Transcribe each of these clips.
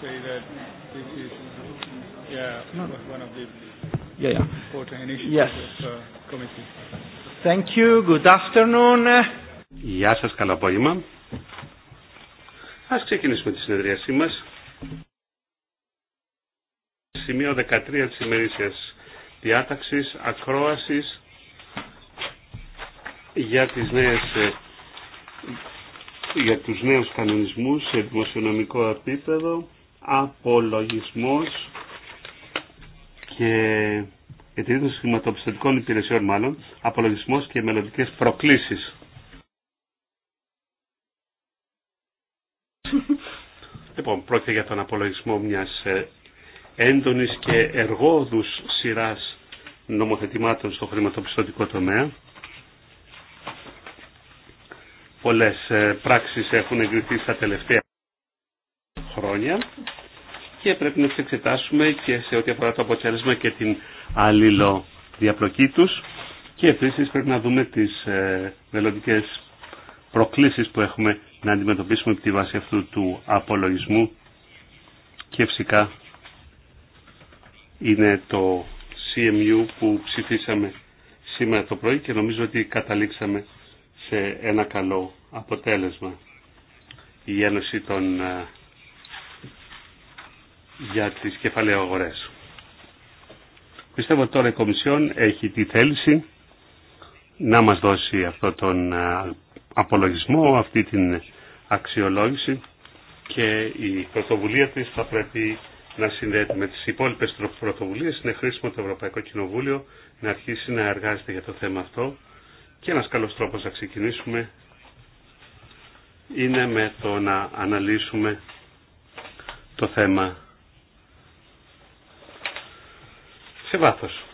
say that this is yeah, one of the yeah, yeah. important initiatives yes. of the uh, committee. Thank you. Good afternoon. Γεια σας, καλό απόγευμα. Ας ξεκινήσουμε τη συνεδρίασή μας. Σημείο 13 της ημερήσιας διάταξης, ακρόασης για τις νέες ε, για τους νέους κανονισμούς σε δημοσιονομικό επίπεδο απολογισμός και για χρηματοπιστωτικών υπηρεσιών μάλλον, απολογισμός και μελλοντικές προκλήσεις. λοιπόν, πρόκειται για τον απολογισμό μιας ε, έντονης και εργόδους σειράς νομοθετημάτων στο χρηματοπιστωτικό τομέα. Πολλές ε, πράξεις έχουν εγκριθεί στα τελευταία χρόνια και πρέπει να τις εξετάσουμε και σε ό,τι αφορά το αποτέλεσμα και την αλληλοδιαπλοκή τους και επίσης πρέπει να δούμε τις ε, μελλοντικέ προκλήσεις που έχουμε να αντιμετωπίσουμε από τη βάση αυτού του απολογισμού και φυσικά είναι το CMU που ψηφίσαμε σήμερα το πρωί και νομίζω ότι καταλήξαμε σε ένα καλό αποτέλεσμα. Η Ένωση των ε, για τις κεφαλαίες αγορές. Πιστεύω ότι τώρα η Κομισιόν έχει τη θέληση να μας δώσει αυτό τον απολογισμό, αυτή την αξιολόγηση και η πρωτοβουλία της θα πρέπει να συνδέεται με τις υπόλοιπες πρωτοβουλίες. Είναι χρήσιμο το Ευρωπαϊκό Κοινοβούλιο να αρχίσει να εργάζεται για το θέμα αυτό και ένας καλός τρόπος να ξεκινήσουμε είναι με το να αναλύσουμε το θέμα σε βάθος.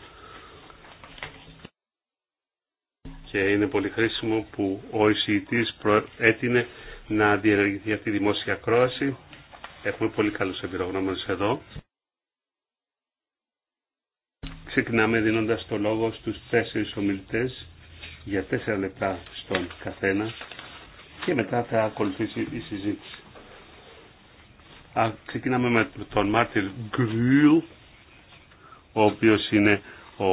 Και είναι πολύ χρήσιμο που ο εισηγητής έτεινε να διενεργηθεί αυτή η δημόσια κρόαση. Έχουμε πολύ καλούς εμπειρογνώμενους εδώ. Ξεκινάμε δίνοντας το λόγο στους τέσσερις ομιλητές για τέσσερα λεπτά στον καθένα και μετά θα ακολουθήσει η συζήτηση. ξεκινάμε με τον Μάρτιν Γκρουλ ο οποίος είναι ο,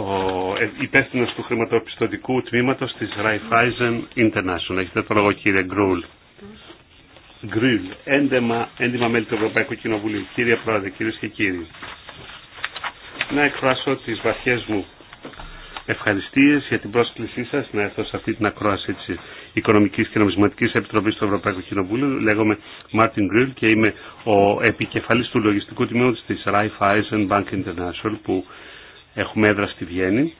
ο υπεύθυνος του χρηματοπιστωτικού τμήματος της Raiffeisen International. Έχετε το λόγο κύριε Γκρούλ. Γκρούλ, έντιμα, μέλη του Ευρωπαϊκού Κοινοβουλίου. Κύριε Πρόεδρε, κυρίες και κύριοι. Να εκφράσω τις βαθιές μου ευχαριστίες για την πρόσκλησή σας να έρθω σε αυτή την ακρόαση της Οικονομικής και Νομισματικής Επιτροπής του Ευρωπαϊκού Κοινοβούλου. Λέγομαι Μάρτιν Γκριλ και είμαι ο επικεφαλής του λογιστικού τμήματος της Raiffeisen Bank International που έχουμε έδρα στη Βιέννη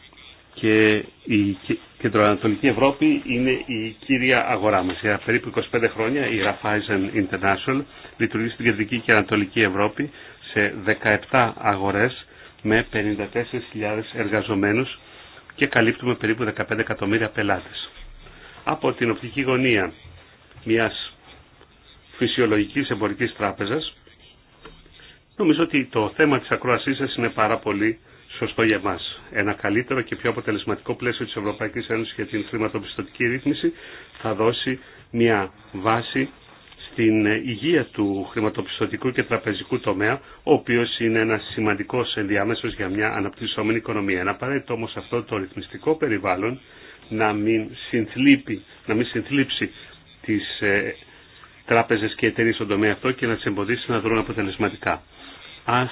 και η Κεντροανατολική Ευρώπη είναι η κύρια αγορά μας. Για περίπου 25 χρόνια η Raiffeisen International λειτουργεί στην Κεντρική και Ανατολική Ευρώπη σε 17 αγορές με 54.000 εργαζομένους και καλύπτουμε περίπου 15 εκατομμύρια πελάτες. Από την οπτική γωνία μιας φυσιολογικής εμπορικής τράπεζας, νομίζω ότι το θέμα της ακροασής σας είναι πάρα πολύ σωστό για μας. Ένα καλύτερο και πιο αποτελεσματικό πλαίσιο της Ευρωπαϊκής Ένωσης για την χρηματοπιστωτική ρύθμιση θα δώσει μια βάση στην υγεία του χρηματοπιστωτικού και τραπεζικού τομέα, ο οποίο είναι ένα σημαντικό ενδιάμεσο για μια αναπτυσσόμενη οικονομία. Είναι απαραίτητο όμω αυτό το ρυθμιστικό περιβάλλον να μην, συνθλίπει, να μην συνθλίψει τις ε, τράπεζες και εταιρείε στον τομέα αυτό και να τις εμποδίσει να δρουν αποτελεσματικά. Ας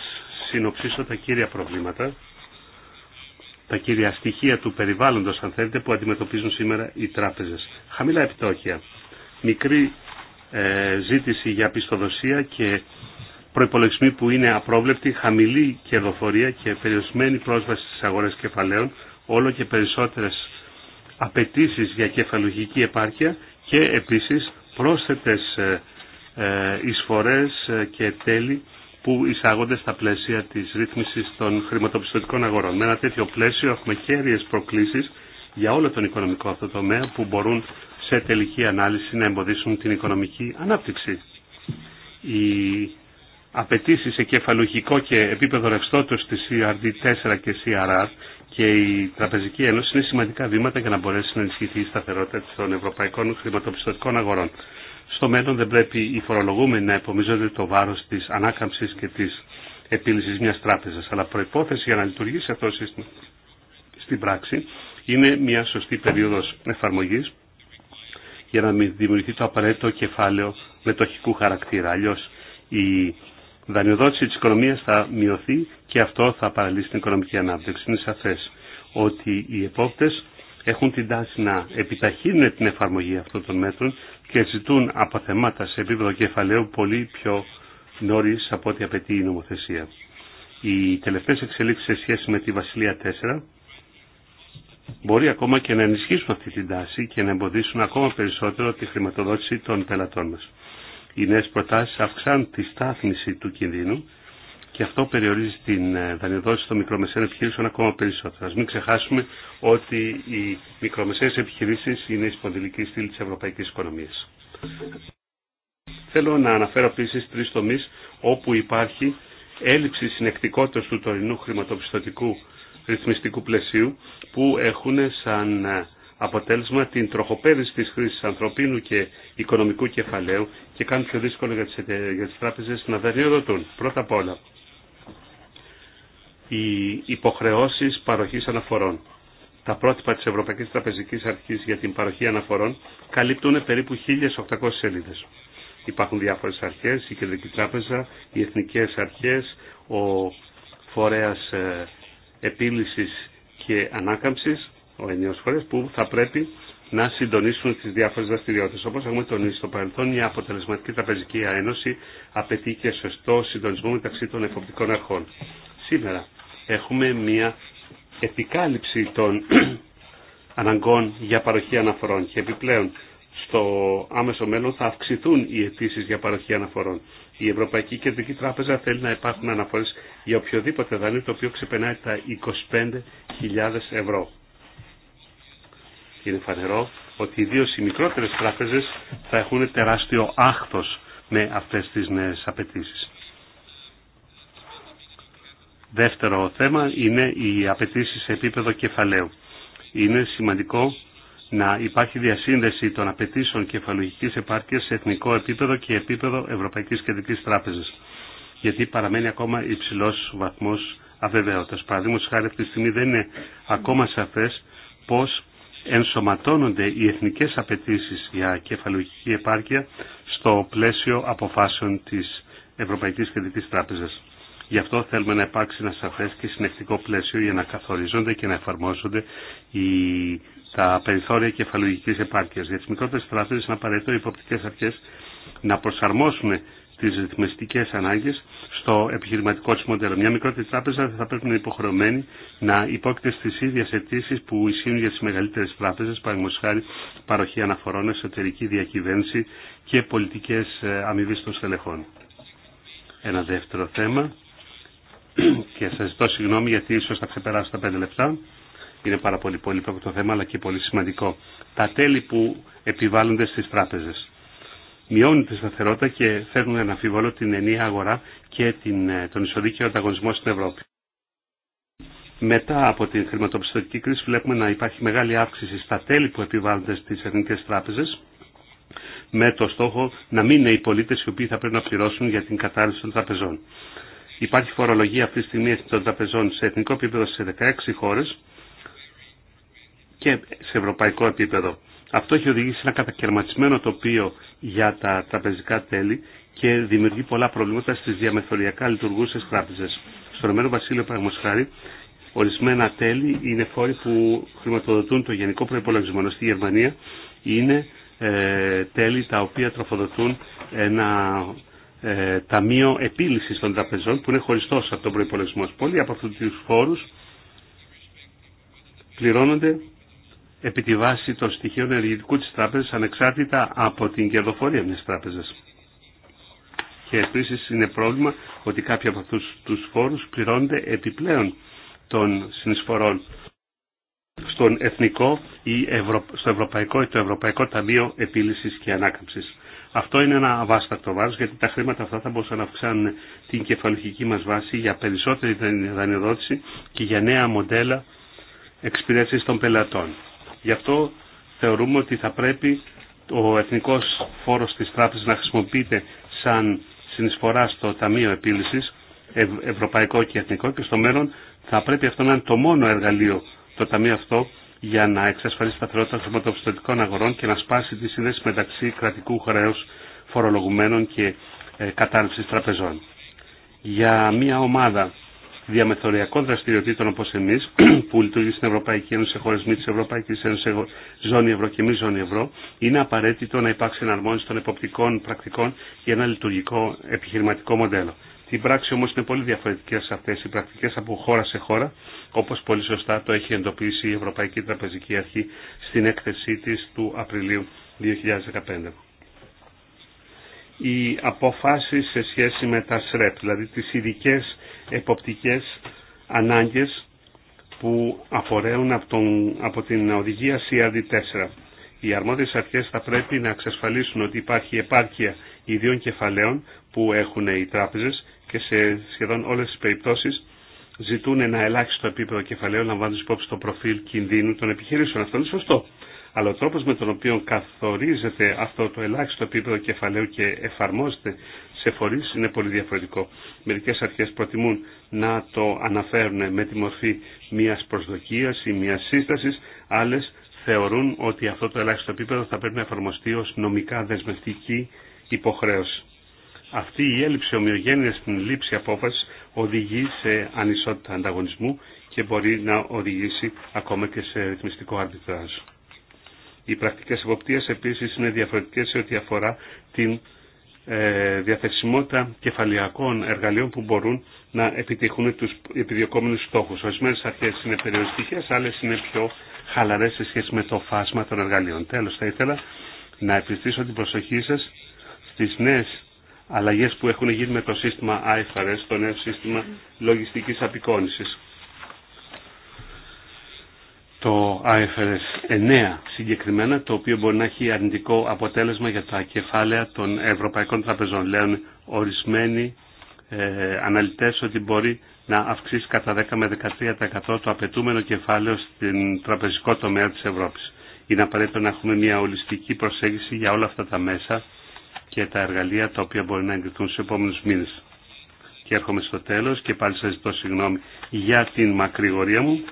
συνοψίσω τα κύρια προβλήματα, τα κύρια στοιχεία του περιβάλλοντος αν θέλετε που αντιμετωπίζουν σήμερα οι τράπεζες. Χαμηλά επιτόκια, μικρή ε, ζήτηση για πιστοδοσία και προϋπολογισμοί που είναι απρόβλεπτοι, χαμηλή κερδοφορία και περιορισμένη πρόσβαση στις αγορές κεφαλαίων, όλο και περισσότερες απαιτήσει για κεφαλογική επάρκεια και επίσης πρόσθετες ε, ε, εισφορές και τέλη που εισάγονται στα πλαίσια της ρύθμισης των χρηματοπιστωτικών αγορών. Με ένα τέτοιο πλαίσιο έχουμε κέρδιες προκλήσεις για όλο τον οικονομικό αυτό τομέα που μπορούν σε τελική ανάλυση να εμποδίσουν την οικονομική ανάπτυξη. Οι απαιτήσει σε κεφαλουχικό και επίπεδο ρευστότητα τη CRD4 και CRR και η Τραπεζική Ένωση είναι σημαντικά βήματα για να μπορέσει να ενισχυθεί η σταθερότητα των ευρωπαϊκών χρηματοπιστωτικών αγορών. Στο μέλλον δεν πρέπει οι φορολογούμενοι να επομίζονται το βάρο τη ανάκαμψη και τη επίλυση μια τράπεζα. Αλλά προπόθεση για να λειτουργήσει αυτό το σύστημα στην πράξη είναι μια σωστή περίοδο εφαρμογή για να δημιουργηθεί το απαραίτητο κεφάλαιο μετοχικού χαρακτήρα. Αλλιώ η δανειοδότηση τη οικονομία θα μειωθεί και αυτό θα παραλύσει την οικονομική ανάπτυξη. Είναι σαφέ ότι οι επόπτε έχουν την τάση να επιταχύνουν την εφαρμογή αυτών των μέτρων και ζητούν αποθεμάτα σε επίπεδο κεφαλαίου πολύ πιο νωρί από ό,τι απαιτεί η νομοθεσία. Οι τελευταίε εξελίξει σε σχέση με τη Βασιλεία 4 μπορεί ακόμα και να ενισχύσουν αυτή την τάση και να εμποδίσουν ακόμα περισσότερο τη χρηματοδότηση των πελατών μας. Οι νέες προτάσεις αυξάνουν τη στάθμιση του κινδύνου και αυτό περιορίζει την ε, δανειοδότηση των μικρομεσαίων επιχειρήσεων ακόμα περισσότερο. Ας μην ξεχάσουμε ότι οι μικρομεσαίες επιχειρήσεις είναι η σπονδυλική στήλη της ευρωπαϊκής οικονομίας. Θέλω να αναφέρω επίση τρει τομεί όπου υπάρχει έλλειψη συνεκτικότητας του τωρινού χρηματοπιστωτικού ρυθμιστικού πλαισίου που έχουν σαν ε, αποτέλεσμα την τροχοπέδηση της χρήσης ανθρωπίνου και οικονομικού κεφαλαίου και κάνουν πιο δύσκολο για τις, για τις τράπεζες να δανειοδοτούν. Πρώτα απ' όλα, οι υποχρεώσεις παροχής αναφορών. Τα πρότυπα της Ευρωπαϊκής Τραπεζικής Αρχής για την παροχή αναφορών καλύπτουν περίπου 1.800 σελίδες. Υπάρχουν διάφορες αρχές, η Κεντρική Τράπεζα, οι Εθνικές Αρχές, ο Φορέας ε, επίλυσης και ανάκαμψης, ο ενιαίος που θα πρέπει να συντονίσουν τις διάφορες δραστηριότητες. Όπως έχουμε τονίσει στο παρελθόν, μια αποτελεσματική τραπεζική ένωση απαιτεί και σωστό συντονισμό μεταξύ των εφοπτικών αρχών. Σήμερα έχουμε μια επικάλυψη των αναγκών για παροχή αναφορών και επιπλέον στο άμεσο μέλλον θα αυξηθούν οι αιτήσει για παροχή αναφορών. Η Ευρωπαϊκή Κεντρική Τράπεζα θέλει να υπάρχουν αναφορέ για οποιοδήποτε δάνειο το οποίο ξεπερνάει τα 25.000 ευρώ. Είναι φανερό ότι ιδίω οι μικρότερες τράπεζες θα έχουν τεράστιο άχθο με αυτές τις νέε απαιτήσει. Δεύτερο θέμα είναι οι απαιτήσει σε επίπεδο κεφαλαίου. Είναι σημαντικό να υπάρχει διασύνδεση των απαιτήσεων κεφαλογικής επάρκειας σε εθνικό επίπεδο και επίπεδο Ευρωπαϊκής Κεντρικής Τράπεζας. Γιατί παραμένει ακόμα υψηλός βαθμός αβεβαιότητας. Παραδείγματος χάρη αυτή τη στιγμή δεν είναι ακόμα σαφές πώς ενσωματώνονται οι εθνικές απαιτήσει για κεφαλογική επάρκεια στο πλαίσιο αποφάσεων της Ευρωπαϊκής Κεντρικής Τράπεζας. Γι' αυτό θέλουμε να υπάρξει ένα σαφέ και συνεκτικό πλαίσιο για να καθορίζονται και να εφαρμόζονται οι, τα περιθώρια κεφαλογική επάρκεια. Για τι μικρότερε τράπεζε είναι απαραίτητο οι υποπτικέ αρχέ να προσαρμόσουν τι ρυθμιστικέ ανάγκε στο επιχειρηματικό τη μοντέλο. Μια μικρότερη τράπεζα θα πρέπει να είναι υποχρεωμένη να υπόκειται στι ίδιε αιτήσει που ισχύουν για τι μεγαλύτερε τράπεζε, παραδείγματο χάρη παροχή αναφορών, εσωτερική διακυβέρνηση και πολιτικέ ε, αμοιβή των στελεχών. Ένα δεύτερο θέμα και σας ζητώ συγγνώμη γιατί ίσως θα ξεπεράσω τα πέντε λεπτά. Είναι πάρα πολύ πολύπλοκο το θέμα αλλά και πολύ σημαντικό. Τα τέλη που επιβάλλονται στις τράπεζες μειώνουν τη σταθερότητα και φέρνουν ένα αμφιβόλο την ενία αγορά και την, ε, τον ισοδίκαιο ανταγωνισμό στην Ευρώπη. Μετά από την χρηματοπιστωτική κρίση βλέπουμε να υπάρχει μεγάλη αύξηση στα τέλη που επιβάλλονται στις εθνικές τράπεζες με το στόχο να μην είναι οι πολίτες οι οποίοι θα πρέπει να πληρώσουν για την κατάρρευση των τραπεζών. Υπάρχει φορολογία αυτή τη στιγμή των τραπεζών σε εθνικό επίπεδο σε 16 χώρες και σε ευρωπαϊκό επίπεδο. Αυτό έχει οδηγήσει σε ένα κατακαιρματισμένο τοπίο για τα τραπεζικά τέλη και δημιουργεί πολλά προβλήματα στις διαμεθοριακά λειτουργούσες τράπεζες. Στο Ρωμένο Βασίλειο Παγμοσχάρη, ορισμένα τέλη είναι φόροι που χρηματοδοτούν το γενικό προϋπολογισμό. Στη Γερμανία είναι ε, τέλη τα οποία τροφοδοτούν ένα ε, ταμείο επίλυσης των τραπεζών που είναι χωριστός από τον προϋπολογισμό. Πολλοί από αυτού τους φόρους πληρώνονται επί τη βάση των στοιχείων ενεργητικού της τράπεζας ανεξάρτητα από την κερδοφορία μιας τράπεζας. Και επίσης είναι πρόβλημα ότι κάποιοι από αυτούς τους φόρους πληρώνονται επιπλέον των συνεισφορών στον εθνικό ή στο ευρωπαϊκό το ευρωπαϊκό ταμείο επίλυσης και ανάκαμψης. Αυτό είναι ένα αβάστακτο βάρος γιατί τα χρήματα αυτά θα μπορούσαν να αυξάνουν την κεφαλουχική μας βάση για περισσότερη δανειοδότηση και για νέα μοντέλα εξυπηρέτησης των πελατών. Γι' αυτό θεωρούμε ότι θα πρέπει ο εθνικός φόρος της τράπεζας να χρησιμοποιείται σαν συνεισφορά στο Ταμείο Επίλυσης, Ευρωπαϊκό και Εθνικό και στο μέλλον θα πρέπει αυτό να είναι το μόνο εργαλείο το Ταμείο αυτό για να εξασφαλίσει τα των χρηματοπιστωτικών αγορών και να σπάσει τη σύνδεση μεταξύ κρατικού χρέους φορολογουμένων και ε, κατάρρευσης τραπεζών. Για μια ομάδα διαμεθοριακών δραστηριοτήτων όπως εμείς που λειτουργεί στην Ευρωπαϊκή Ένωση σε χώρες μη της Ευρωπαϊκής Ένωσης ζώνη ευρώ και μη ζώνη ευρώ είναι απαραίτητο να υπάρξει εναρμόνιση των εποπτικών πρακτικών για ένα λειτουργικό επιχειρηματικό μοντέλο. Την πράξη όμως είναι πολύ διαφορετικές αυτές οι πρακτικές από χώρα σε χώρα όπως πολύ σωστά το έχει εντοπίσει η Ευρωπαϊκή Τραπεζική Αρχή στην έκθεσή της του Απριλίου 2015. Οι αποφάσεις σε σχέση με τα ΣΡΕΠ, δηλαδή τις ειδικέ εποπτικές ανάγκες που απορρέουν από, από την οδηγία CRD4. Οι αρμόδιες αρχές θα πρέπει να εξασφαλίσουν ότι υπάρχει επάρκεια ιδίων κεφαλαίων που έχουν οι τράπεζες και σε σχεδόν όλες τις περιπτώσεις ζητούν ένα ελάχιστο επίπεδο κεφαλαίου λαμβάνοντα υπόψη το προφίλ κινδύνου των επιχειρήσεων. Αυτό είναι σωστό. Αλλά ο τρόπο με τον οποίο καθορίζεται αυτό το ελάχιστο επίπεδο κεφαλαίου και εφαρμόζεται σε φορεί είναι πολύ διαφορετικό. Μερικέ αρχέ προτιμούν να το αναφέρουν με τη μορφή μια προσδοκία ή μια σύσταση, άλλε θεωρούν ότι αυτό το ελάχιστο επίπεδο θα πρέπει να εφαρμοστεί ω νομικά δεσμευτική υποχρέωση αυτή η έλλειψη ομοιογένεια στην λήψη απόφαση οδηγεί σε ανισότητα ανταγωνισμού και μπορεί να οδηγήσει ακόμα και σε ρυθμιστικό αρμπιτράζ. Οι πρακτικέ εποπτεία επίση είναι διαφορετικέ σε ό,τι αφορά την ε, διαθεσιμότητα κεφαλιακών εργαλείων που μπορούν να επιτυχούν του επιδιωκόμενους στόχου. Ορισμένε αρχέ είναι περιοριστικέ, άλλε είναι πιο χαλαρέ σε σχέση με το φάσμα των εργαλείων. Τέλο θα ήθελα να επιστήσω την προσοχή σα στι νέε αλλαγές που έχουν γίνει με το σύστημα IFRS, το νέο σύστημα λογιστικής απεικόνησης. Το IFRS 9 συγκεκριμένα, το οποίο μπορεί να έχει αρνητικό αποτέλεσμα για τα κεφάλαια των ευρωπαϊκών τραπεζών. Λέουν ορισμένοι ε, αναλυτές ότι μπορεί να αυξήσει κατά 10 με 13% το απαιτούμενο κεφάλαιο στην τραπεζικό τομέα της Ευρώπης. Είναι απαραίτητο να έχουμε μια ολιστική προσέγγιση για όλα αυτά τα μέσα και τα εργαλεία τα οποία μπορεί να εγκριθούν στους επόμενους μήνες. Και έρχομαι στο τέλος και πάλι σας ζητώ συγγνώμη για την μακρηγορία μου.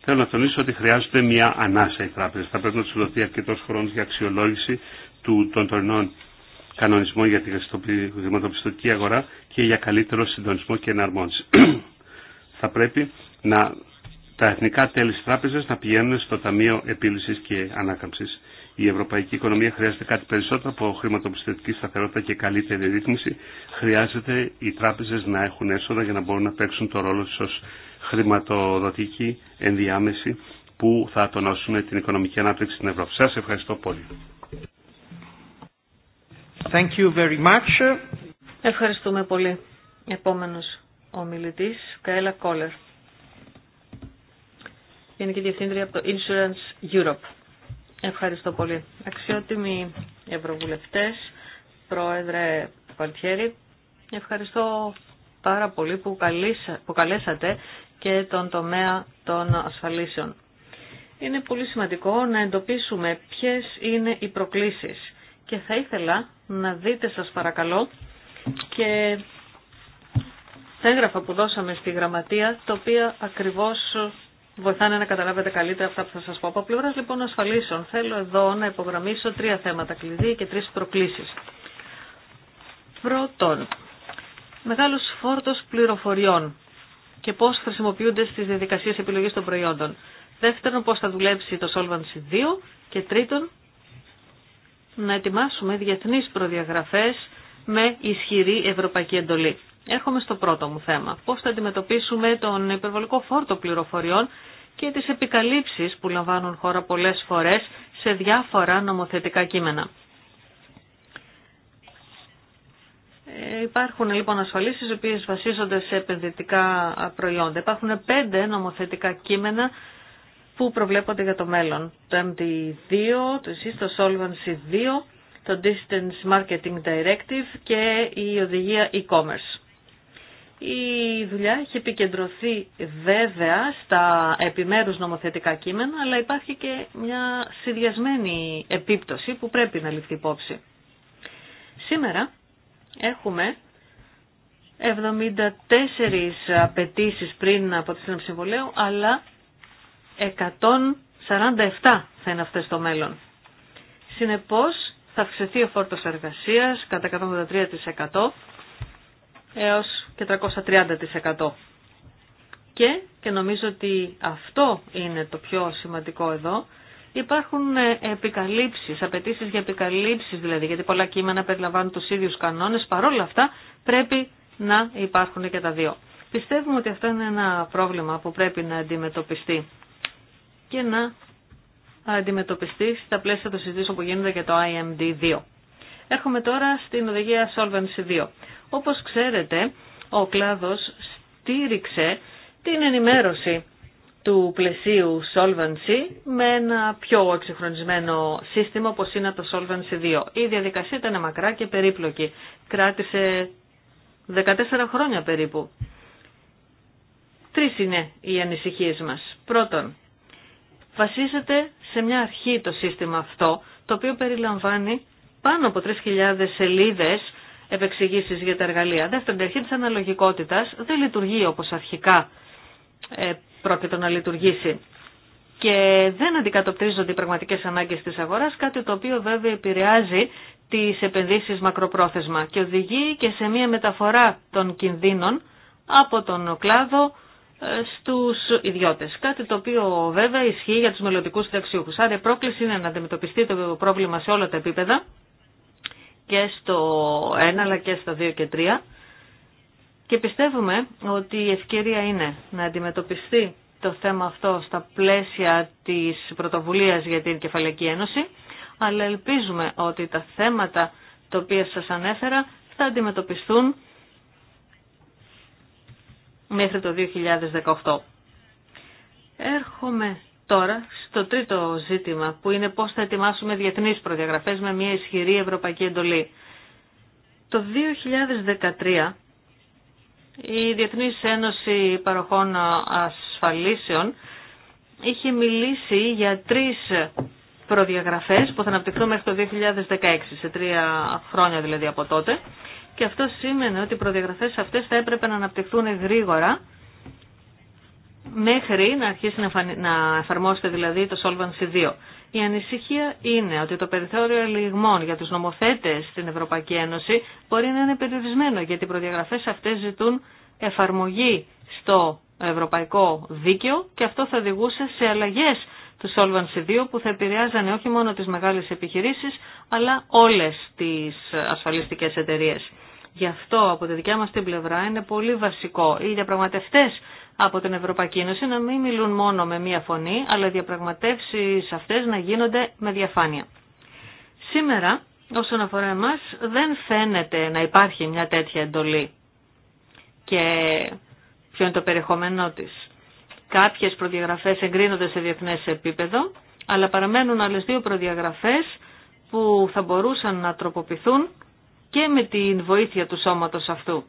Θέλω να τονίσω ότι χρειάζονται μια ανάσα οι τράπεζε. Θα πρέπει να του δοθεί αρκετό χρόνο για αξιολόγηση του, των τωρινών κανονισμών για τη χρηματοπιστωτική αγορά και για καλύτερο συντονισμό και εναρμόνιση. θα πρέπει να, τα εθνικά τέλη τη τράπεζα να πηγαίνουν στο Ταμείο Επίλυση και Ανάκαμψη. Η ευρωπαϊκή οικονομία χρειάζεται κάτι περισσότερο από χρηματοπιστωτική σταθερότητα και καλύτερη ρύθμιση. Χρειάζεται οι τράπεζε να έχουν έσοδα για να μπορούν να παίξουν το ρόλο του ω χρηματοδοτική ενδιάμεση που θα τονώσουν την οικονομική ανάπτυξη στην Ευρώπη. Σα ευχαριστώ πολύ. Thank you very much. Ευχαριστούμε πολύ. Επόμενος ομιλητής, Καέλα Κόλερ. Γενική Διευθύντρια από το Insurance Europe. Ευχαριστώ πολύ. Αξιότιμοι Ευρωβουλευτές, Πρόεδρε Παλτιέρη, ευχαριστώ πάρα πολύ που, καλήσα, καλέσατε και τον τομέα των ασφαλίσεων. Είναι πολύ σημαντικό να εντοπίσουμε ποιες είναι οι προκλήσεις και θα ήθελα να δείτε σας παρακαλώ και τα έγγραφα που δώσαμε στη γραμματεία, τα οποία ακριβώς βοηθάνε να καταλάβετε καλύτερα αυτά που θα σας πω. Από πλευράς λοιπόν ασφαλίσεων θέλω εδώ να υπογραμμίσω τρία θέματα κλειδί και τρει προκλήσεις. Πρώτον, μεγάλος φόρτο πληροφοριών και πώς χρησιμοποιούνται στις διαδικασίε επιλογής των προϊόντων. Δεύτερον, πώς θα δουλέψει το Solvency 2 και τρίτον, να ετοιμάσουμε διεθνεί προδιαγραφέ με ισχυρή ευρωπαϊκή εντολή. Έρχομαι στο πρώτο μου θέμα. Πώς θα αντιμετωπίσουμε τον υπερβολικό φόρτο πληροφοριών και τις επικαλύψεις που λαμβάνουν χώρα πολλές φορές σε διάφορα νομοθετικά κείμενα. Ε, υπάρχουν λοιπόν ασφαλίσεις οι οποίες βασίζονται σε επενδυτικά προϊόντα. Υπάρχουν πέντε νομοθετικά κείμενα που προβλέπονται για το μέλλον. Το MD2, το ΣΥΣ, το Solvency 2, το Distance Marketing Directive και η οδηγία e-commerce. Η δουλειά έχει επικεντρωθεί βέβαια στα επιμέρους νομοθετικά κείμενα, αλλά υπάρχει και μια συνδυασμένη επίπτωση που πρέπει να ληφθεί υπόψη. Σήμερα έχουμε 74 απαιτήσει πριν από τη σύναψη αλλά 147 θα είναι αυτές στο μέλλον. Συνεπώς θα αυξηθεί ο φόρτος εργασίας κατά 183% έως και 330%. Και, και νομίζω ότι αυτό είναι το πιο σημαντικό εδώ, υπάρχουν ε, επικαλύψεις, απαιτήσει για επικαλύψεις δηλαδή, γιατί πολλά κείμενα περιλαμβάνουν τους ίδιους κανόνες, παρόλα αυτά πρέπει να υπάρχουν και τα δύο. Πιστεύουμε ότι αυτό είναι ένα πρόβλημα που πρέπει να αντιμετωπιστεί και να αντιμετωπιστεί στα πλαίσια των συζητήσεων που γίνονται για το IMD2. Έρχομαι τώρα στην οδηγία Solvency 2. Όπως ξέρετε, ο κλάδος στήριξε την ενημέρωση του πλαισίου Solvency με ένα πιο εξυγχρονισμένο σύστημα όπως είναι το Solvency 2. Η διαδικασία ήταν μακρά και περίπλοκη. Κράτησε 14 χρόνια περίπου. Τρεις είναι οι ανησυχίες μας. Πρώτον, βασίζεται σε μια αρχή το σύστημα αυτό, το οποίο περιλαμβάνει πάνω από 3.000 σελίδες Επεξηγήσει για τα εργαλεία. Δεύτερον, η αρχή τη αναλογικότητα δεν λειτουργεί όπω αρχικά ε, πρόκειται να λειτουργήσει και δεν αντικατοπτρίζονται οι πραγματικέ ανάγκες της αγοράς, κάτι το οποίο βέβαια επηρεάζει τι επενδύσει μακροπρόθεσμα και οδηγεί και σε μια μεταφορά των κινδύνων από τον κλάδο ε, στους ιδιώτες. Κάτι το οποίο βέβαια ισχύει για τους μελλοντικού συνταξιούχους. Άρα η πρόκληση είναι να αντιμετωπιστεί το πρόβλημα σε όλα τα επίπεδα και στο 1 αλλά και στα 2 και 3 και πιστεύουμε ότι η ευκαιρία είναι να αντιμετωπιστεί το θέμα αυτό στα πλαίσια της πρωτοβουλίας για την Κεφαλαϊκή Ένωση αλλά ελπίζουμε ότι τα θέματα τα οποία σας ανέφερα θα αντιμετωπιστούν μέχρι το 2018. Έρχομαι Τώρα, στο τρίτο ζήτημα, που είναι πώς θα ετοιμάσουμε διεθνείς προδιαγραφές με μια ισχυρή ευρωπαϊκή εντολή. Το 2013, η Διεθνής Ένωση Παροχών Ασφαλίσεων είχε μιλήσει για τρεις προδιαγραφές που θα αναπτυχθούν μέχρι το 2016, σε τρία χρόνια δηλαδή από τότε. Και αυτό σήμαινε ότι οι προδιαγραφές αυτές θα έπρεπε να αναπτυχθούν γρήγορα μέχρι να αρχίσει να εφαρμόσετε δηλαδή το Solvency 2. Η ανησυχία είναι ότι το περιθώριο ελιγμών για τους νομοθέτες στην Ευρωπαϊκή Ένωση μπορεί να είναι περιορισμένο γιατί οι προδιαγραφές αυτές ζητούν εφαρμογή στο ευρωπαϊκό δίκαιο και αυτό θα οδηγούσε σε αλλαγές του Solvency 2 που θα επηρεάζανε όχι μόνο τις μεγάλες επιχειρήσεις αλλά όλες τις ασφαλιστικές εταιρείες. Γι' αυτό από τη δικιά μας την πλευρά είναι πολύ βασικό οι διαπραγματευτές από την Ευρωπαϊκή Ένωση να μην μιλούν μόνο με μία φωνή, αλλά οι διαπραγματεύσεις αυτές να γίνονται με διαφάνεια. Σήμερα, όσον αφορά εμάς, δεν φαίνεται να υπάρχει μια τέτοια εντολή. Και ποιο είναι το περιεχόμενό της. Κάποιες προδιαγραφές εγκρίνονται σε διεθνές επίπεδο, αλλά παραμένουν άλλες δύο προδιαγραφές που θα μπορούσαν να τροποποιηθούν και με την βοήθεια του σώματος αυτού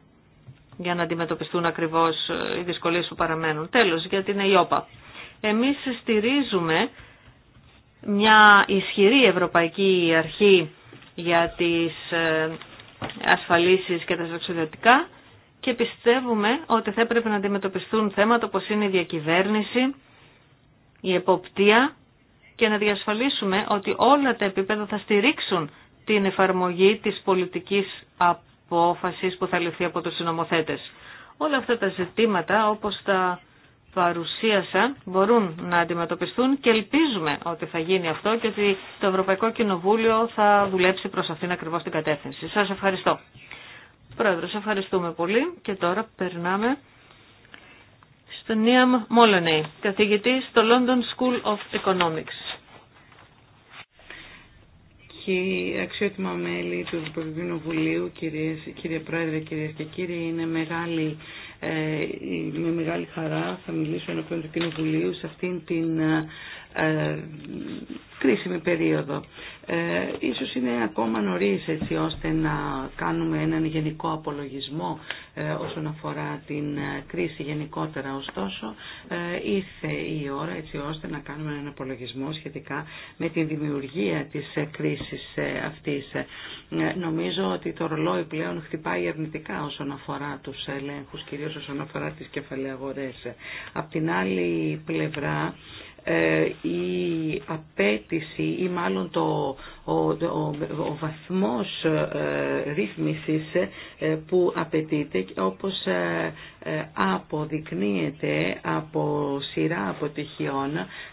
για να αντιμετωπιστούν ακριβώς ε, οι δυσκολίες που παραμένουν. Τέλος, για την ΕΙΟΠΑ. Εμείς στηρίζουμε μια ισχυρή ευρωπαϊκή αρχή για τις ε, ασφαλίσεις και τα ταξιδιωτικά και πιστεύουμε ότι θα έπρεπε να αντιμετωπιστούν θέματα όπως είναι η διακυβέρνηση, η εποπτεία και να διασφαλίσουμε ότι όλα τα επίπεδα θα στηρίξουν την εφαρμογή της πολιτικής που θα ληφθεί από του συνομοθέτες. Όλα αυτά τα ζητήματα όπως τα παρουσίασα μπορούν να αντιμετωπιστούν και ελπίζουμε ότι θα γίνει αυτό και ότι το Ευρωπαϊκό Κοινοβούλιο θα δουλέψει προς αυτήν ακριβώς την κατεύθυνση. Σας ευχαριστώ. Πρόεδρος, ευχαριστούμε πολύ και τώρα περνάμε στον Νίαμ Μόλενεϊ, καθηγητή στο London School of Economics και αξιότιμα μέλη του Ευρωπαϊκού Βουλίου κυρίες, κύριε Πρόεδρε, κύριε και κύριοι, είναι μεγάλη, ε, με μεγάλη χαρά θα μιλήσω ενώπιον του Κοινοβουλίου σε αυτήν την ε, ε, κρίσιμη περίοδο. Ε, ίσως είναι ακόμα νωρίς έτσι ώστε να κάνουμε έναν γενικό απολογισμό ε, όσον αφορά την ε, κρίση γενικότερα. Ωστόσο ε, ήρθε η ώρα έτσι ώστε να κάνουμε έναν απολογισμό σχετικά με την δημιουργία της ε, κρίσης αυτής. νομίζω ότι το ρολόι πλέον χτυπάει αρνητικά όσον αφορά τους ελέγχους, κυρίως όσον αφορά τις κεφαλαίες αγορές. Απ' την άλλη πλευρά ε, η απέτηση ή μάλλον το, ο, ο, ο βαθμός ε, ρύθμισης ε, που απαιτείται όπως αποδεικνύεται από σειρά αποτυχιών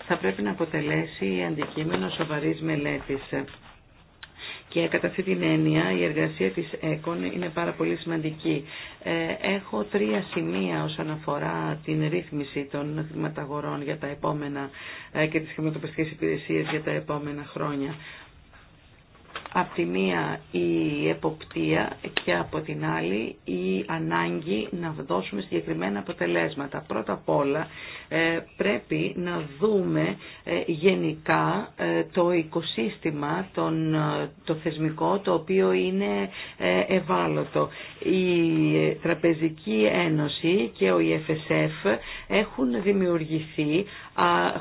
θα πρέπει να αποτελέσει αντικείμενο σοβαρής μελέτης. Και κατά αυτή την έννοια η εργασία της ΕΚΟΝ είναι πάρα πολύ σημαντική. Ε, έχω τρία σημεία όσον αφορά την ρύθμιση των χρηματαγορών για τα επόμενα ε, και τις χρηματοπιστικές υπηρεσίες για τα επόμενα χρόνια από τη μία η εποπτεία και από την άλλη η ανάγκη να δώσουμε συγκεκριμένα αποτελέσματα. Πρώτα απ' όλα ε, πρέπει να δούμε ε, γενικά ε, το οικοσύστημα, τον, το θεσμικό το οποίο είναι ευάλωτο. Η Τραπεζική Ένωση και ο ΙΕΦΣΕΦ έχουν δημιουργηθεί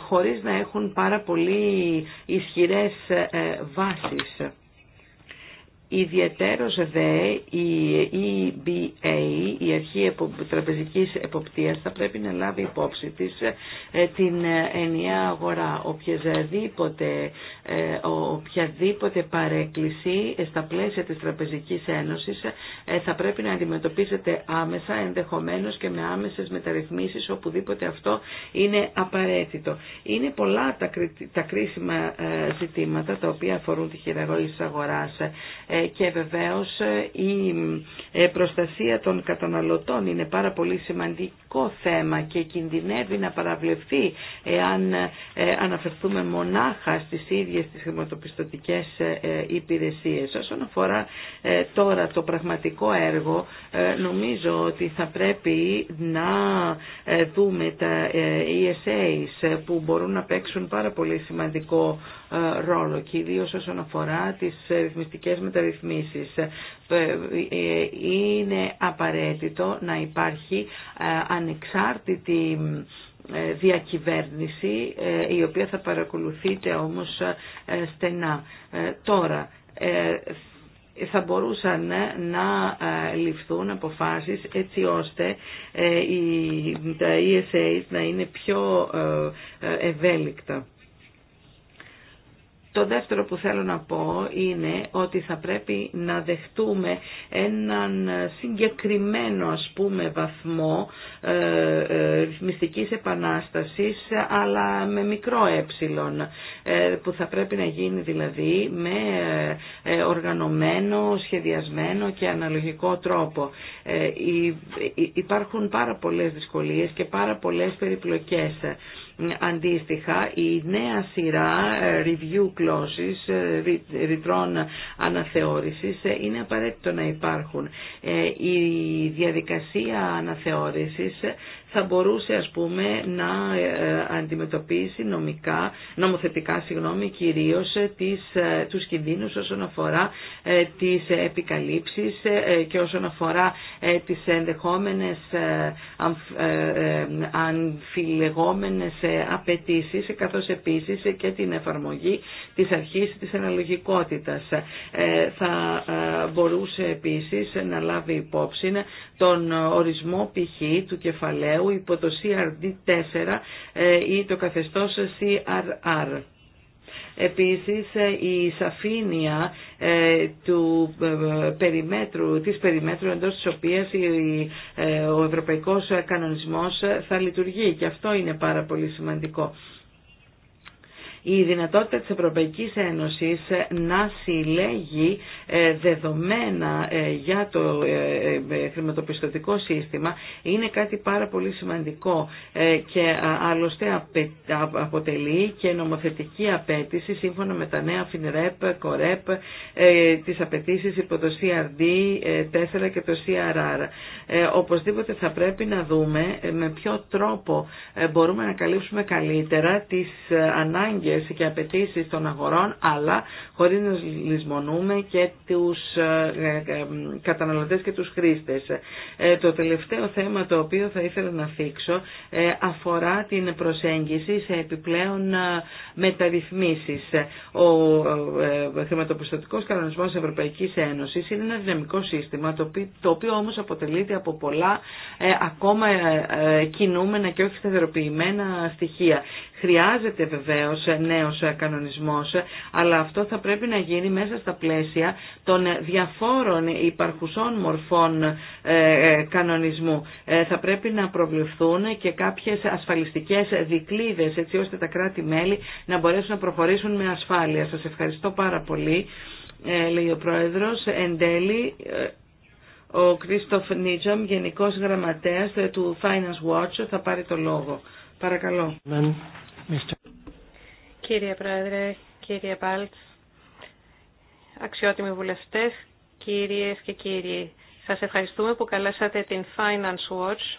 χωρίς να έχουν πάρα πολύ ισχυρές ε, ε, βάσεις. Ιδιαίτερος δε η EBA, η Αρχή Τραπεζικής Εποπτείας, θα πρέπει να λάβει υπόψη της ε, την ενιαία αγορά. Οποιαδήποτε, ε, οποιαδήποτε παρέκκληση στα πλαίσια της Τραπεζικής Ένωσης ε, θα πρέπει να αντιμετωπίσετε άμεσα, ενδεχομένως και με άμεσες μεταρρυθμίσεις οπουδήποτε αυτό είναι απαραίτητο. Είναι πολλά τα κρίσιμα ζητήματα τα οποία αφορούν τη χειραγώγηση της αγοράς ε, και βεβαίως ε, η ε, προστασία των καταναλωτών είναι πάρα πολύ σημαντικό θέμα και κινδυνεύει να παραβλεφθεί εάν αναφερθούμε μονάχα στις ίδιες τις χρηματοπιστωτικές υπηρεσίες. Όσον αφορά τώρα το πραγματικό έργο, νομίζω ότι θα πρέπει να δούμε τα ESAs που μπορούν να παίξουν πάρα πολύ σημαντικό ε, ρόλο και ιδίω όσον αφορά τις ε, ρυθμιστικές μεταρρυθμίσεις. Ε, είναι απαραίτητο να υπάρχει ανεξάρτητη διακυβέρνηση η οποία θα παρακολουθείτε, όμως στενά. Τώρα θα μπορούσαν να ληφθούν αποφάσεις έτσι ώστε τα ESA να είναι πιο ευέλικτα. Το δεύτερο που θέλω να πω είναι ότι θα πρέπει να δεχτούμε έναν συγκεκριμένο ας πούμε βαθμό ε, ε, επανάστασης αλλά με μικρό έψιλον ε, ε, που θα πρέπει να γίνει δηλαδή με ε, οργανωμένο, σχεδιασμένο και αναλογικό τρόπο. Ε, υπάρχουν πάρα πολλές δυσκολίες και πάρα πολλές περιπλοκές. Αντίστοιχα, η νέα σειρά ε, review clauses, ε, ρητρών αναθεώρησης, ε, είναι απαραίτητο να υπάρχουν. Η διαδικασία αναθεώρησης θα μπορούσε ας πούμε να ε, αντιμετωπίσει νομικά, νομοθετικά συγγνώμη, κυρίως ε, τις, ε, τους κινδύνους όσον αφορά τις επικαλύψεις και όσον αφορά τις ενδεχόμενες ανφιλεγόμενες απαιτήσει, καθώς επίσης και την εφαρμογή της αρχής της αναλογικότητας. Θα μπορούσε επίσης να λάβει υπόψη τον ορισμό π.χ. του κεφαλαίου υπό το CRD4 ε, ή το καθεστώς CRR. Επίσης ε, η σαφήνεια ε, του περιμέτρου, της περιμέτρου εντός της οποίας ο ευρωπαϊκός κανονισμός θα λειτουργεί και αυτό είναι πάρα πολύ σημαντικό η δυνατότητα της Ευρωπαϊκής Ένωσης ε, να συλλέγει ε, δεδομένα ε, για το χρηματοπιστωτικό σύστημα είναι κάτι πάρα πολύ σημαντικό και άλλωστε αποτελεί και νομοθετική απέτηση σύμφωνα με τα νέα FINREP, COREP, τις απαιτήσει υπό το CRD4 και το CRR. Οπωσδήποτε θα πρέπει να δούμε με ποιο τρόπο μπορούμε να καλύψουμε καλύτερα τις ανάγκες πίεση και απαιτήσει των αγορών, αλλά χωρίς να λησμονούμε και τους ε, ε, ε, καταναλωτές και τους χρήστες. Το τελευταίο θέμα το οποίο θα ήθελα να θίξω αφορά την προσέγγιση σε επιπλέον μεταρρυθμίσεις. Ο χρηματοπιστωτικός κανονισμός της Ευρωπαϊκής Ένωσης είναι ένα δυναμικό σύστημα, το οποίο όμως αποτελείται από πολλά ακόμα κινούμενα και όχι σταθεροποιημένα στοιχεία. Χρειάζεται βεβαίως νέος κανονισμός, αλλά αυτό θα πρέπει να γίνει μέσα στα πλαίσια των διαφόρων υπαρχουσών μορφών ε, ε, κανονισμού. Ε, θα πρέπει να προβλεφθούν και κάποιες ασφαλιστικές δικλείδες έτσι ώστε τα κράτη-μέλη να μπορέσουν να προχωρήσουν με ασφάλεια. Σας ευχαριστώ πάρα πολύ, λέει ο Πρόεδρος. Εν τέλει, ο Κρίστοφ Νίτζομ, Γενικός Γραμματέας του Finance Watch, θα πάρει το λόγο. Παρακαλώ. Κύριε Πρόεδρε, κύριε Πάλτς, αξιότιμοι βουλευτές, κυρίες και κύριοι, σας ευχαριστούμε που καλέσατε την Finance Watch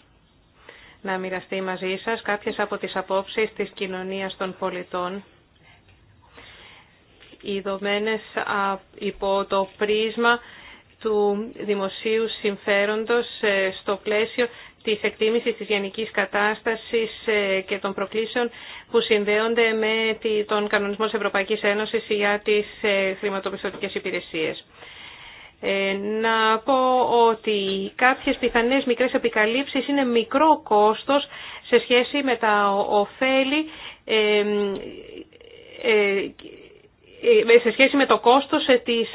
να μοιραστεί μαζί σας κάποιες από τις απόψεις της κοινωνίας των πολιτών δομένες υπό το πρίσμα του δημοσίου συμφέροντος ε, στο πλαίσιο τη εκτίμησης της γενικής κατάστασης ε, και των προκλήσεων που συνδέονται με τον κανονισμό της Ευρωπαϊκής Ένωσης για τις ε, χρηματοπιστωτικές υπηρεσίες. Ε, να πω ότι κάποιες πιθανές μικρές επικαλύψεις είναι μικρό κόστος σε σχέση με τα ωφέλη σε σχέση με το κόστος της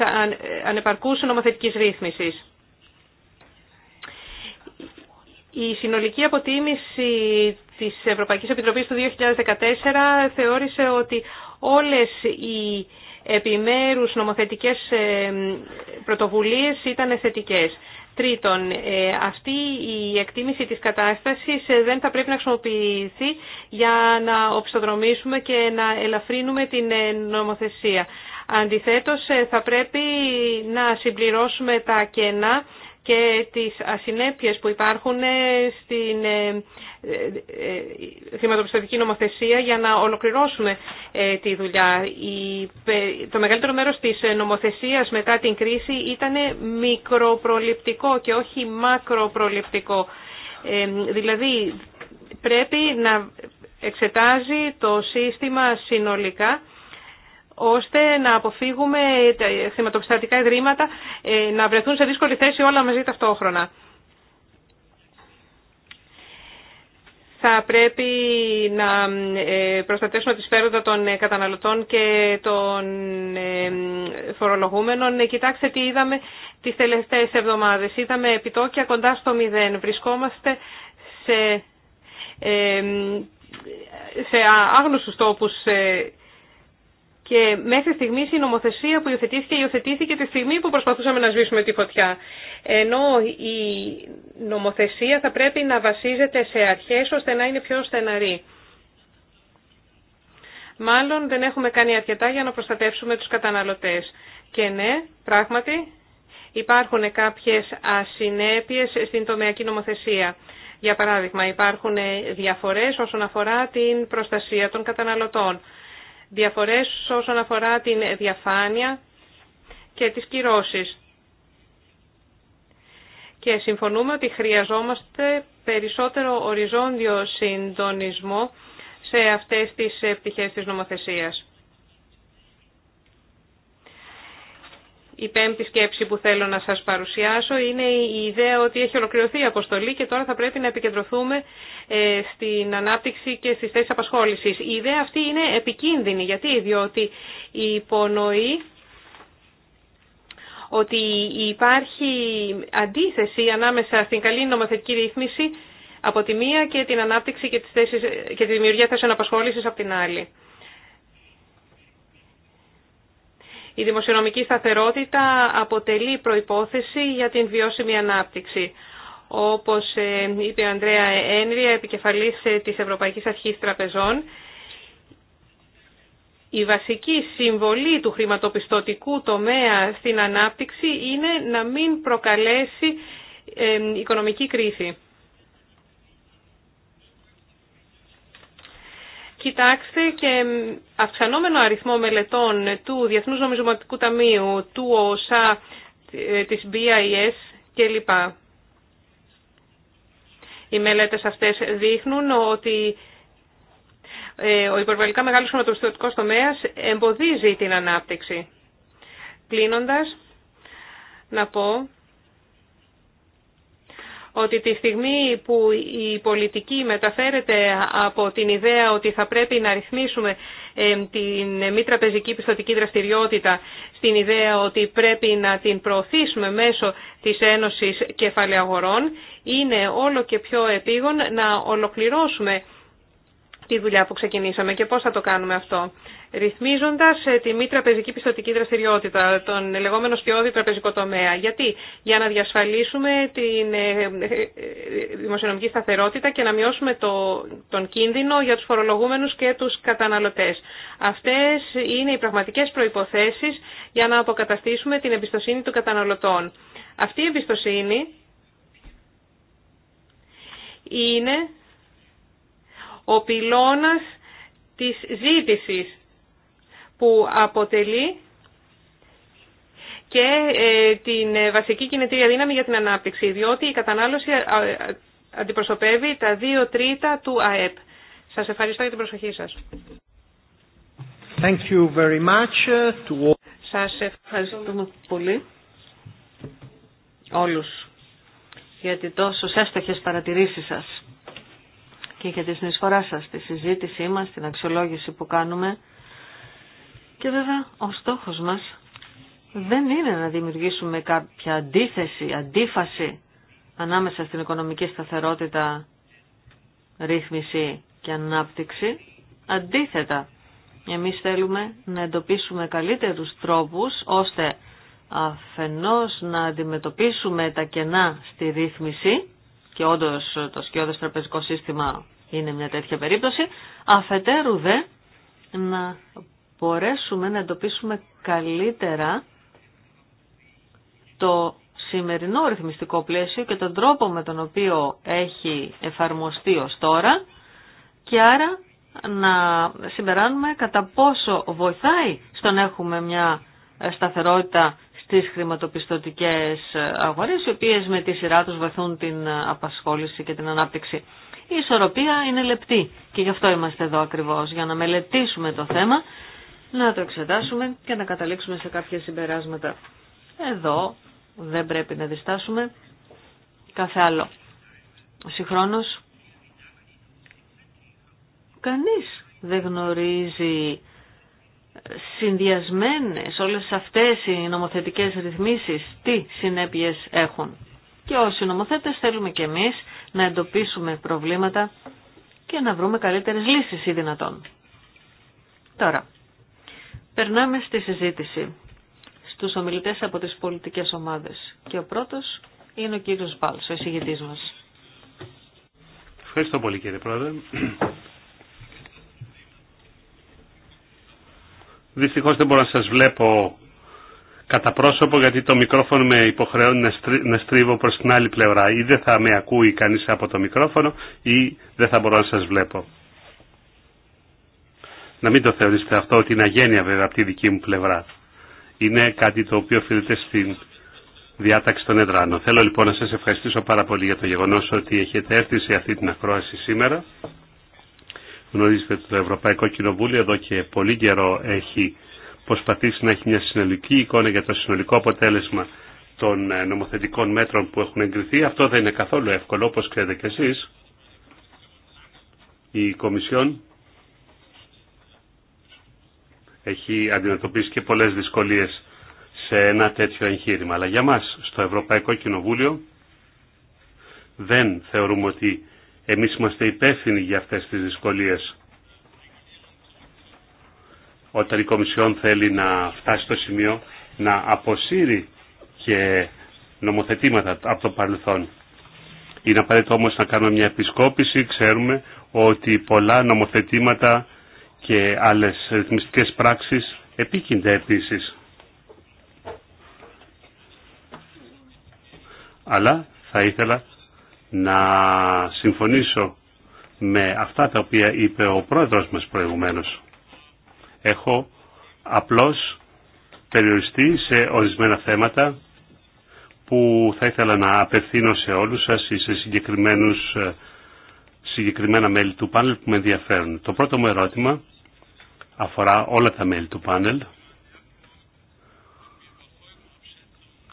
ανεπαρκούς νομοθετικής ρύθμισης. Η συνολική αποτίμηση της Ευρωπαϊκής Επιτροπής του 2014 θεώρησε ότι όλες οι επιμέρους νομοθετικές ε, πρωτοβουλίες ήταν θετικές. Τρίτον, ε, αυτή η εκτίμηση της κατάστασης ε, δεν θα πρέπει να χρησιμοποιηθεί για να οπισθοδρομήσουμε και να ελαφρύνουμε την νομοθεσία. Αντιθέτως, θα πρέπει να συμπληρώσουμε τα κενά και τις ασυνέπειες που υπάρχουν ε, στην ε, ε, χρηματοπιστωτική νομοθεσία για να ολοκληρώσουμε τη δουλειά. Το μεγαλύτερο μέρος της νομοθεσίας μετά την κρίση ήταν μικροπροληπτικό και όχι μακροπροληπτικό. Δηλαδή πρέπει να εξετάζει το σύστημα συνολικά ώστε να αποφύγουμε τα χρηματοπιστωτικά ιδρύματα ε, να βρεθούν σε δύσκολη θέση όλα μαζί ταυτόχρονα. Θα πρέπει να ε, προστατεύσουμε τη σφαίροντα των ε, καταναλωτών και των φορολογούμενων. Κοιτάξτε τι είδαμε τις τελευταίες εβδομάδες. Είδαμε επιτόκια κοντά στο μηδέν. Βρισκόμαστε σε, σε άγνωστους τόπους και μέχρι στιγμή η νομοθεσία που υιοθετήθηκε, υιοθετήθηκε τη στιγμή που προσπαθούσαμε να σβήσουμε τη φωτιά. Ενώ η νομοθεσία θα πρέπει να βασίζεται σε αρχές ώστε να είναι πιο στεναρή. Μάλλον δεν έχουμε κάνει αρκετά για να προστατεύσουμε τους καταναλωτές. Και ναι, πράγματι υπάρχουν κάποιες ασυνέπειες στην τομεακή νομοθεσία. Για παράδειγμα, υπάρχουν διαφορές όσον αφορά την προστασία των καταναλωτών διαφορές όσον αφορά την διαφάνεια και τις κυρώσεις. Και συμφωνούμε ότι χρειαζόμαστε περισσότερο οριζόντιο συντονισμό σε αυτές τις πτυχές της νομοθεσίας. Η πέμπτη σκέψη που θέλω να σας παρουσιάσω είναι η ιδέα ότι έχει ολοκληρωθεί η αποστολή και τώρα θα πρέπει να επικεντρωθούμε ε, στην ανάπτυξη και στις θέσεις απασχόλησης. Η ιδέα αυτή είναι επικίνδυνη. Γιατί, διότι υπονοεί ότι υπάρχει αντίθεση ανάμεσα στην καλή νομοθετική ρύθμιση από τη μία και την ανάπτυξη και, τη δημιουργία θέσεων απασχόλησης από την άλλη. Η δημοσιονομική σταθερότητα αποτελεί προϋπόθεση για την βιώσιμη ανάπτυξη. Όπως ε, είπε ο Ανδρέα Ένρια, επικεφαλής ε, της Ευρωπαϊκής Αρχής Τραπεζών, η βασική συμβολή του χρηματοπιστωτικού τομέα στην ανάπτυξη είναι να μην προκαλέσει ε, οικονομική κρίση. Κοιτάξτε και αυξανόμενο αριθμό μελετών του Διεθνούς Νομισματικού Ταμείου, του ΟΣΑ, ε, της BIS κλπ. Οι μελέτες αυτές δείχνουν ότι ε, ο υπερβαλλικά μεγάλος χρηματοπιστωτικός τομέας εμποδίζει την ανάπτυξη. Κλείνοντας, να πω ότι τη στιγμή που η πολιτική μεταφέρεται από την ιδέα ότι θα πρέπει να ρυθμίσουμε την μη τραπεζική πιστοτική δραστηριότητα στην ιδέα ότι πρέπει να την προωθήσουμε μέσω της Ένωσης Κεφαλαιαγορών, είναι όλο και πιο επίγον να ολοκληρώσουμε τη δουλειά που ξεκινήσαμε και πώς θα το κάνουμε αυτό ρυθμίζοντα ε, τη μη τραπεζική πιστοτική δραστηριότητα, τον λεγόμενο σκιώδη τραπεζικό τομέα. Γιατί? Για να διασφαλίσουμε τη ε, ε, δημοσιονομική σταθερότητα και να μειώσουμε το, τον κίνδυνο για τους φορολογούμενους και τους καταναλωτές. Αυτές είναι οι πραγματικές προϋποθέσεις για να αποκαταστήσουμε την εμπιστοσύνη των καταναλωτών. Αυτή η εμπιστοσύνη είναι ο πυλώνας της ζήτησης που αποτελεί και ε, την βασική κινητήρια δύναμη για την ανάπτυξη, διότι η κατανάλωση ε, αντιπροσωπεύει τα δύο τρίτα του ΑΕΠ. Σας ευχαριστώ για την προσοχή σας. Thank you very much ε, to... Σας ευχαριστούμε πολύ όλους για τις τόσο έστοχες παρατηρήσεις σας και για τη συνεισφορά σας στη συζήτησή μας, την αξιολόγηση που κάνουμε και βέβαια ο στόχος μας δεν είναι να δημιουργήσουμε κάποια αντίθεση, αντίφαση ανάμεσα στην οικονομική σταθερότητα, ρύθμιση και ανάπτυξη. Αντίθετα, εμείς θέλουμε να εντοπίσουμε καλύτερους τρόπους ώστε αφενός να αντιμετωπίσουμε τα κενά στη ρύθμιση και όντως το σκιώδες τραπεζικό σύστημα είναι μια τέτοια περίπτωση, αφετέρου δε να μπορέσουμε να εντοπίσουμε καλύτερα το σημερινό ρυθμιστικό πλαίσιο και τον τρόπο με τον οποίο έχει εφαρμοστεί ως τώρα και άρα να συμπεράνουμε κατά πόσο βοηθάει στο να έχουμε μια σταθερότητα στις χρηματοπιστωτικές αγορές, οι οποίες με τη σειρά τους βοηθούν την απασχόληση και την ανάπτυξη. Η ισορροπία είναι λεπτή και γι' αυτό είμαστε εδώ ακριβώς, για να μελετήσουμε το θέμα να το εξετάσουμε και να καταλήξουμε σε κάποια συμπεράσματα. Εδώ δεν πρέπει να διστάσουμε κάθε άλλο. Συγχρόνως, κανείς δεν γνωρίζει συνδυασμένες όλες αυτές οι νομοθετικές ρυθμίσεις τι συνέπειες έχουν. Και όσοι νομοθέτες θέλουμε και εμείς να εντοπίσουμε προβλήματα και να βρούμε καλύτερες λύσεις ή δυνατόν. Τώρα, Περνάμε στη συζήτηση στους ομιλητές από τις πολιτικές ομάδες. Και ο πρώτος είναι ο κύριος Βάλς, ο εισηγητής μας. Ευχαριστώ πολύ κύριε Πρόεδρε. Δυστυχώς δεν μπορώ να σας βλέπω κατά πρόσωπο γιατί το μικρόφωνο με υποχρεώνει να στρίβω προς την άλλη πλευρά. Ή δεν θα με ακούει κανείς από το μικρόφωνο ή δεν θα μπορώ να σας βλέπω να μην το θεωρήσετε αυτό ότι είναι αγένεια βέβαια από τη δική μου πλευρά. Είναι κάτι το οποίο οφείλεται στην διάταξη των εδράνων. Θέλω λοιπόν να σας ευχαριστήσω πάρα πολύ για το γεγονός ότι έχετε έρθει σε αυτή την ακρόαση σήμερα. Γνωρίζετε ότι το Ευρωπαϊκό Κοινοβούλιο εδώ και πολύ καιρό έχει προσπαθήσει να έχει μια συνολική εικόνα για το συνολικό αποτέλεσμα των ε, νομοθετικών μέτρων που έχουν εγκριθεί. Αυτό δεν είναι καθόλου εύκολο όπως ξέρετε κι εσείς. Η Κομισιόν έχει αντιμετωπίσει και πολλές δυσκολίες σε ένα τέτοιο εγχείρημα. Αλλά για μας στο Ευρωπαϊκό Κοινοβούλιο δεν θεωρούμε ότι εμείς είμαστε υπεύθυνοι για αυτές τις δυσκολίες. Όταν η Κομισιόν θέλει να φτάσει στο σημείο να αποσύρει και νομοθετήματα από το παρελθόν. Είναι απαραίτητο όμως να κάνουμε μια επισκόπηση. Ξέρουμε ότι πολλά νομοθετήματα και άλλες ρυθμιστικές πράξεις επίκυνται επίσης. Αλλά θα ήθελα να συμφωνήσω με αυτά τα οποία είπε ο πρόεδρος μας προηγουμένως. Έχω απλώς περιοριστεί σε ορισμένα θέματα που θα ήθελα να απευθύνω σε όλους σας ή σε συγκεκριμένους, ε, συγκεκριμένα μέλη του πάνελ που με ενδιαφέρουν. Το πρώτο μου ερώτημα αφορά όλα τα μέλη του πάνελ.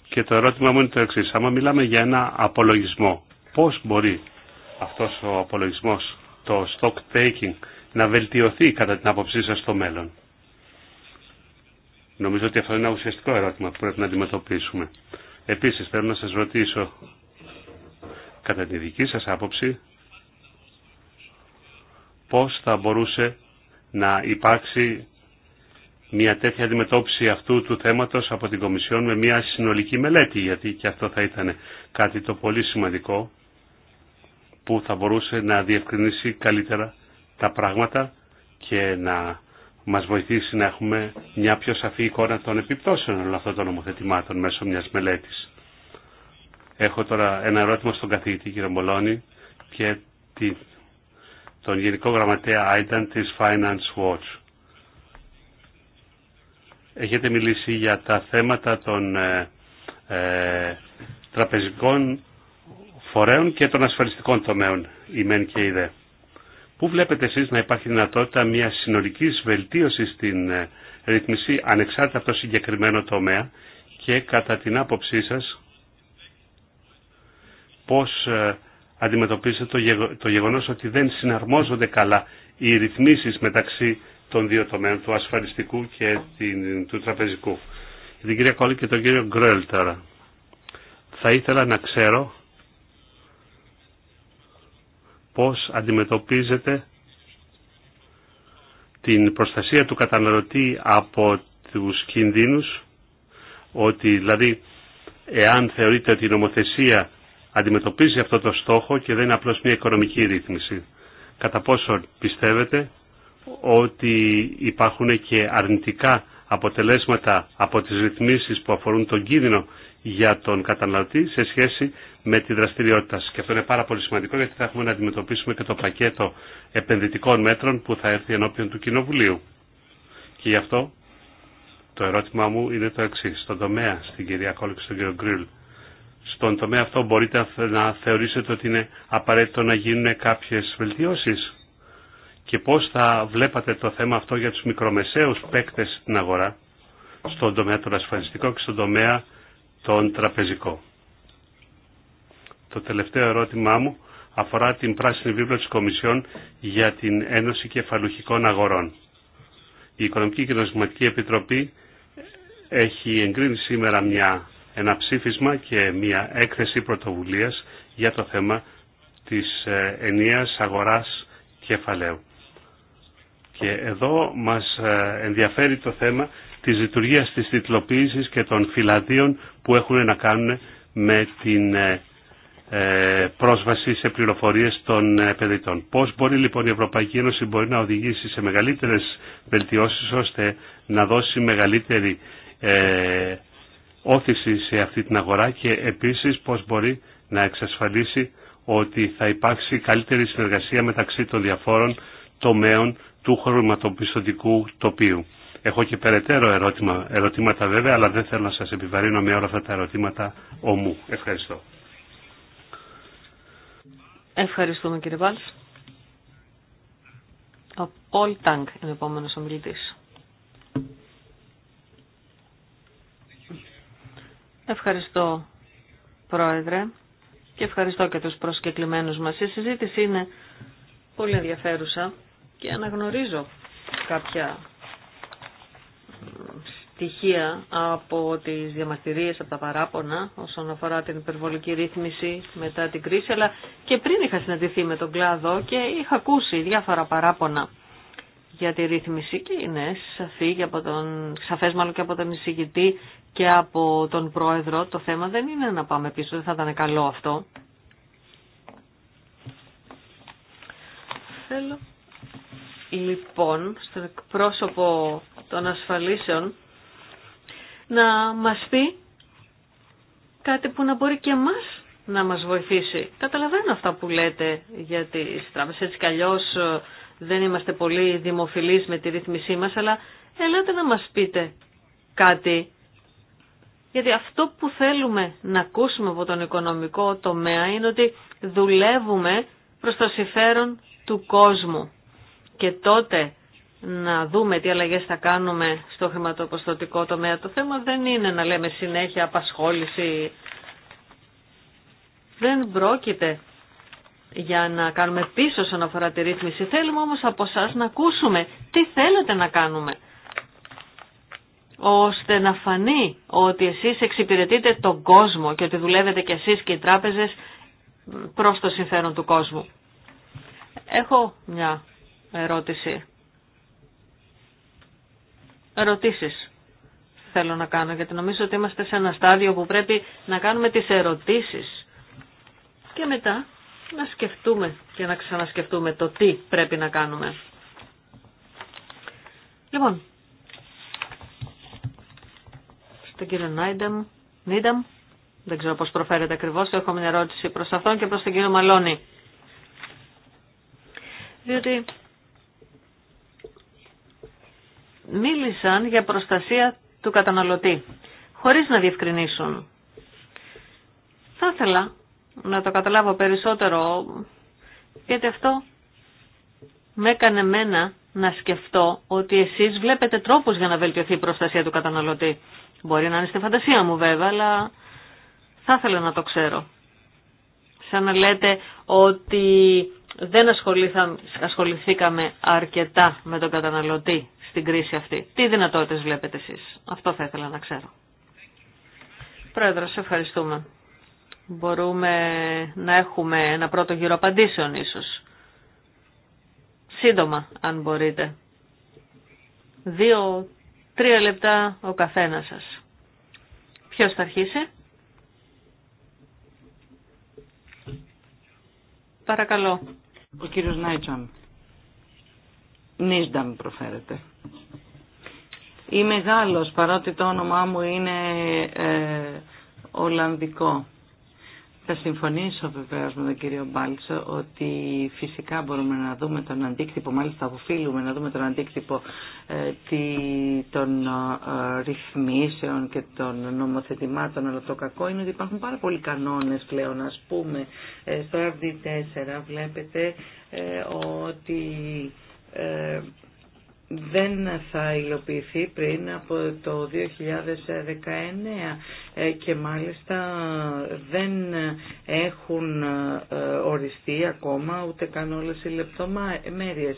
Και το ερώτημα μου είναι το εξής. Άμα μιλάμε για ένα απολογισμό, πώς μπορεί αυτός ο απολογισμός, το stock taking, να βελτιωθεί κατά την άποψή σας στο μέλλον. Νομίζω ότι αυτό είναι ένα ουσιαστικό ερώτημα που πρέπει να αντιμετωπίσουμε. Επίσης θέλω να σας ρωτήσω, κατά τη δική σας άποψη, πώς θα μπορούσε να υπάρξει μια τέτοια αντιμετώπιση αυτού του θέματος από την Κομισιόν με μια συνολική μελέτη, γιατί και αυτό θα ήταν κάτι το πολύ σημαντικό που θα μπορούσε να διευκρινίσει καλύτερα τα πράγματα και να μας βοηθήσει να έχουμε μια πιο σαφή εικόνα των επιπτώσεων όλων αυτών των νομοθετημάτων μέσω μιας μελέτης. Έχω τώρα ένα ερώτημα στον καθηγητή κύριο Μολώνη και τον Γενικό Γραμματέα Άινταν της Finance Watch. Έχετε μιλήσει για τα θέματα των ε, ε, τραπεζικών φορέων και των ασφαλιστικών τομέων, η ΜΕΝ και η ΔΕ. Πού βλέπετε εσείς να υπάρχει δυνατότητα μια συνολικής βελτίωσης στην ε, ρύθμιση ανεξάρτητα από το συγκεκριμένο τομέα και κατά την άποψή σας πώς ε, αντιμετωπίσετε το γεγονός ότι δεν συναρμόζονται καλά οι ρυθμίσεις μεταξύ των δύο τομέων, του ασφαλιστικού και του τραπεζικού. Την κυρία Κόλλη και τον κύριο Γκρέλ τώρα. Θα ήθελα να ξέρω πώς αντιμετωπίζετε την προστασία του καταναλωτή από τους κινδύνους, ότι δηλαδή εάν θεωρείτε ότι η νομοθεσία αντιμετωπίζει αυτό το στόχο και δεν είναι απλώς μια οικονομική ρύθμιση. Κατά πόσο πιστεύετε ότι υπάρχουν και αρνητικά αποτελέσματα από τις ρυθμίσεις που αφορούν τον κίνδυνο για τον καταναλωτή σε σχέση με τη δραστηριότητα Και αυτό είναι πάρα πολύ σημαντικό γιατί θα έχουμε να αντιμετωπίσουμε και το πακέτο επενδυτικών μέτρων που θα έρθει ενώπιον του Κοινοβουλίου. Και γι' αυτό το ερώτημά μου είναι το εξή. Στον τομέα, στην κυρία Κόλλη και στον κύριο Γκριλ, στον τομέα αυτό μπορείτε να θεωρήσετε ότι είναι απαραίτητο να γίνουν κάποιες βελτιώσεις και πώς θα βλέπατε το θέμα αυτό για τους μικρομεσαίους παίκτες στην αγορά στον τομέα των ασφαλιστικών και στον τομέα των τραπεζικών. Το τελευταίο ερώτημά μου αφορά την πράσινη βίβλο της Κομισιόν για την Ένωση Κεφαλουχικών Αγορών. Η Οικονομική και Νοσηματική Επιτροπή έχει εγκρίνει σήμερα μια ένα ψήφισμα και μια έκθεση πρωτοβουλίας για το θέμα της ε, ενίας αγοράς κεφαλαίου. Και εδώ μας ε, ενδιαφέρει το θέμα της λειτουργίας της τιτλοποίησης και των φυλαδίων που έχουν να κάνουν με την ε, πρόσβαση σε πληροφορίες των παιδιτών. Πώς μπορεί λοιπόν η Ευρωπαϊκή Ένωση μπορεί να οδηγήσει σε μεγαλύτερες βελτιώσεις ώστε να δώσει μεγαλύτερη όθηση σε αυτή την αγορά και επίσης πώς μπορεί να εξασφαλίσει ότι θα υπάρξει καλύτερη συνεργασία μεταξύ των διαφόρων τομέων του χρηματοπιστωτικού τοπίου. Έχω και περαιτέρω ερώτημα, ερωτήματα βέβαια, αλλά δεν θέλω να σας επιβαρύνω με όλα αυτά τα ερωτήματα ομού. Ευχαριστώ. Ευχαριστούμε κύριε Βάλς. Ο Πολ Τάγκ είναι ο επόμενος ομιλητής. Ευχαριστώ, Πρόεδρε, και ευχαριστώ και τους προσκεκλημένους μας. Η συζήτηση είναι πολύ ενδιαφέρουσα και αναγνωρίζω κάποια στοιχεία από τις διαμαρτυρίες, από τα παράπονα όσον αφορά την υπερβολική ρύθμιση μετά την κρίση, αλλά και πριν είχα συναντηθεί με τον κλάδο και είχα ακούσει διάφορα παράπονα για τη ρύθμιση και είναι σαφή και από τον, μάλλον και από τον εισηγητή και από τον πρόεδρο. Το θέμα δεν είναι να πάμε πίσω, δεν θα ήταν καλό αυτό. Θέλω. Λοιπόν, στον πρόσωπο των ασφαλίσεων να μας πει κάτι που να μπορεί και εμάς να μας βοηθήσει. Καταλαβαίνω αυτά που λέτε για τις τράπεζες. Έτσι καλώς ε, δεν είμαστε πολύ δημοφιλείς με τη ρύθμισή μας, αλλά ελάτε να μας πείτε κάτι γιατί αυτό που θέλουμε να ακούσουμε από τον οικονομικό τομέα είναι ότι δουλεύουμε προς το συμφέρον του κόσμου. Και τότε να δούμε τι αλλαγές θα κάνουμε στο χρηματοποστοτικό τομέα. Το θέμα δεν είναι να λέμε συνέχεια απασχόληση. Δεν πρόκειται για να κάνουμε πίσω σαν αφορά τη ρύθμιση. Θέλουμε όμως από εσά να ακούσουμε τι θέλετε να κάνουμε ώστε να φανεί ότι εσείς εξυπηρετείτε τον κόσμο και ότι δουλεύετε κι εσείς και οι τράπεζες προς το συμφέρον του κόσμου. Έχω μια ερώτηση. Ερωτήσεις θέλω να κάνω γιατί νομίζω ότι είμαστε σε ένα στάδιο που πρέπει να κάνουμε τις ερωτήσεις και μετά να σκεφτούμε και να ξανασκεφτούμε το τι πρέπει να κάνουμε. Λοιπόν, τον κύριο Νάιντεμ, Δεν ξέρω πώς προφέρεται ακριβώς. Έχω μια ερώτηση προς αυτόν και προς τον κύριο Μαλώνη. Διότι μίλησαν για προστασία του καταναλωτή, χωρίς να διευκρινίσουν. Θα ήθελα να το καταλάβω περισσότερο, γιατί αυτό με έκανε μένα να σκεφτώ ότι εσείς βλέπετε τρόπους για να βελτιωθεί η προστασία του καταναλωτή. Μπορεί να είναι στη φαντασία μου βέβαια, αλλά θα ήθελα να το ξέρω. Σαν να λέτε ότι δεν ασχοληθήκαμε αρκετά με τον καταναλωτή στην κρίση αυτή. Τι δυνατότητες βλέπετε εσείς. Αυτό θα ήθελα να ξέρω. Πρόεδρο, σε ευχαριστούμε. Μπορούμε να έχουμε ένα πρώτο γύρο απαντήσεων ίσως. Σύντομα, αν μπορείτε. Δύο, Τρία λεπτά ο καθένας σας. Ποιος θα αρχίσει? Παρακαλώ. Ο κύριος Νάιτσον. Νίσνταμ προφέρεται. Είμαι Γάλλος, παρότι το όνομά μου είναι ε, Ολλανδικό. Θα συμφωνήσω βεβαίως με τον κύριο Μπάλτσο ότι φυσικά μπορούμε να δούμε τον αντίκτυπο, μάλιστα οφείλουμε να δούμε τον αντίκτυπο ε, των ε, ρυθμίσεων και των νομοθετημάτων, αλλά το κακό είναι ότι υπάρχουν πάρα πολλοί κανόνες πλέον. Ας πούμε, ε, στο RD4 βλέπετε ότι δεν θα υλοποιηθεί πριν από το 2019 ε, και μάλιστα δεν έχουν ε, οριστεί ακόμα ούτε καν όλες οι λεπτομέρειες.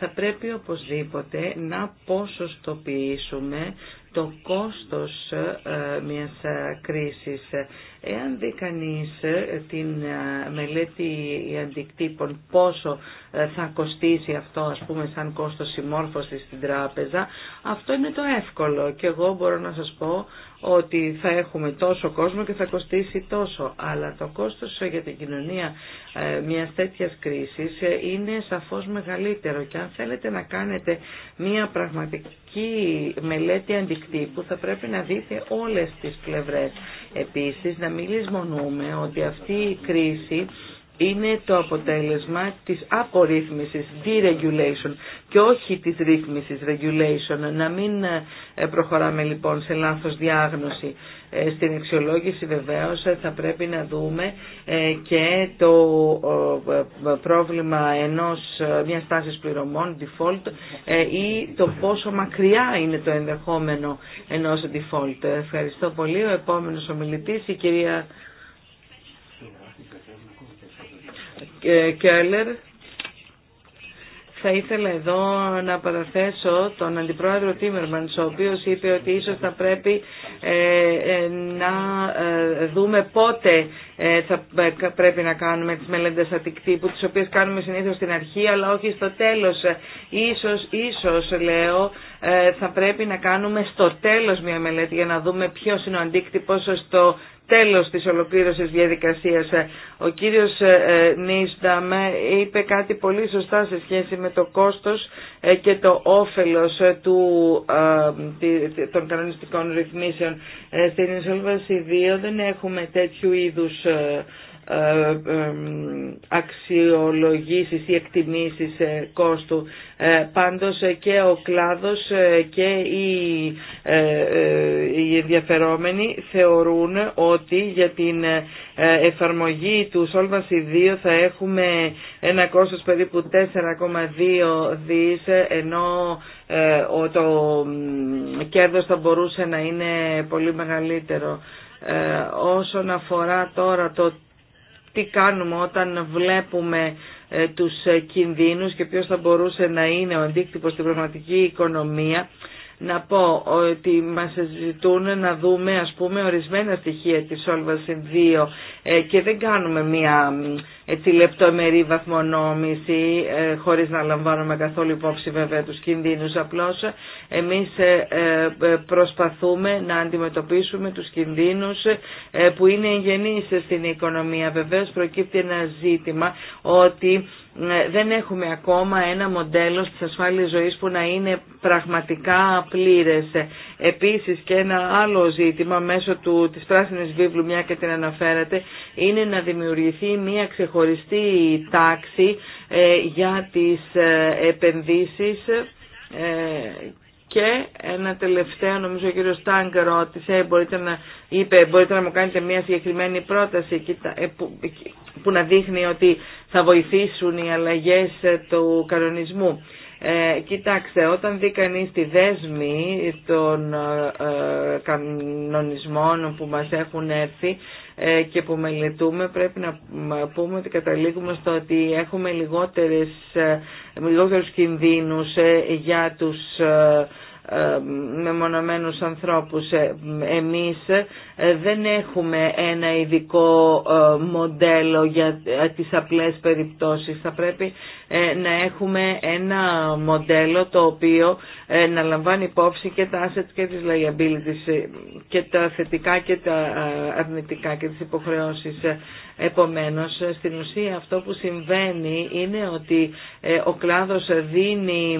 Θα πρέπει οπωσδήποτε να ποσοστοποιήσουμε το κόστος ε, μιας ε, κρίσης. Εάν δει κανείς ε, την μελέτη αντικτύπων πόσο θα κοστίσει αυτό ας πούμε σαν κόστος συμμόρφωσης στην τράπεζα, αυτό είναι το εύκολο και εγώ μπορώ να σας πω ότι θα έχουμε τόσο κόσμο και θα κοστίσει τόσο. Αλλά το κόστος για την κοινωνία μιας τέτοιας κρίσης είναι σαφώς μεγαλύτερο και αν θέλετε να κάνετε μια πραγματική μελέτη αντικτύπων που θα πρέπει να δείτε όλες τις πλευρές. Επίσης να μην λησμονούμε ότι αυτή η κρίση είναι το αποτέλεσμα της απορρίθμισης, deregulation και όχι της ρύθμισης, regulation. Να μην ε, προχωράμε λοιπόν σε λάθος διάγνωση. Ε, στην αξιολόγηση βεβαίως ε, θα πρέπει να δούμε και το πρόβλημα ενός μιας τάσης πληρωμών, default, ή το πόσο μακριά είναι το ενδεχόμενο ενός default. Ευχαριστώ πολύ. Ο επόμενος ομιλητής, η κυρία Ε, Κέλλερ. Θα ήθελα εδώ να παραθέσω τον Αντιπρόεδρο Τίμερμαντς, ο οποίος είπε ότι ίσως θα πρέπει ε, ε, να δούμε πότε θα πρέπει να κάνουμε τις μελέτες ατικτύπου τις οποίες κάνουμε συνήθως στην αρχή, αλλά όχι στο τέλος. Ίσως, ίσως λέω, θα πρέπει να κάνουμε στο τέλος μια μελέτη για να δούμε ποιος είναι ο αντίκτυπος στο τέλος της ολοκλήρωσης διαδικασίας. Ε, ο κύριος ε, ε, νίσταμε είπε κάτι πολύ σωστά σε σχέση με το κόστος και το όφελος του, των κανονιστικών ρυθμίσεων. Στην Insolvency 2 δεν έχουμε τέτοιου είδους ε, ε, αξιολογήσεις ή εκτιμήσεις ε, κόστου. Πάντως και ο κλάδος και οι ενδιαφερόμενοι θεωρούν ότι για την εφαρμογή του Solvency 2 θα έχουμε ένα κόστος περίπου 4,2 δις ενώ το κέρδος θα μπορούσε να είναι πολύ μεγαλύτερο. Όσον αφορά τώρα το τι κάνουμε όταν βλέπουμε ε, τους ε, κινδύνους και ποιος θα μπορούσε να είναι ο αντίκτυπος στην πραγματική οικονομία να πω ότι μας ζητούν να δούμε ας πούμε ορισμένα στοιχεία της Solvency 2 ε, και δεν κάνουμε μια έτσι, λεπτομερή βαθμονόμηση ε, χωρίς να λαμβάνουμε καθόλου υπόψη βέβαια τους κινδύνους. Απλώς εμείς ε, προσπαθούμε να αντιμετωπίσουμε τους κινδύνους που είναι εγγενείς στην οικονομία. Βεβαίως προκύπτει ένα ζήτημα ότι ναι, δεν έχουμε ακόμα ένα μοντέλο στις ασφάλειες ζωής που να είναι πραγματικά πλήρες. Επίσης και ένα άλλο ζήτημα μέσω του, της πράσινης βίβλου, μια και την αναφέρατε, είναι να δημιουργηθεί μια ξεχωριστή τάξη ε, για τις ε, επενδύσεις ε, και ένα τελευταίο, νομίζω ο κύριος Τάγκ ρώτησε, μπορείτε να, είπε, μπορείτε να μου κάνετε μια συγκεκριμένη πρόταση ε, που, ε, που να δείχνει ότι θα βοηθήσουν οι αλλαγές ε, του κανονισμού. Ε, κοιτάξτε, όταν δει κανεί τη δέσμη των ε, κανονισμών που μας έχουν έρθει, ε, και που μελετούμε πρέπει να πούμε ότι καταλήγουμε στο ότι έχουμε λιγότερες, ε, λιγότερους κινδύνους ε, για τους με μεμονωμένους ανθρώπους. Ε, εμείς ε, δεν έχουμε ένα ειδικό ε, μοντέλο για τις απλές περιπτώσεις. Θα πρέπει να έχουμε ένα μοντέλο το οποίο να λαμβάνει υπόψη και τα assets και τις liabilities και τα θετικά και τα αρνητικά και τις υποχρεώσεις. Επομένως, στην ουσία αυτό που συμβαίνει είναι ότι ο κλάδος δίνει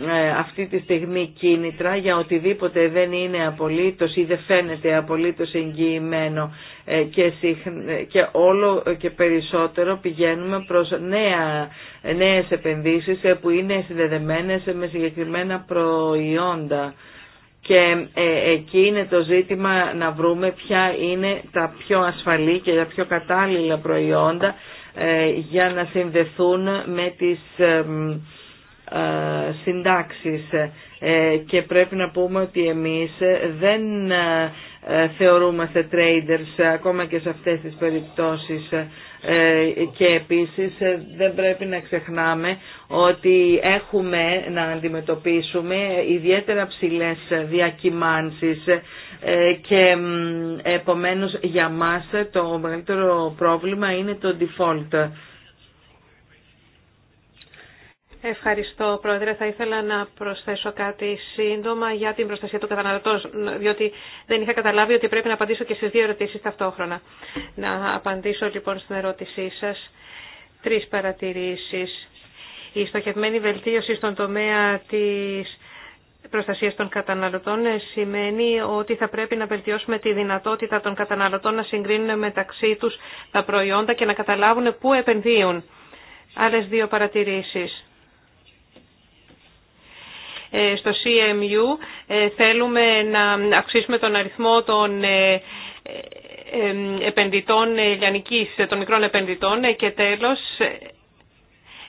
ε, αυτή τη στιγμή κίνητρα για οτιδήποτε δεν είναι απολύτως ή δεν φαίνεται απολύτως εγγυημένο ε, και, ε, και όλο και περισσότερο πηγαίνουμε προς νέα, νέες επενδύσεις που είναι συνδεδεμένες με συγκεκριμένα προϊόντα. Και εκεί είναι το ζήτημα να βρούμε ποια είναι τα πιο ασφαλή και τα πιο κατάλληλα προϊόντα για να συνδεθούν με τις ε, συντάξεις ε, και πρέπει να πούμε ότι εμείς δεν ε, θεωρούμαστε traders ακόμα και σε αυτές τις περιπτώσεις και επίσης δεν πρέπει να ξεχνάμε ότι έχουμε να αντιμετωπίσουμε ιδιαίτερα ψηλές διακυμάνσεις και επομένως για μας το μεγαλύτερο πρόβλημα είναι το default. Ευχαριστώ, Πρόεδρε. Θα ήθελα να προσθέσω κάτι σύντομα για την προστασία του καταναλωτών, διότι δεν είχα καταλάβει ότι πρέπει να απαντήσω και στις δύο ερωτήσεις ταυτόχρονα. Να απαντήσω λοιπόν στην ερώτησή σας τρεις παρατηρήσεις. Η στοχευμένη βελτίωση στον τομέα της προστασίας των καταναλωτών σημαίνει ότι θα πρέπει να βελτιώσουμε τη δυνατότητα των καταναλωτών να συγκρίνουν μεταξύ τους τα προϊόντα και να καταλάβουν πού επενδύουν. Άλλες δύο παρατηρήσεις. Ε, στο CMU. Ε, θέλουμε να αυξήσουμε τον αριθμό των ε, επενδυτών λιανικής, των μικρών επενδυτών και τέλος,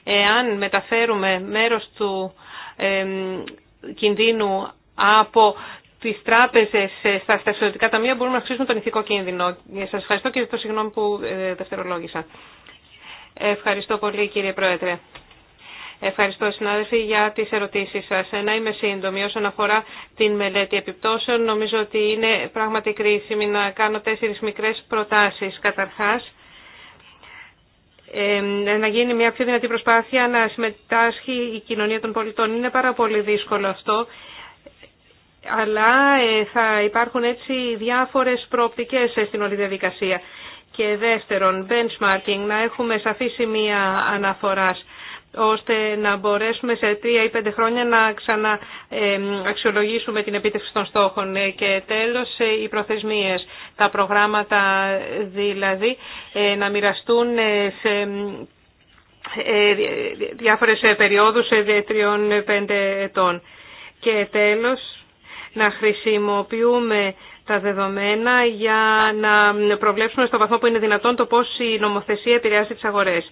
εάν μεταφέρουμε μέρος του κινδύνου από τις τράπεζες στα, στα εξωτερικά ταμεία μπορούμε να αυξήσουμε τον ηθικό κίνδυνο. Σας ευχαριστώ και το συγγνώμη που δευτερολόγησα. Ευχαριστώ πολύ κύριε Πρόεδρε. Ευχαριστώ συνάδελφοι για τις ερωτήσεις σας. Ε, να είμαι σύντομη όσον αφορά την μελέτη επιπτώσεων. Νομίζω ότι είναι πράγματι κρίσιμη να κάνω τέσσερις μικρές προτάσεις. Καταρχάς, να γίνει μια πιο δυνατή προσπάθεια να συμμετάσχει η κοινωνία των πολιτών. Είναι πάρα πολύ δύσκολο αυτό, αλλά ε, θα υπάρχουν έτσι διάφορες προοπτικές ε, στην όλη διαδικασία. Και δεύτερον, benchmarking, να έχουμε σαφή σημεία αναφοράς ώστε να μπορέσουμε σε τρία ή πέντε χρόνια να ξανααξιολογήσουμε την επίτευξη των στόχων. Ε, και τέλος, ε, οι προθεσμίες, τα προγράμματα δηλαδή, ε, να μοιραστούν σε διάφορες περιόδους τριών-πέντε ετών. Και τέλος, να χρησιμοποιούμε τα δεδομένα για να προβλέψουμε στο βαθμό που είναι δυνατόν το πώς η νομοθεσία επηρεάζει τις αγορές.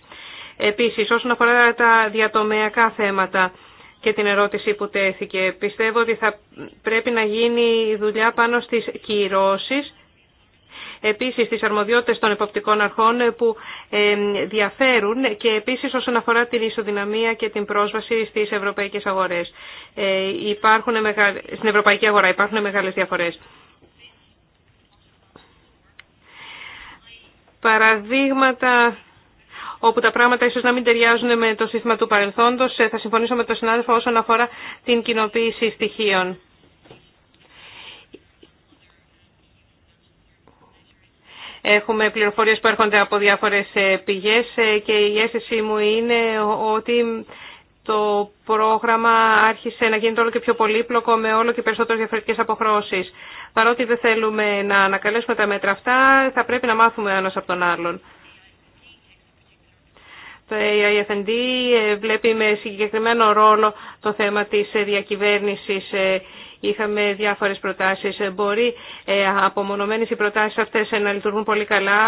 Επίσης, όσον αφορά τα διατομεακά θέματα και την ερώτηση που τέθηκε, πιστεύω ότι θα πρέπει να γίνει δουλειά πάνω στις κυρώσεις, επίσης στις αρμοδιότητες των εποπτικών αρχών που διαφέρουν και επίσης όσον αφορά την ισοδυναμία και την πρόσβαση στις ευρωπαϊκές αγορές. Ε, υπάρχουν Στην ευρωπαϊκή αγορά υπάρχουν μεγάλες διαφορές. Παραδείγματα όπου τα πράγματα ίσως να μην ταιριάζουν με το σύστημα του παρελθόντο. Ε, θα συμφωνήσω με τον συνάδελφο όσον αφορά την κοινοποίηση στοιχείων. Έχουμε πληροφορίες που έρχονται από διάφορες ε, πηγές ε, και η αίσθηση μου είναι ότι το πρόγραμμα άρχισε να γίνεται όλο και πιο πολύπλοκο με όλο και περισσότερες διαφορετικές αποχρώσεις. Παρότι δεν θέλουμε να ανακαλέσουμε τα μέτρα αυτά, θα πρέπει να μάθουμε ένας από τον άλλον. Το ε, AIFND ε, βλέπει με συγκεκριμένο ρόλο το θέμα της ε, διακυβέρνησης. Είχαμε διάφορες προτάσεις. Μπορεί απομονωμένε οι προτάσεις αυτές να λειτουργούν πολύ καλά,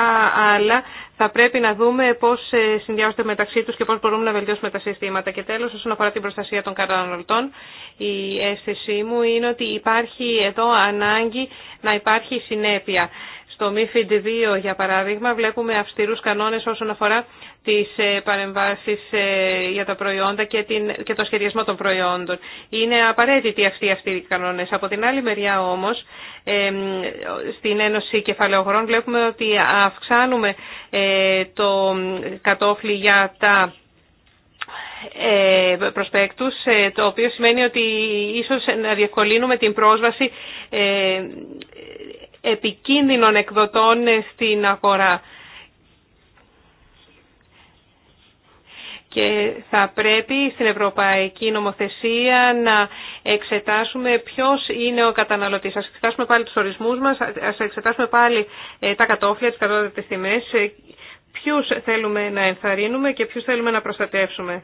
αλλά θα πρέπει να δούμε πώς συνδυάζονται μεταξύ τους και πώς μπορούμε να βελτιώσουμε τα συστήματα. Και τέλος, όσον αφορά την προστασία των καταναλωτών, η αίσθησή μου είναι ότι υπάρχει εδώ ανάγκη να υπάρχει συνέπεια. Στο MIFID 2, για παράδειγμα, βλέπουμε αυστηρούς κανόνες όσον αφορά τις ε, παρεμβάσεις ε, για τα προϊόντα και, την, και το σχεδιασμό των προϊόντων. Είναι απαραίτητοι αυτοί, αυτοί οι κανόνες. Από την άλλη μεριά όμως, στην Ένωση Κεφαλαιογρών βλέπουμε ότι αυξάνουμε ε, το κατόφλι για τα προσπέκτους, το οποίο σημαίνει ότι ίσως να διευκολύνουμε την πρόσβαση επικίνδυνων εκδοτών στην αγορά. και θα πρέπει στην ευρωπαϊκή νομοθεσία να εξετάσουμε ποιος είναι ο καταναλωτής. Ας εξετάσουμε πάλι τους ορισμούς μας, ας εξετάσουμε πάλι ε, τα κατόφλια, τις κατώτατες τιμές, ε, ποιους θέλουμε να ενθαρρύνουμε και ποιους θέλουμε να προστατεύσουμε.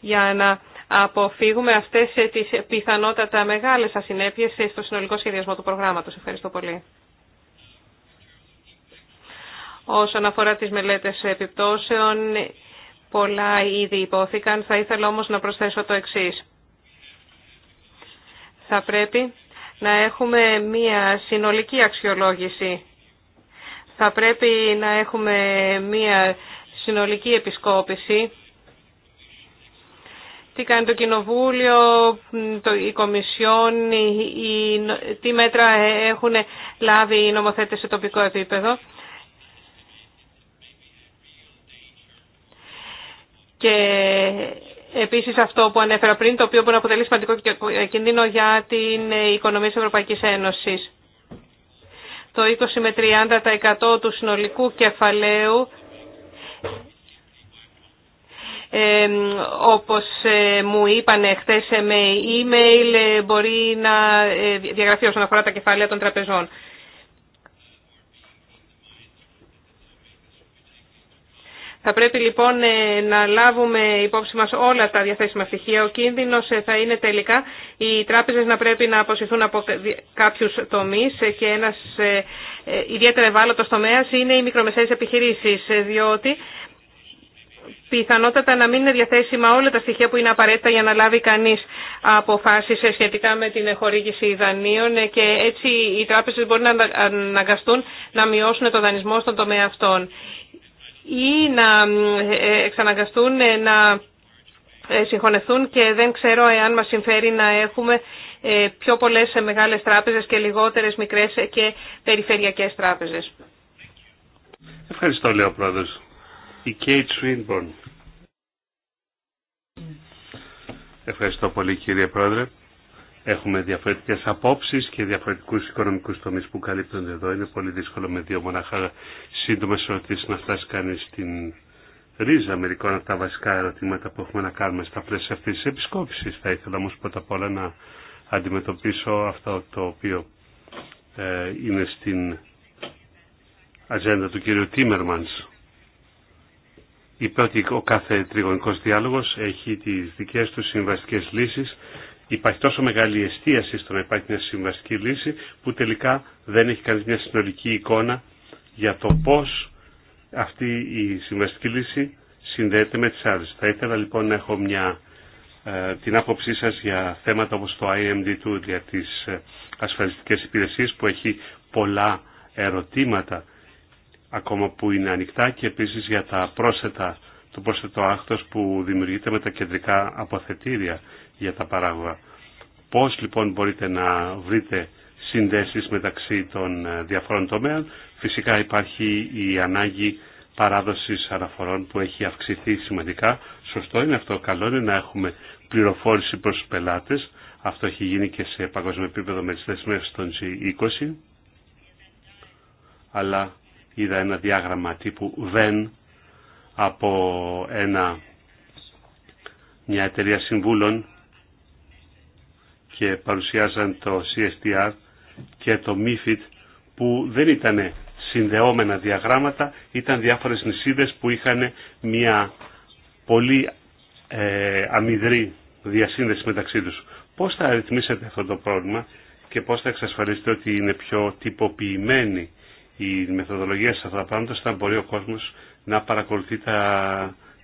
Για να αποφύγουμε αυτές ε, τις πιθανότατα μεγάλες ασυνέπειες στο συνολικό σχεδιασμό του προγράμματος. Ευχαριστώ πολύ. Όσον αφορά τις μελέτες επιπτώσεων, Πολλά ήδη υπόθηκαν, θα ήθελα όμως να προσθέσω το εξής. Θα πρέπει να έχουμε μία συνολική αξιολόγηση. Θα πρέπει να έχουμε μία συνολική επισκόπηση. Τι κάνει το Κοινοβούλιο, το, η Κομισιόν, τι μέτρα έχουν λάβει οι νομοθέτες σε τοπικό επίπεδο Και επίση αυτό που ανέφερα πριν, το οποίο μπορεί να αποτελεί σημαντικό κινδύνο για την οικονομία της Ευρωπαϊκής Ένωσης. Το 20 με 30% του συνολικού κεφαλαίου ε, όπως μου είπαν χθε ε, με email ε, μπορεί να ε, διαγραφεί όσον αφορά τα κεφάλαια των τραπεζών. Θα πρέπει λοιπόν ε, να λάβουμε υπόψη μας όλα τα διαθέσιμα στοιχεία. Ο κίνδυνος ε, θα είναι τελικά οι τράπεζες να πρέπει να αποσυρθούν από κάποιους τομείς ε, και ένας ιδιαίτερα ευάλωτος τομέας είναι οι μικρομεσαίες επιχειρήσεις, διότι πιθανότατα να μην είναι διαθέσιμα όλα τα στοιχεία που είναι απαραίτητα για να λάβει κανείς αποφάσεις σχετικά με την χορήγηση δανείων και έτσι οι τράπεζες μπορεί να αναγκαστούν να μειώσουν το δανεισμό στον τομέα αυτών ή να ε, ε, εξαναγκαστούν ε, να συγχωνευτούν και δεν ξέρω εάν μας συμφέρει να έχουμε πιο πολλές μεγάλες τράπεζες και λιγότερες μικρές και περιφερειακές τράπεζες. Ευχαριστώ, λέω πρόεδρος. Η Κέιτ Σουίνμπορν. Ευχαριστώ πολύ κύριε Πρόεδρε. Έχουμε διαφορετικέ απόψει και διαφορετικού οικονομικού τομεί που καλύπτονται εδώ. Είναι πολύ δύσκολο με δύο μονάχα σύντομε ερωτήσει να φτάσει κανεί στην ρίζα μερικών από τα βασικά ερωτήματα που έχουμε να κάνουμε στα πλαίσια αυτή τη επισκόπηση. Θα ήθελα όμω πρώτα απ' όλα να αντιμετωπίσω αυτό το οποίο ε, είναι στην ατζέντα του κύριου Τίμερμανς. Είπε ότι ο κάθε τριγωνικός διάλογος έχει τις δικές του συμβαστικές λύσεις υπάρχει τόσο μεγάλη εστίαση στο να υπάρχει μια συμβαστική λύση που τελικά δεν έχει κανείς μια συνολική εικόνα για το πώς αυτή η συμβαστική λύση συνδέεται με τις άλλες. Θα ήθελα λοιπόν να έχω μια, ε, την άποψή σας για θέματα όπως το IMD2 για τις ε, ασφαλιστικές υπηρεσίες που έχει πολλά ερωτήματα ακόμα που είναι ανοιχτά και επίσης για τα πρόσθετα το πρόσθετο άκτος που δημιουργείται με τα κεντρικά αποθετήρια για τα παράγωγα. Πώς λοιπόν μπορείτε να βρείτε συνδέσεις μεταξύ των ε, διαφορών τομέων. Φυσικά υπάρχει η ανάγκη παράδοσης αναφορών που έχει αυξηθεί σημαντικά. Σωστό είναι αυτό. Καλό είναι να έχουμε πληροφόρηση προς τους πελάτες. Αυτό έχει γίνει και σε παγκόσμιο επίπεδο με τις δεσμεύσεις των G20. Αλλά είδα ένα διάγραμμα τύπου VEN από ένα, μια εταιρεία συμβούλων και παρουσιάζαν το CSTR και το MIFID που δεν ήταν συνδεόμενα διαγράμματα, ήταν διάφορες νησίδες που είχαν μια πολύ ε, αμυδρή διασύνδεση μεταξύ τους. Πώς θα αριθμίσετε αυτό το πρόβλημα και πώς θα εξασφαλίσετε ότι είναι πιο τυποποιημένη η μεθοδολογία σε αυτά τα πράγματα, ώστε να μπορεί ο κόσμος να παρακολουθεί τα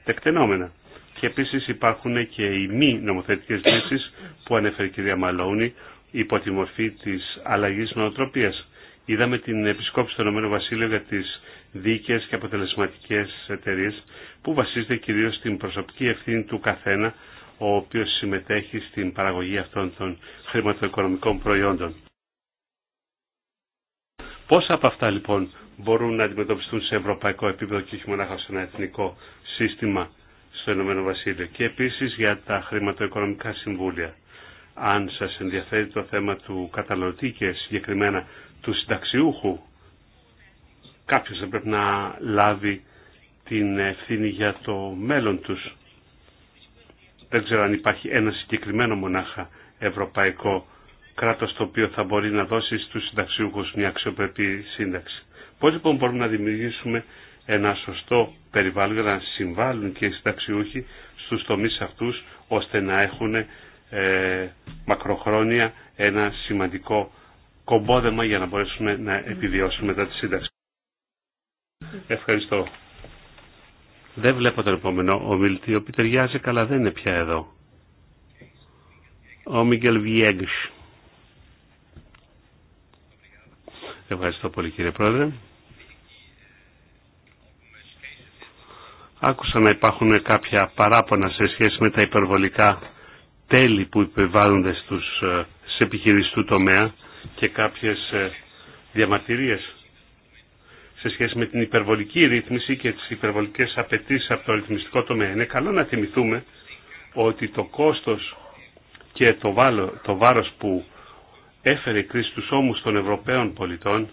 τεκτενόμενα και επίση υπάρχουν και οι μη νομοθετικέ λύσει που ανέφερε η κυρία Μαλόνι υπό τη μορφή τη αλλαγή νοοτροπία. Είδαμε την επισκόπηση του ΕΒ για τι δίκαιε και αποτελεσματικέ εταιρείε που βασίζεται κυρίω στην προσωπική ευθύνη του καθένα ο οποίος συμμετέχει στην παραγωγή αυτών των χρηματοοικονομικών προϊόντων. Πόσα από αυτά λοιπόν μπορούν να αντιμετωπιστούν σε ευρωπαϊκό επίπεδο και όχι μονάχα σε ένα εθνικό σύστημα στο Ηνωμένο Βασίλειο και επίσης για τα χρηματοοικονομικά συμβούλια. Αν σας ενδιαφέρει το θέμα του καταναλωτή και συγκεκριμένα του συνταξιούχου, κάποιος θα πρέπει να λάβει την ευθύνη για το μέλλον τους. Δεν ξέρω αν υπάρχει ένα συγκεκριμένο μονάχα ευρωπαϊκό κράτος το οποίο θα μπορεί να δώσει στους συνταξιούχους μια αξιοπρεπή σύνταξη. Πώς λοιπόν μπορούμε να δημιουργήσουμε ένα σωστό περιβάλλον για να συμβάλλουν και οι συνταξιούχοι στους τομείς αυτούς ώστε να έχουν ε, μακροχρόνια ένα σημαντικό κομπόδεμα για να μπορέσουμε να επιβιώσουμε μετά τη σύνταξη. Ευχαριστώ. Δεν βλέπω τον επόμενο ομιλητή, ο οποίος ταιριάζει καλά, δεν είναι πια εδώ. Ο Μίγκελ Βιέγκς. Ευχαριστώ πολύ κύριε Πρόεδρε. Άκουσα να υπάρχουν κάποια παράπονα σε σχέση με τα υπερβολικά τέλη που υπερβάλλονται στους, ε, σε του τομέα και κάποιες ε, διαμαρτυρίες σε σχέση με την υπερβολική ρύθμιση και τις υπερβολικές απαιτήσει από το ρυθμιστικό τομέα. Είναι καλό να θυμηθούμε ότι το κόστος και το, βάρος που έφερε η κρίση στους ώμους των Ευρωπαίων πολιτών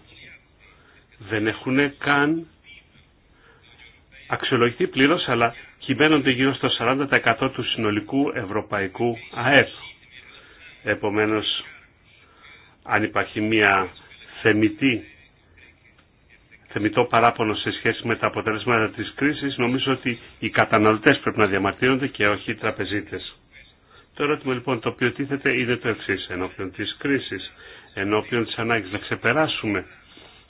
δεν έχουν καν αξιολογηθεί πλήρω, αλλά κυμαίνονται γύρω στο 40% του συνολικού ευρωπαϊκού ΑΕΠ. Επομένως, αν υπάρχει μια θεμητή, θεμητό παράπονο σε σχέση με τα αποτελέσματα της κρίσης, νομίζω ότι οι καταναλωτές πρέπει να διαμαρτύρονται και όχι οι τραπεζίτες. Το ερώτημα λοιπόν το οποίο τίθεται είναι το εξή ενώπιον της κρίσης, ενώπιον της ανάγκης να ξεπεράσουμε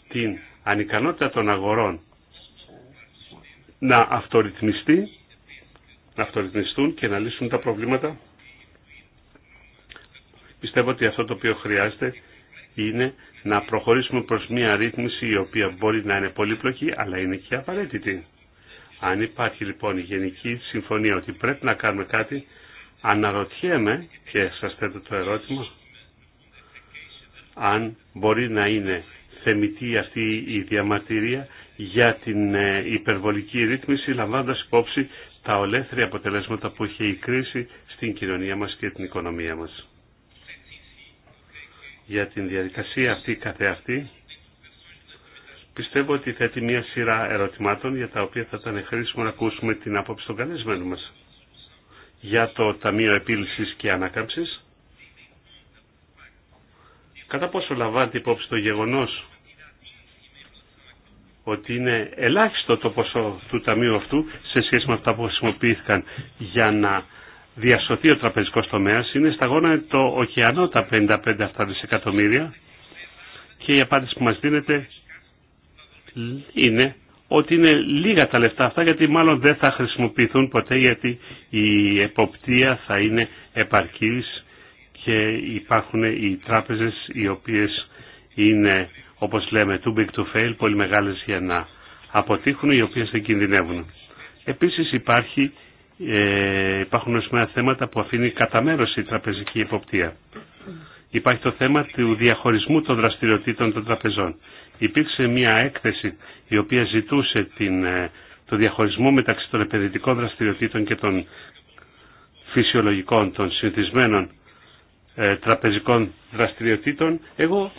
την ανικανότητα των αγορών να αυτορυθμιστεί, να αυτορυθμιστούν και να λύσουν τα προβλήματα. Πιστεύω ότι αυτό το οποίο χρειάζεται είναι να προχωρήσουμε προς μια ρύθμιση η οποία μπορεί να είναι πολύπλοκη αλλά είναι και απαραίτητη. Αν υπάρχει λοιπόν η γενική συμφωνία ότι πρέπει να κάνουμε κάτι, αναρωτιέμαι και σας θέτω το ερώτημα αν μπορεί να είναι θεμητή αυτή η διαμαρτυρία για την ε, υπερβολική ρύθμιση λαμβάνοντας υπόψη τα ολέθρια αποτελέσματα που είχε η κρίση στην κοινωνία μας και την οικονομία μας. Για την διαδικασία αυτή καθεαυτή πιστεύω ότι θέτει μια σειρά ερωτημάτων για τα οποία θα ήταν χρήσιμο να ακούσουμε την άποψη των καλεσμένων μας. Για το Ταμείο Επίλυσης και Ανάκαμψης κατά πόσο λαμβάνεται υπόψη το γεγονός ότι είναι ελάχιστο το ποσό του ταμείου αυτού σε σχέση με αυτά που χρησιμοποιήθηκαν για να διασωθεί ο τραπεζικός τομέας. Είναι στα γόνα το ωκεανό τα 55 αυτά δισεκατομμύρια και η απάντηση που μας δίνεται είναι ότι είναι λίγα τα λεφτά αυτά γιατί μάλλον δεν θα χρησιμοποιηθούν ποτέ γιατί η εποπτεία θα είναι επαρκής και υπάρχουν οι τράπεζες οι οποίες είναι όπως λέμε, too big to fail, πολύ μεγάλες για να αποτύχουν, οι οποίες δεν κινδυνεύουν. Επίσης υπάρχει, ε, υπάρχουν ορισμένα θέματα που αφήνει κατά μέρο η τραπεζική εποπτεία. Υπάρχει το θέμα του διαχωρισμού των δραστηριοτήτων των τραπεζών. Υπήρξε μια έκθεση η οποία ζητούσε την, ε, το διαχωρισμό μεταξύ των επενδυτικών δραστηριοτήτων και των φυσιολογικών, των συνηθισμένων ε, τραπεζικών δραστηριοτήτων. Εγώ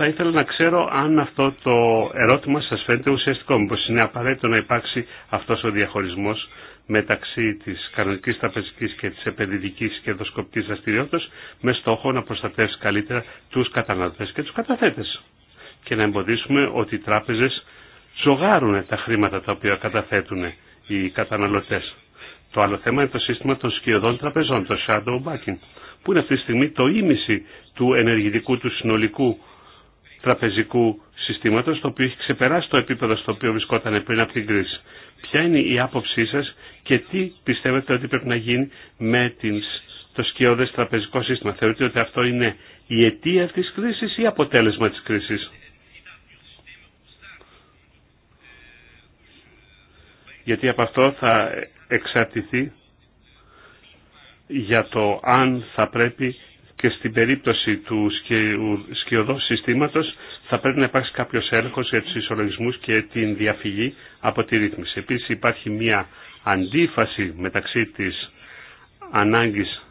θα ήθελα να ξέρω αν αυτό το ερώτημα σας φαίνεται ουσιαστικό, μήπως είναι απαραίτητο να υπάρξει αυτός ο διαχωρισμός μεταξύ της κανονικής τραπεζικής και της επενδυτικής και δοσκοπικής δραστηριότητας με στόχο να προστατεύσει καλύτερα τους καταναλωτές και τους καταθέτες και να εμποδίσουμε ότι οι τράπεζες τσογάρουν τα χρήματα τα οποία καταθέτουν οι καταναλωτές. Το άλλο θέμα είναι το σύστημα των σκιωδών τραπεζών, το shadow banking, που είναι αυτή τη στιγμή το ίμιση του ενεργητικού του συνολικού τραπεζικού συστήματος, το οποίο έχει ξεπεράσει το επίπεδο στο οποίο βρισκόταν πριν από την κρίση. Ποια είναι η άποψή σας και τι πιστεύετε ότι πρέπει να γίνει με τις, το σκιώδες τραπεζικό σύστημα. Θεωρείτε ότι αυτό είναι η αιτία της κρίσης ή αποτέλεσμα της κρίσης. Γιατί από αυτό θα εξαρτηθεί για το αν θα πρέπει και στην περίπτωση του σκιωδό συστήματος θα πρέπει να υπάρξει κάποιος έλεγχος για τους ισολογισμούς και την διαφυγή από τη ρύθμιση. Επίσης υπάρχει μια αντίφαση μεταξύ της ανάγκης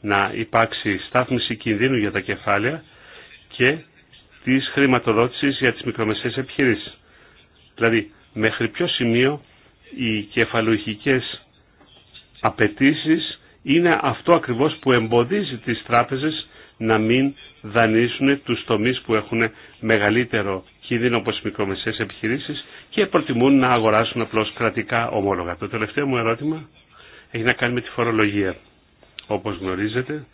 να υπάρξει στάθμιση κινδύνου για τα κεφάλαια και της χρηματοδότησης για τις μικρομεσαίες επιχειρήσεις. Δηλαδή, μέχρι ποιο σημείο οι κεφαλουχικές απαιτήσει είναι αυτό ακριβώς που εμποδίζει τις τράπεζες να μην δανείσουν τους τομείς που έχουν μεγαλύτερο κίνδυνο όπως οι μικρομεσαίες επιχειρήσεις και προτιμούν να αγοράσουν απλώς κρατικά ομόλογα. Το τελευταίο μου ερώτημα έχει να κάνει με τη φορολογία. Όπως γνωρίζετε,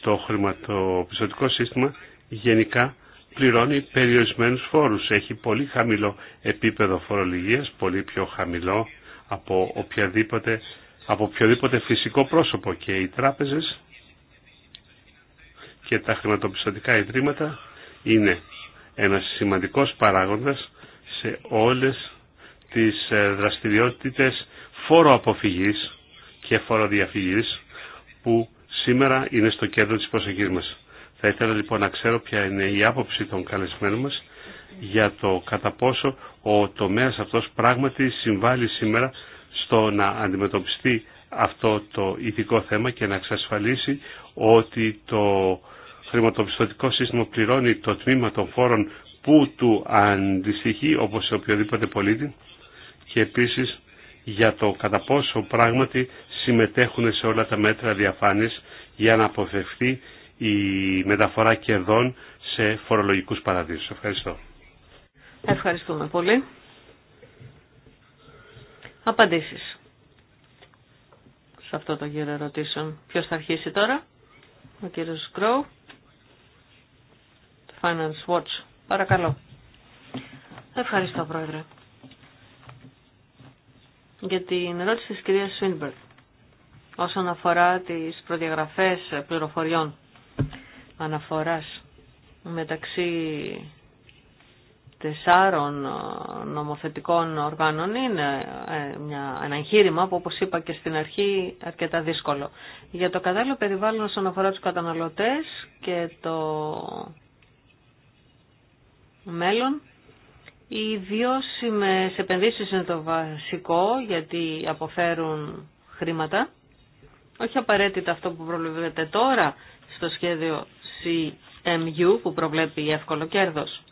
το χρηματοπιστωτικό σύστημα γενικά πληρώνει περιορισμένους φόρους. Έχει πολύ χαμηλό επίπεδο φορολογίας, πολύ πιο χαμηλό από οποιαδήποτε από οποιοδήποτε φυσικό πρόσωπο και οι τράπεζες και τα χρηματοπιστωτικά ιδρύματα είναι ένας σημαντικός παράγοντας σε όλες τις ε, δραστηριότητες φόρο και φοροδιαφυγής που σήμερα είναι στο κέντρο της προσοχής μας. Θα ήθελα λοιπόν να ξέρω ποια είναι η άποψη των καλεσμένων μας για το κατά πόσο ο τομέας αυτός πράγματι συμβάλλει σήμερα στο να αντιμετωπιστεί αυτό το ηθικό θέμα και να εξασφαλίσει ότι το χρηματοπιστωτικό σύστημα πληρώνει το τμήμα των φόρων που του αντιστοιχεί όπως σε οποιοδήποτε πολίτη και επίσης για το κατά πόσο πράγματι συμμετέχουν σε όλα τα μέτρα διαφάνειας για να αποφευθεί η μεταφορά κερδών σε φορολογικούς παραδείσους. Ευχαριστώ. Ευχαριστούμε πολύ απαντήσεις σε αυτό το γύρο ερωτήσεων. Ποιος θα αρχίσει τώρα, ο κύριος Γκρόου, Finance Watch. Παρακαλώ. Ευχαριστώ, Πρόεδρε. Για την ερώτηση της κυρίας Σουίνμπερτ όσον αφορά τις προδιαγραφές πληροφοριών αναφοράς μεταξύ τεσσάρων ε, νομοθετικών οργάνων είναι ε, μια, ένα εγχείρημα που όπως είπα και στην αρχή αρκετά δύσκολο. Για το κατάλληλο περιβάλλον όσον αφορά τους καταναλωτές και το μέλλον, οι βιώσιμες επενδύσεις είναι το βασικό γιατί αποφέρουν χρήματα. Όχι απαραίτητα αυτό που προβλέπετε τώρα στο σχέδιο CMU που προβλέπει εύκολο κέρδος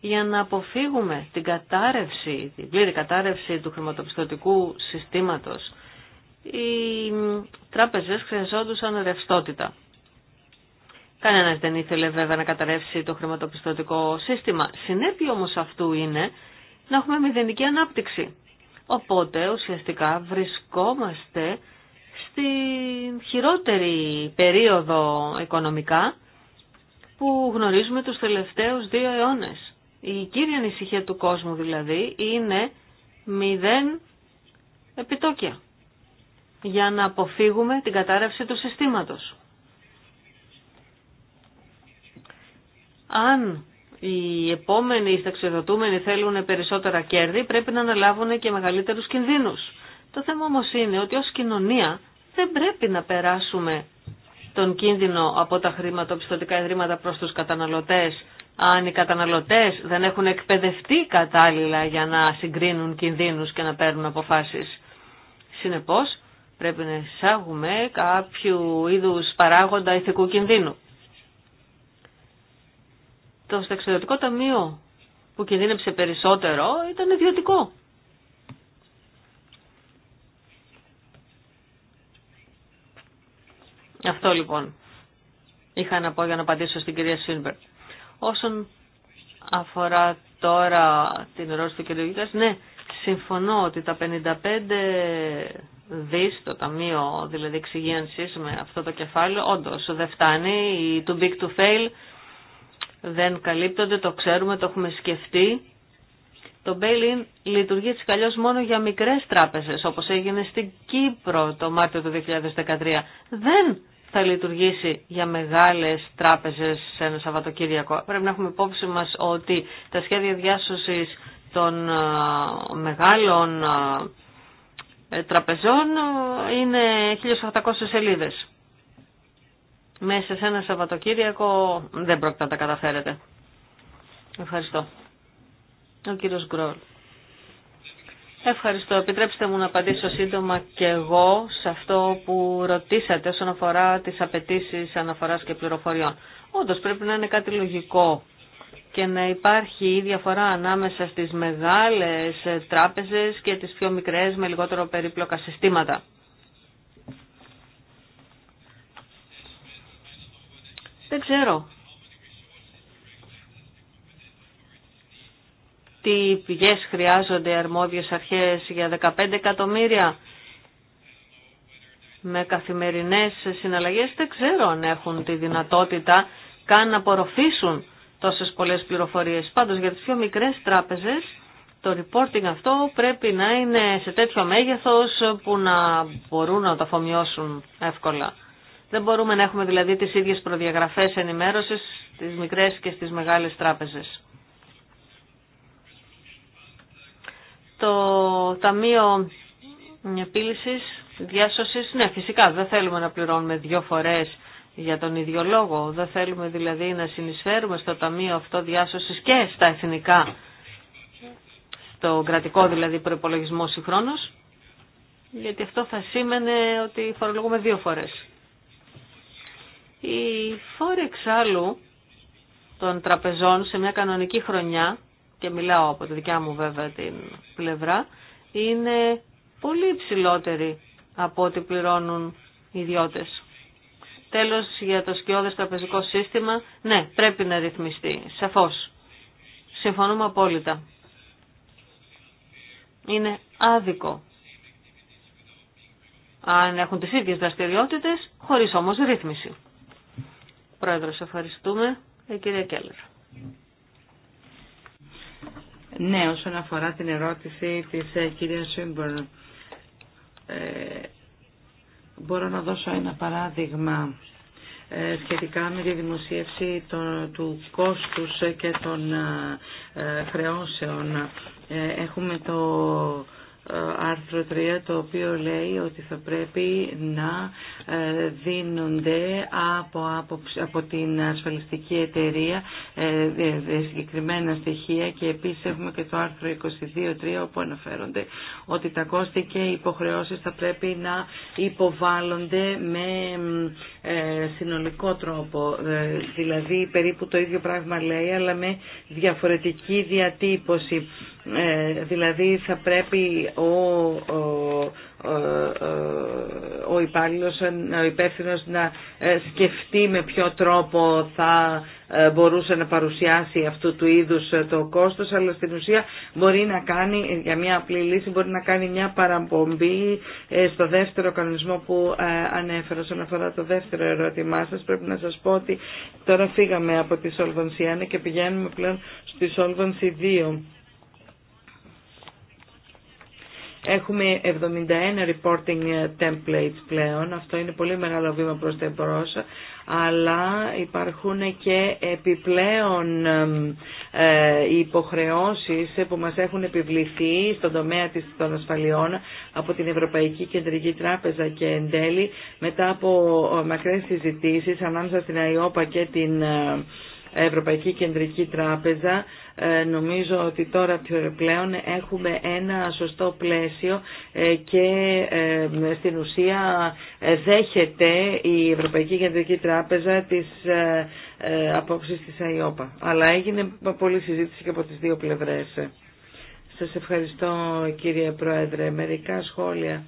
για να αποφύγουμε την κατάρρευση, την πλήρη κατάρρευση του χρηματοπιστωτικού συστήματος. Οι τράπεζες χρειαζόντουσαν ρευστότητα. Κανένας δεν ήθελε βέβαια να καταρρεύσει το χρηματοπιστωτικό σύστημα. Συνέπειο όμως αυτού είναι να έχουμε μηδενική ανάπτυξη. Οπότε ουσιαστικά βρισκόμαστε στην χειρότερη περίοδο οικονομικά που γνωρίζουμε τους τελευταίους δύο αιώνες. Η κύρια ανησυχία του κόσμου δηλαδή είναι μηδέν επιτόκια για να αποφύγουμε την κατάρρευση του συστήματος. Αν οι επόμενοι σταξιδοτούμενοι θέλουν περισσότερα κέρδη, πρέπει να αναλάβουν και μεγαλύτερους κινδύνους. Το θέμα όμως είναι ότι ως κοινωνία δεν πρέπει να περάσουμε τον κίνδυνο από τα χρηματοπιστωτικά ιδρύματα προς τους καταναλωτές αν οι καταναλωτές δεν έχουν εκπαιδευτεί κατάλληλα για να συγκρίνουν κινδύνους και να παίρνουν αποφάσεις. Συνεπώς, πρέπει να εισάγουμε κάποιου είδους παράγοντα ηθικού κινδύνου. Το στεξιδιωτικό ταμείο που κινδύνεψε περισσότερο ήταν ιδιωτικό. Αυτό λοιπόν είχα να πω για να απαντήσω στην κυρία Σίνμπερτ. Όσον αφορά τώρα την ερώτηση του κ. ναι, συμφωνώ ότι τα 55 δις, το ταμείο δηλαδή εξυγένσης με αυτό το κεφάλαιο, όντως δεν φτάνει, οι too big to fail δεν καλύπτονται, το ξέρουμε, το έχουμε σκεφτεί. Το bail-in λειτουργεί έτσι καλλιώς μόνο για μικρές τράπεζες, όπως έγινε στην Κύπρο το Μάρτιο του 2013. Δεν θα λειτουργήσει για μεγάλες τράπεζες σε ένα Σαββατοκύριακο. Πρέπει να έχουμε υπόψη μας ότι τα σχέδια διάσωσης των μεγάλων ε, τραπεζών είναι 1800 σελίδες. Μέσα σε ένα Σαββατοκύριακο δεν πρόκειται να τα καταφέρετε. Ευχαριστώ. Ο κύριος Γκρόλ. Ευχαριστώ. Επιτρέψτε μου να απαντήσω σύντομα και εγώ σε αυτό που ρωτήσατε όσον αφορά τις απαιτήσει αναφοράς και πληροφοριών. Όντως πρέπει να είναι κάτι λογικό και να υπάρχει η διαφορά ανάμεσα στις μεγάλες τράπεζες και τις πιο μικρές με λιγότερο περίπλοκα συστήματα. Δεν ξέρω τι πηγές χρειάζονται αρμόδιες αρχές για 15 εκατομμύρια με καθημερινές συναλλαγές δεν ξέρω αν έχουν τη δυνατότητα καν να απορροφήσουν τόσες πολλές πληροφορίες. Πάντως για τις πιο μικρές τράπεζες το reporting αυτό πρέπει να είναι σε τέτοιο μέγεθος που να μπορούν να το αφομοιώσουν εύκολα. Δεν μπορούμε να έχουμε δηλαδή τις ίδιες προδιαγραφές ενημέρωσης στις μικρές και στις μεγάλες τράπεζες. το Ταμείο Επίλυσης, Διάσωσης, ναι φυσικά δεν θέλουμε να πληρώνουμε δύο φορές για τον ίδιο λόγο. Δεν θέλουμε δηλαδή να συνεισφέρουμε στο Ταμείο αυτό διάσωσης και στα εθνικά, στο κρατικό δηλαδή προπολογισμό συγχρόνως, γιατί αυτό θα σήμαινε ότι φορολογούμε δύο φορές. Η φόρη εξάλλου των τραπεζών σε μια κανονική χρονιά και μιλάω από τη δικιά μου βέβαια την πλευρά, είναι πολύ υψηλότερη από ό,τι πληρώνουν οι ιδιώτες. Τέλος, για το σκιώδες τραπεζικό σύστημα, ναι, πρέπει να ρυθμιστεί, σαφώς. Συμφωνούμε απόλυτα. Είναι άδικο αν έχουν τις ίδιες δραστηριότητες, χωρίς όμως ρύθμιση. Πρόεδρος, ευχαριστούμε. Η ε, κυρία Κέλλερ. Ναι, όσον αφορά την ερώτηση της ε, κυρίας Σούμπερν, ε, μπορώ να δώσω ένα παράδειγμα ε, σχετικά με τη δημοσίευση του κόστους και των χρεώσεων. Έχουμε το άρθρο 3 το οποίο λέει ότι θα πρέπει να ε, δίνονται από, από, από την ασφαλιστική εταιρεία ε, ε, συγκεκριμένα στοιχεία και επίσης έχουμε και το άρθρο 22.3 όπου αναφέρονται ότι τα κόστη και οι υποχρεώσεις θα πρέπει να υποβάλλονται με συνολικό τρόπο δηλαδή περίπου το ίδιο πράγμα λέει αλλά με διαφορετική διατύπωση ε, δηλαδή θα πρέπει ο, ο, ο, ο υπεύθυνο να ε, σκεφτεί με ποιο τρόπο θα ε, μπορούσε να παρουσιάσει αυτού του είδους το κόστος, αλλά στην ουσία μπορεί να κάνει, για μια απλή λύση, μπορεί να κάνει μια παραπομπή στο δεύτερο κανονισμό που ανέφερα. Όσον αφορά το δεύτερο ερώτημά σας, πρέπει να σας πω ότι τώρα φύγαμε από τη Solvency 1 και πηγαίνουμε πλέον στη Solvency 2 Έχουμε 71 reporting templates πλέον, αυτό είναι πολύ μεγάλο βήμα προς τα εμπρός, αλλά υπάρχουν και επιπλέον ε, υποχρεώσεις που μας έχουν επιβληθεί στον τομέα της, των ασφαλιών από την Ευρωπαϊκή Κεντρική Τράπεζα και εν τέλει μετά από μακρές συζητήσεις ανάμεσα στην ΑΙΟΠΑ και την Ευρωπαϊκή Κεντρική Τράπεζα ε, νομίζω ότι τώρα πλέον έχουμε ένα σωστό πλαίσιο ε, και ε, στην ουσία δέχεται η Ευρωπαϊκή Κεντρική Τράπεζα τις απόψεις της ΑΙΟΠΑ. Αλλά έγινε πολλή συζήτηση και από τις δύο πλευρές. Σας ευχαριστώ κύριε Πρόεδρε. Μερικά σχόλια.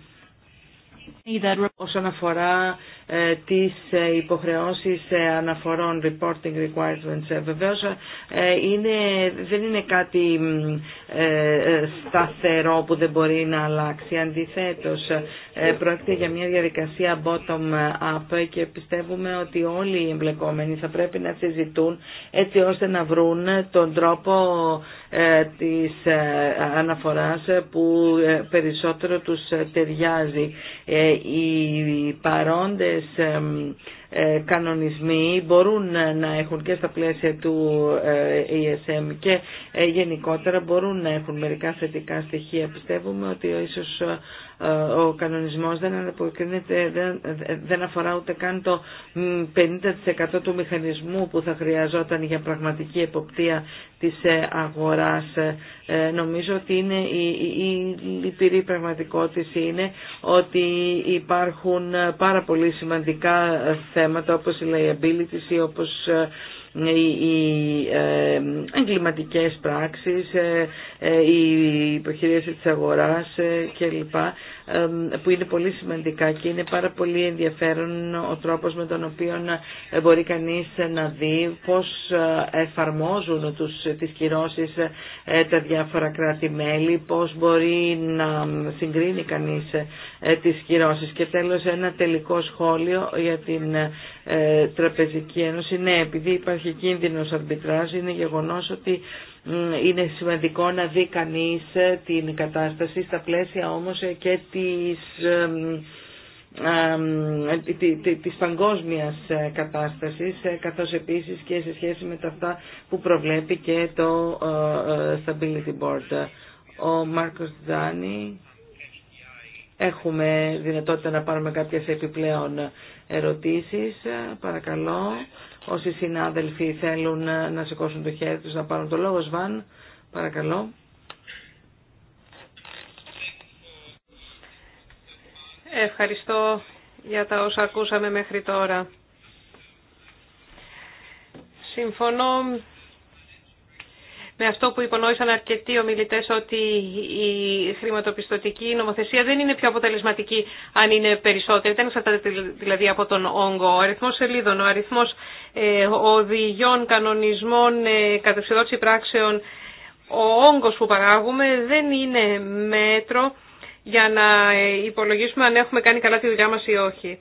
Όσον αφορά ε, τις ε, υποχρεώσεις ε, αναφορών reporting requirements. Βεβαίως είναι, δεν είναι κάτι σταθερό που δεν μπορεί να αλλάξει. Αντιθέτως πρόκειται για μια διαδικασία bottom-up και πιστεύουμε ότι όλοι οι εμπλεκόμενοι θα πρέπει να συζητούν έτσι ώστε να βρουν τον τρόπο της αναφοράς που περισσότερο τους ταιριάζει. Οι παρόντες ε, κανονισμοί μπορούν να έχουν και στα πλαίσια του ESM ε, ε και ε, γενικότερα μπορούν να έχουν μερικά θετικά στοιχεία. Πιστεύουμε ότι ίσως ε, ο κανονισμός δεν δεν, δεν αφορά ούτε καν το 50% του μηχανισμού που θα χρειαζόταν για πραγματική εποπτεία της ε, αγοράς. Ε, νομίζω ότι είναι η, η, η λυπηρή πραγματικότητα είναι ότι υπάρχουν πάρα πολύ σημαντικά θέματα όπως η liability ή όπως οι εγκληματικές πράξεις, ε, ε, οι υποχειρήσεις της αγοράς ε, κλπ που είναι πολύ σημαντικά και είναι πάρα πολύ ενδιαφέρον ο τρόπος με τον οποίο ε, μπορεί κανείς να δει πώς ε, εφαρμόζουν τους, τις κυρώσεις ε, τα διάφορα κράτη-μέλη, πώς μπορεί να συγκρίνει κανείς τις κυρώσεις. Και τέλος ένα τελικό σχόλιο για την Τραπεζική Ένωση. Ναι, επειδή υπάρχει κίνδυνος αρμπιτράζ, είναι γεγονός ότι είναι σημαντικό να δει κανείς ε, την κατάσταση στα πλαίσια όμως ε, και της, της παγκόσμιας ε, κατάστασης καθώς επίσης και σε σχέση με τα αυτά που προβλέπει και το Stability Board. Ο Μάρκος Δάνη, έχουμε δυνατότητα να πάρουμε κάποιες επιπλέον ερωτήσεις. Παρακαλώ. Όσοι συνάδελφοι θέλουν ε, να σηκώσουν το χέρι τους να πάρουν το λόγο, Σβάν, παρακαλώ. Ευχαριστώ για τα όσα ακούσαμε μέχρι τώρα. Συμφωνώ με αυτό που υπονόησαν αρκετοί ομιλητέ ότι η χρηματοπιστωτική νομοθεσία δεν είναι πιο αποτελεσματική αν είναι περισσότερη. Δεν εξαρτάται δηλαδή από τον όγκο. Ο αριθμό σελίδων, ο αριθμό ε, οδηγιών, κανονισμών, ε, κατευθυνότηση πράξεων, ο όγκο που παράγουμε δεν είναι μέτρο για να ε, υπολογίσουμε αν έχουμε κάνει καλά τη δουλειά μα ή όχι.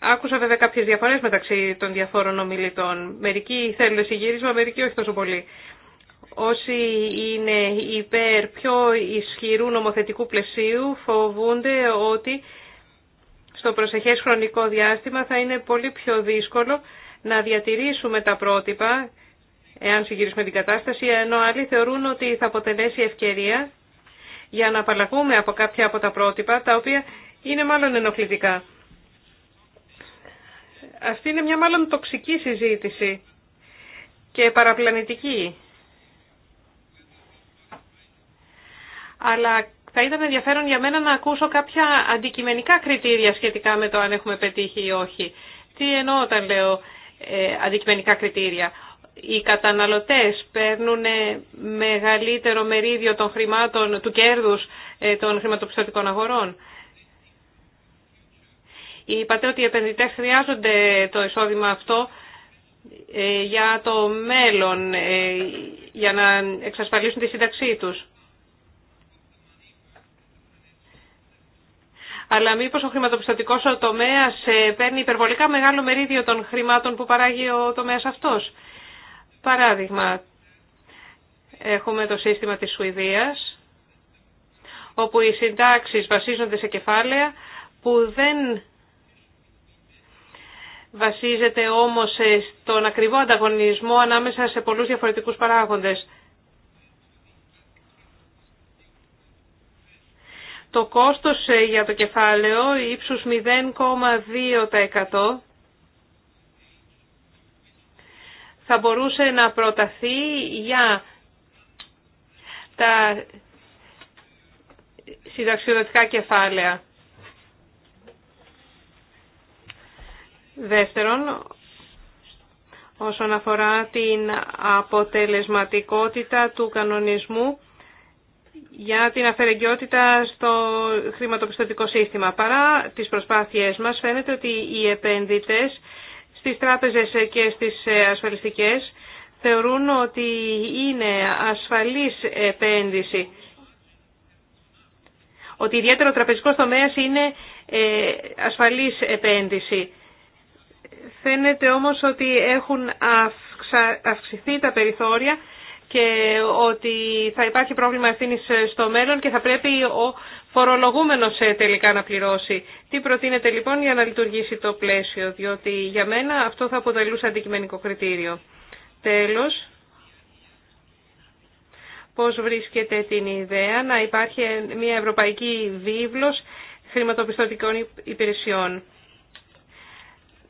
Άκουσα βέβαια κάποιες διαφορές μεταξύ των διαφόρων ομιλητών. Μερικοί θέλουν συγγύρισμα, μερικοί όχι τόσο πολύ. Όσοι είναι υπέρ πιο ισχυρού νομοθετικού πλαισίου φοβούνται ότι στο προσεχές χρονικό διάστημα θα είναι πολύ πιο δύσκολο να διατηρήσουμε τα πρότυπα, εάν συγκυρίσουμε την κατάσταση, ενώ άλλοι θεωρούν ότι θα αποτελέσει ευκαιρία για να απαλλαγούμε από κάποια από τα πρότυπα, τα οποία είναι μάλλον ενοχλητικά. Αυτή είναι μια μάλλον τοξική συζήτηση και παραπλανητική. αλλά θα ήταν ενδιαφέρον για μένα να ακούσω κάποια αντικειμενικά κριτήρια σχετικά με το αν έχουμε πετύχει ή όχι. Τι εννοώ όταν λέω ε, αντικειμενικά κριτήρια. Οι καταναλωτές παίρνουν ε, μεγαλύτερο μερίδιο των χρημάτων, του κέρδους ε, των χρηματοπιστωτικών αγορών. Είπατε ότι οι επενδυτές χρειάζονται το εισόδημα αυτό ε, για το μέλλον, για να εξασφαλίσουν τη σύνταξή τους. αλλά μήπως ο χρηματοπιστωτικός τομέας ε, παίρνει υπερβολικά μεγάλο μερίδιο των χρημάτων που παράγει ο τομέας αυτός. Παράδειγμα, έχουμε το σύστημα της Σουηδίας, όπου οι συντάξεις βασίζονται σε κεφάλαια που δεν βασίζεται όμως ε, στον ακριβό ανταγωνισμό ανάμεσα σε πολλούς διαφορετικούς παράγοντες. το κόστος ε, για το κεφάλαιο ύψους 0,2% θα μπορούσε να προταθεί για τα συνταξιοδοτικά κεφάλαια. Δεύτερον, όσον αφορά την αποτελεσματικότητα του κανονισμού για την αφαιρεγκαιότητα στο χρηματοπιστωτικό σύστημα. Παρά τις προσπάθειές μας φαίνεται ότι οι επένδυτες στις τράπεζες και στις ασφαλιστικές θεωρούν ότι είναι ασφαλής επένδυση. Ότι ιδιαίτερα ο τραπεζικός τομέας είναι ε, ασφαλής επένδυση. Φαίνεται όμως ότι έχουν αυξηθεί τα περιθώρια και ότι θα υπάρχει πρόβλημα ευθύνη ε, στο μέλλον και θα πρέπει ο φορολογούμενος ε, τελικά να πληρώσει. Τι προτείνεται λοιπόν για να λειτουργήσει το πλαίσιο, διότι για μένα αυτό θα αποτελούσε αντικειμενικό κριτήριο. Τέλος, πώς βρίσκεται την ιδέα να υπάρχει μια ευρωπαϊκή βίβλος χρηματοπιστωτικών υπηρεσιών.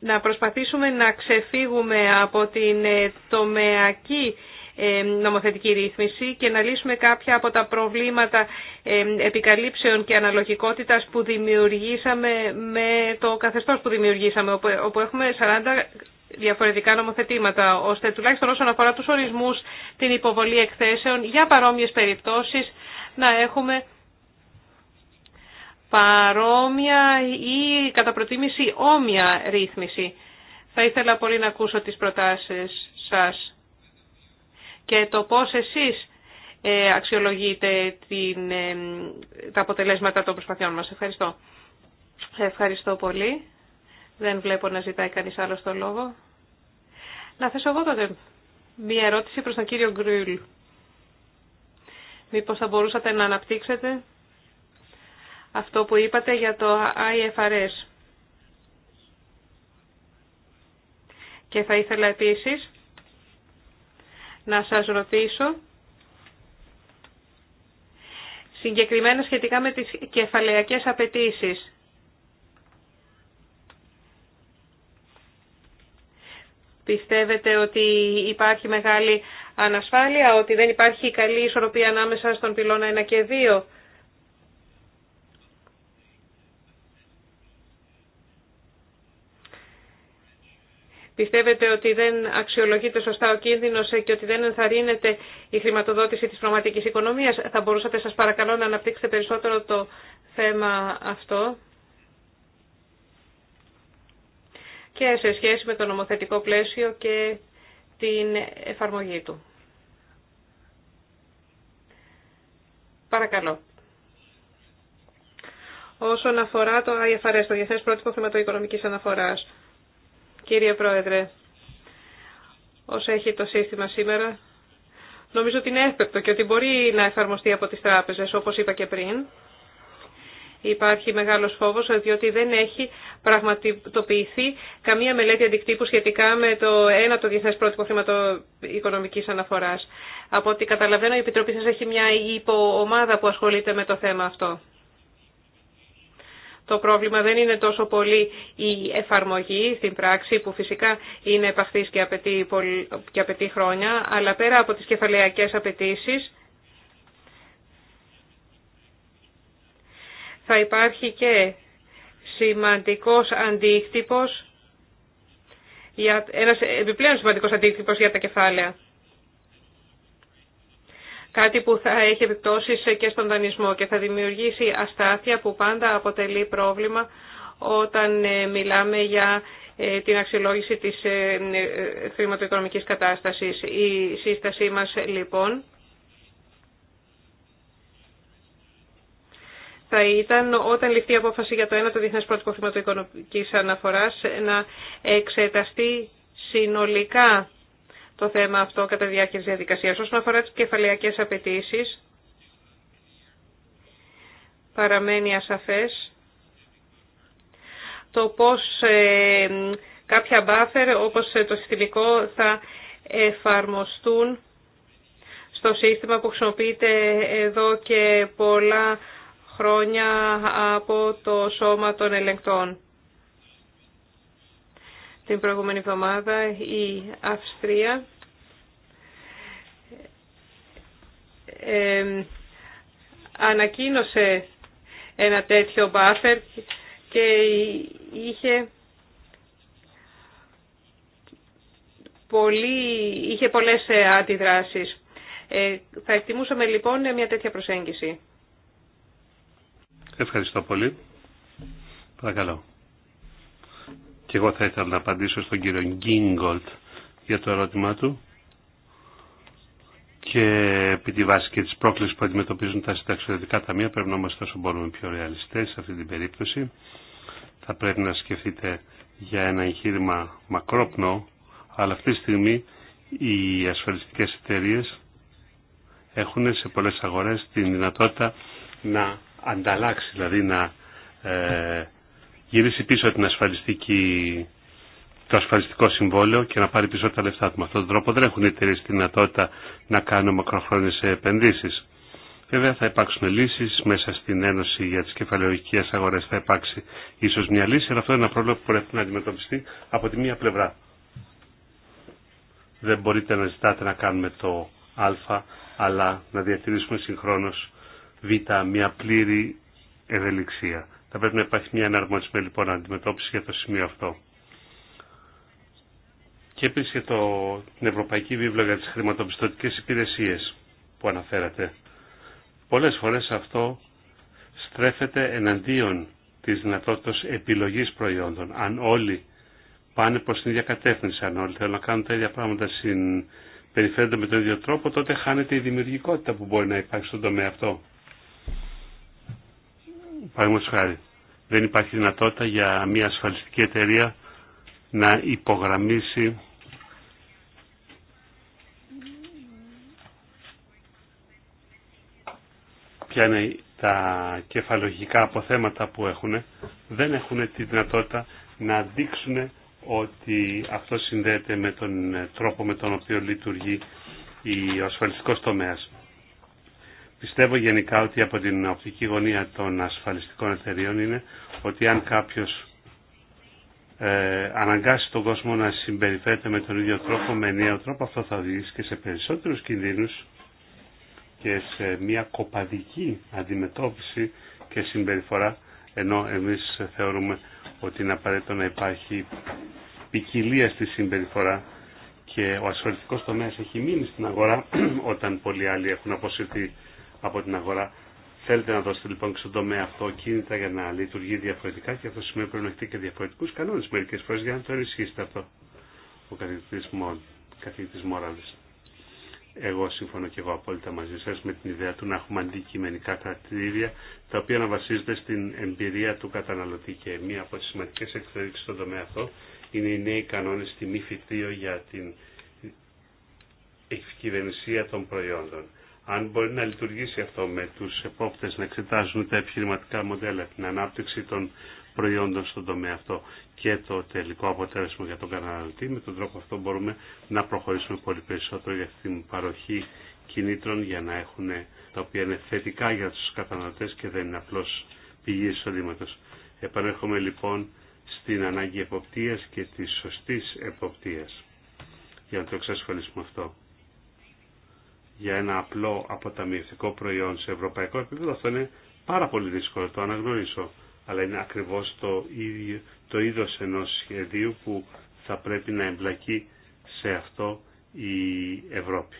Να προσπαθήσουμε να ξεφύγουμε από την ε, τομεακή ε, νομοθετική ρύθμιση και να λύσουμε κάποια από τα προβλήματα ε, επικαλύψεων και αναλογικότητας που δημιουργήσαμε με το καθεστώς που δημιουργήσαμε, όπου έχουμε 40 διαφορετικά νομοθετήματα, ώστε τουλάχιστον όσον αφορά τους ορισμούς, την υποβολή εκθέσεων, για παρόμοιες περιπτώσεις να έχουμε παρόμοια ή κατά προτίμηση όμοια ρύθμιση. Θα ήθελα πολύ να ακούσω τις προτάσεις σας και το πώς εσείς ε, αξιολογείτε την, ε, τα αποτελέσματα των προσπαθειών μας. Ευχαριστώ. Ευχαριστώ πολύ. Δεν βλέπω να ζητάει κανείς άλλο το λόγο. Να θέσω εγώ τότε μία ερώτηση προς τον κύριο Γκρουλ. Μήπως θα μπορούσατε να αναπτύξετε αυτό που είπατε για το IFRS. Και θα ήθελα επίσης να σας ρωτήσω συγκεκριμένα σχετικά με τις κεφαλαιακές απαιτήσει. Πιστεύετε ότι υπάρχει μεγάλη ανασφάλεια, ότι δεν υπάρχει καλή ισορροπία ανάμεσα στον πυλώνα 1 και 2. Πιστεύετε ότι δεν αξιολογείται σωστά ο κίνδυνος και ότι δεν ενθαρρύνεται η χρηματοδότηση της πραγματική οικονομίας. Θα μπορούσατε σας παρακαλώ να αναπτύξετε περισσότερο το θέμα αυτό. και σε σχέση με το νομοθετικό πλαίσιο και την εφαρμογή του. Παρακαλώ. Όσον αφορά το IFRS, το Διεθνές Πρότυπο Χρηματοοικονομικής Αναφοράς, Κύριε Πρόεδρε, όσο έχει το σύστημα σήμερα, νομίζω ότι είναι έφεπτο και ότι μπορεί να εφαρμοστεί από τις τράπεζες, όπως είπα και πριν. Υπάρχει μεγάλος φόβος διότι δεν έχει πραγματοποιηθεί καμία μελέτη αντικτύπου σχετικά με το ένα το Διεθνές Πρότυπο Χρηματοοικονομικής Αναφοράς. Από ό,τι καταλαβαίνω η Επιτροπή σας έχει μια υποομάδα που ασχολείται με το θέμα αυτό. Το πρόβλημα δεν είναι τόσο πολύ η εφαρμογή στην πράξη που φυσικά είναι επαχθής και απαιτεί, χρόνια, αλλά πέρα από τις κεφαλαιακές απαιτήσει. θα υπάρχει και σημαντικός αντίκτυπος, για, ένας επιπλέον σημαντικός αντίκτυπος για τα κεφάλαια κάτι που θα έχει επιπτώσει και στον δανεισμό και θα δημιουργήσει αστάθεια που πάντα αποτελεί πρόβλημα όταν ε, μιλάμε για ε, την αξιολόγηση της ε, χρηματοοικονομικής κατάστασης. Η σύστασή μας λοιπόν θα ήταν όταν ληφθεί η απόφαση για το ένα το Διεθνές Πρότυπο Χρηματοοικονομικής Αναφοράς να εξεταστεί συνολικά το θέμα αυτό κατά τη διάρκεια της διαδικασίας. Όσον αφορά τις κεφαλαιακές απαιτήσει, παραμένει ασαφές το πώς ε, κάποια μπάφερ όπως ε, το συστημικό θα εφαρμοστούν στο σύστημα που χρησιμοποιείται εδώ και πολλά χρόνια από το σώμα των ελεγκτών την προηγούμενη εβδομάδα η Αυστρία ανακοίνωσε ένα τέτοιο μπάφερ και είχε πολύ, είχε πολλές ε, αντιδράσεις. Ε, θα εκτιμούσαμε λοιπόν μια τέτοια προσέγγιση. Ευχαριστώ πολύ. Παρακαλώ. Και εγώ θα ήθελα να απαντήσω στον κύριο Γκίνγκολτ για το ερώτημά του και επί τη βάση και τη πρόκληση που αντιμετωπίζουν τα συνταξιδετικά ταμεία πρέπει να είμαστε όσο μπορούμε πιο ρεαλιστές σε αυτή την περίπτωση. Θα πρέπει να σκεφτείτε για ένα εγχείρημα μακρόπνο, αλλά αυτή τη στιγμή οι ασφαλιστικές εταιρείε έχουν σε πολλές αγορές την δυνατότητα να ανταλλάξει, δηλαδή να ε, γυρίσει πίσω την ασφαλιστική, το ασφαλιστικό συμβόλαιο και να πάρει πίσω τα λεφτά του. Με αυτόν τον τρόπο δεν έχουν οι εταιρείε τη δυνατότητα να κάνουν μακροχρόνιε επενδύσει. Βέβαια θα υπάρξουν λύσει μέσα στην Ένωση για τι κεφαλαιοχικέ αγορέ. Θα υπάρξει ίσω μια λύση, αλλά αυτό είναι ένα πρόβλημα που πρέπει να αντιμετωπιστεί από τη μία πλευρά. Δεν μπορείτε να ζητάτε να κάνουμε το α, αλλά να διατηρήσουμε συγχρόνω β, μια πλήρη ευελιξία. Θα πρέπει να υπάρχει μια εναρμονισμένη λοιπόν αντιμετώπιση για το σημείο αυτό. Και επίση για το, την Ευρωπαϊκή Βίβλο για τι χρηματοπιστωτικέ υπηρεσίε που αναφέρατε. Πολλέ φορέ αυτό στρέφεται εναντίον τη δυνατότητα επιλογή προϊόντων. Αν όλοι πάνε προ την ίδια κατεύθυνση, αν όλοι θέλουν να κάνουν τα ίδια πράγματα, συμπεριφέρονται με τον ίδιο τρόπο, τότε χάνεται η δημιουργικότητα που μπορεί να υπάρχει στον τομέα αυτό. Παραδείγματο χάρη, δεν υπάρχει δυνατότητα για μια ασφαλιστική εταιρεία να υπογραμμίσει ποια είναι τα κεφαλογικά αποθέματα που έχουν, δεν έχουν τη δυνατότητα να δείξουν ότι αυτό συνδέεται με τον τρόπο με τον οποίο λειτουργεί ο ασφαλιστικός τομέας. Πιστεύω γενικά ότι από την οπτική γωνία των ασφαλιστικών εταιριών είναι ότι αν κάποιος ε, αναγκάσει τον κόσμο να συμπεριφέρεται με τον ίδιο τρόπο, με νέο τρόπο, αυτό θα οδηγήσει και σε περισσότερους κινδύνους και σε μια κοπαδική αντιμετώπιση και συμπεριφορά, ενώ εμείς θεωρούμε ότι είναι απαραίτητο να υπάρχει ποικιλία στη συμπεριφορά και ο ασφαλιστικός τομέας έχει μείνει στην αγορά όταν πολλοί άλλοι έχουν αποσυρθεί από την αγορά. Θέλετε να δώσετε λοιπόν στον τομέα αυτό κίνητα για να λειτουργεί διαφορετικά και αυτό σημαίνει πρέπει να έχετε και διαφορετικού κανόνε μερικέ φορέ για να το ενισχύσετε αυτό. Ο καθηγητή Μόραλη. Εγώ συμφωνώ και εγώ απόλυτα μαζί σα με την ιδέα του να έχουμε αντικειμενικά κρατήρια τα οποία να βασίζονται στην εμπειρία του καταναλωτή και μία από τι σημαντικέ εξελίξει στον τομέα αυτό είναι οι νέοι κανόνε στη μη για την ευκυβερνησία των προϊόντων αν μπορεί να λειτουργήσει αυτό με τους επόπτες να εξετάζουν τα επιχειρηματικά μοντέλα, την ανάπτυξη των προϊόντων στον τομέα αυτό και το τελικό αποτέλεσμα για τον καταναλωτή. Με τον τρόπο αυτό μπορούμε να προχωρήσουμε πολύ περισσότερο για την παροχή κινήτρων για να έχουν τα οποία είναι θετικά για τους καταναλωτές και δεν είναι απλώς πηγή εισοδήματο. Επανέρχομαι λοιπόν στην ανάγκη εποπτείας και της σωστής εποπτείας για να το εξασφαλίσουμε αυτό για ένα απλό αποταμιευτικό προϊόν σε ευρωπαϊκό επίπεδο, αυτό είναι πάρα πολύ δύσκολο, το αναγνωρίσω. Αλλά είναι ακριβώς το, ίδιο, το είδος ενός σχεδίου που θα πρέπει να εμπλακεί σε αυτό η Ευρώπη.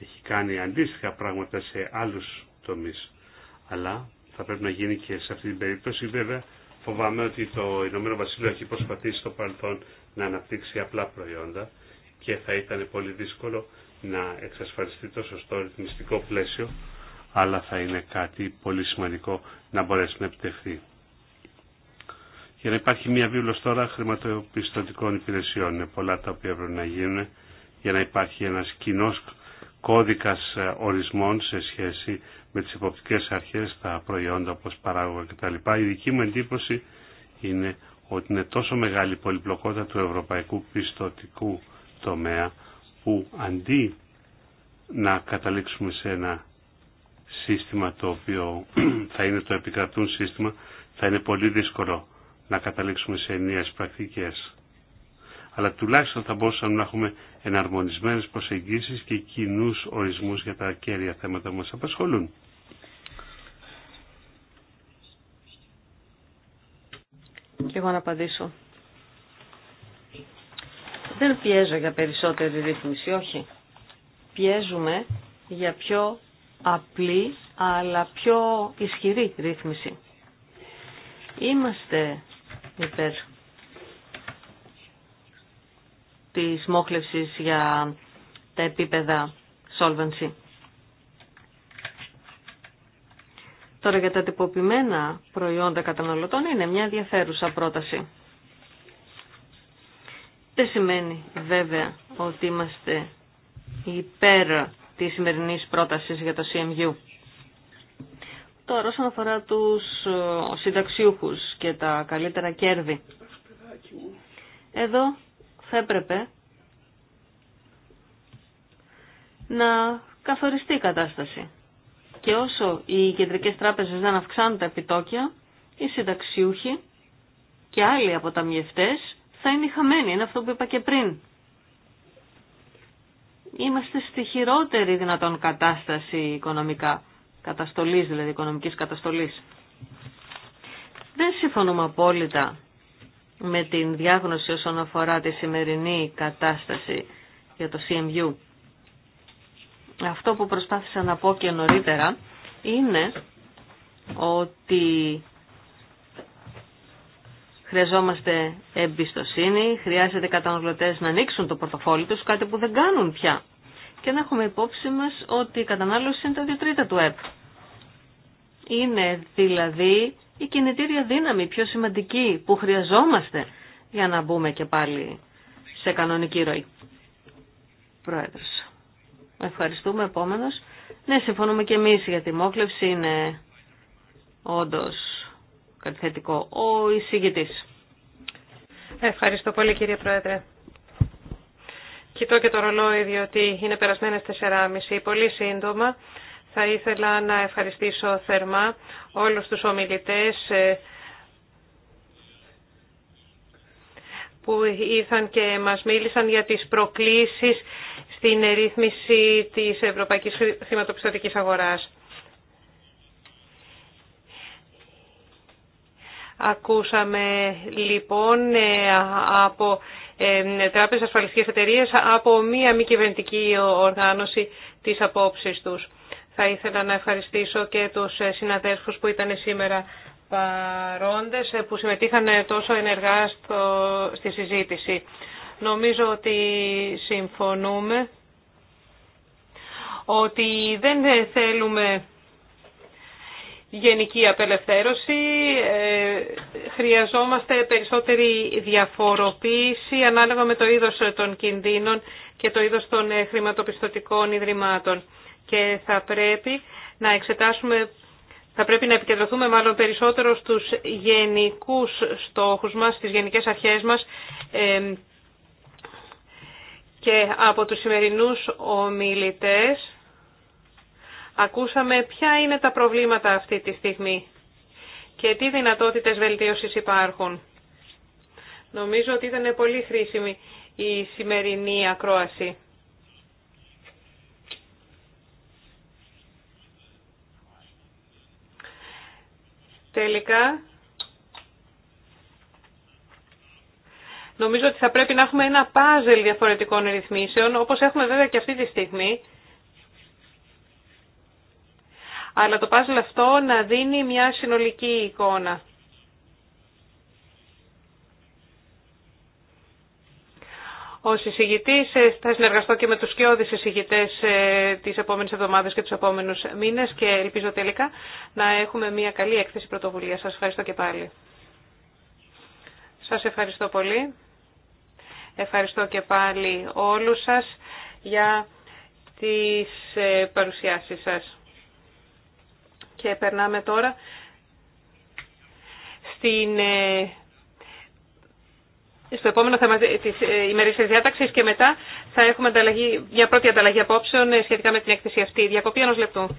Έχει κάνει αντίστοιχα πράγματα σε άλλους τομείς. Αλλά θα πρέπει να γίνει και σε αυτή την περίπτωση. Βέβαια φοβάμαι ότι το Ηνωμένο Βασίλειο έχει προσπαθήσει στο παρελθόν να αναπτύξει απλά προϊόντα και θα ήταν πολύ δύσκολο να εξασφαλιστεί το σωστό ρυθμιστικό πλαίσιο, αλλά θα είναι κάτι πολύ σημαντικό να μπορέσει να επιτευχθεί. Για να υπάρχει μια βίβλος τώρα χρηματοπιστωτικών υπηρεσιών, είναι πολλά τα οποία πρέπει να γίνουν για να υπάρχει ένας κοινός κώδικας ε, ορισμών σε σχέση με τις υποπτικές αρχές, τα προϊόντα όπως παράγωγα κτλ. Η δική μου εντύπωση είναι ότι είναι τόσο μεγάλη η πολυπλοκότητα του ευρωπαϊκού πιστωτικού τομέα που αντί να καταλήξουμε σε ένα σύστημα το οποίο θα είναι το επικρατούν σύστημα, θα είναι πολύ δύσκολο να καταλήξουμε σε ενιαίες πρακτικές. Αλλά τουλάχιστον θα μπορούσαμε να έχουμε εναρμονισμένες προσεγγίσεις και κοινού ορισμούς για τα κέρια θέματα που μας απασχολούν. Και εγώ να απαντήσω δεν πιέζω για περισσότερη ρύθμιση, όχι. Πιέζουμε για πιο απλή αλλά πιο ισχυρή ρύθμιση. Είμαστε υπέρ της μόχλευσης για τα επίπεδα solvency. Τώρα για τα τυποποιημένα προϊόντα καταναλωτών είναι μια ενδιαφέρουσα πρόταση. Δεν σημαίνει βέβαια ότι είμαστε υπέρ της σημερινής πρότασης για το CMU. Τώρα όσον αφορά τους ε, συνταξιούχους και τα καλύτερα κέρδη. Εδώ θα έπρεπε να καθοριστεί η κατάσταση. Και όσο οι κεντρικές τράπεζες δεν αυξάνουν τα επιτόκια, οι συνταξιούχοι και άλλοι αποταμιευτές θα είναι χαμένη. Είναι αυτό που είπα και πριν. Είμαστε στη χειρότερη δυνατόν κατάσταση οικονομικά. Καταστολής δηλαδή, οικονομικής καταστολής. Δεν συμφωνούμε απόλυτα με την διάγνωση όσον αφορά τη σημερινή κατάσταση για το CMU. Αυτό που προσπάθησα να πω και νωρίτερα είναι ότι Χρειαζόμαστε εμπιστοσύνη, χρειάζεται καταναλωτέ να ανοίξουν το πορτοφόλι τους, κάτι που δεν κάνουν πια. Και να έχουμε υπόψη μας ότι η κατανάλωση είναι τα δύο τρίτα του ΕΠ. Είναι δηλαδή η κινητήρια δύναμη πιο σημαντική που χρειαζόμαστε για να μπούμε και πάλι σε κανονική ροή. Πρόεδρος. Ευχαριστούμε. Επόμενος. Ναι, συμφωνούμε και εμείς για τη μόκλευση. Είναι όντως ο Ευχαριστώ πολύ κύριε Πρόεδρε. Κοιτώ και το ρολόι διότι είναι περασμένες 4.30. Πολύ σύντομα θα ήθελα να ευχαριστήσω θερμά όλους τους ομιλητές ε, που ήρθαν και μας μίλησαν για τις προκλήσεις στην ρύθμιση της Ευρωπαϊκής Χρηματοπιστωτικής Αγοράς. Ακούσαμε λοιπόν ε, από ε, τράπεζες ασφαλιστικές εταιρείες από μία μη κυβερνητική οργάνωση της απόψεις τους. Θα ήθελα να ευχαριστήσω και τους ε, συναδέλφους που ήταν σήμερα παρόντες, που συμμετείχαν τόσο ενεργά στο, στη συζήτηση. Νομίζω ότι συμφωνούμε ότι δεν θέλουμε γενική απελευθέρωση. Ε, χρειαζόμαστε περισσότερη διαφοροποίηση ανάλογα με το είδος των κινδύνων και το είδος των ε, χρηματοπιστωτικών ιδρυμάτων. Και θα πρέπει να εξετάσουμε θα πρέπει να επικεντρωθούμε μάλλον περισσότερο στους γενικούς στόχους μας, στις γενικές αρχές μας και από τους σημερινούς ομιλητές ακούσαμε ποια είναι τα προβλήματα αυτή τη στιγμή και τι δυνατότητες βελτίωσης υπάρχουν. Νομίζω ότι ήταν πολύ χρήσιμη η σημερινή ακρόαση. Τελικά, νομίζω ότι θα πρέπει να έχουμε ένα πάζελ διαφορετικών ρυθμίσεων, όπως έχουμε βέβαια και αυτή τη στιγμή, αλλά το παζλ αυτό να δίνει μια συνολική εικόνα. Ο συζητητής ε, θα συνεργαστώ και με τους σκιώδεις συζητητές ε, τις επόμενες εβδομάδες και τους επόμενους μήνες και ελπίζω τελικά να έχουμε μια καλή έκθεση πρωτοβουλία. Σας ευχαριστώ και πάλι. Σας ευχαριστώ πολύ. Ευχαριστώ και πάλι όλους σας για τις ε, παρουσιάσεις σας. Και περνάμε τώρα στην, ε, στο επόμενο θέμα της ε, ημερήσιας διάταξης και μετά θα έχουμε ανταλλαγή, μια πρώτη ανταλλαγή απόψεων ε, σχετικά με την έκθεση αυτή. Διακοπή ενός λεπτού.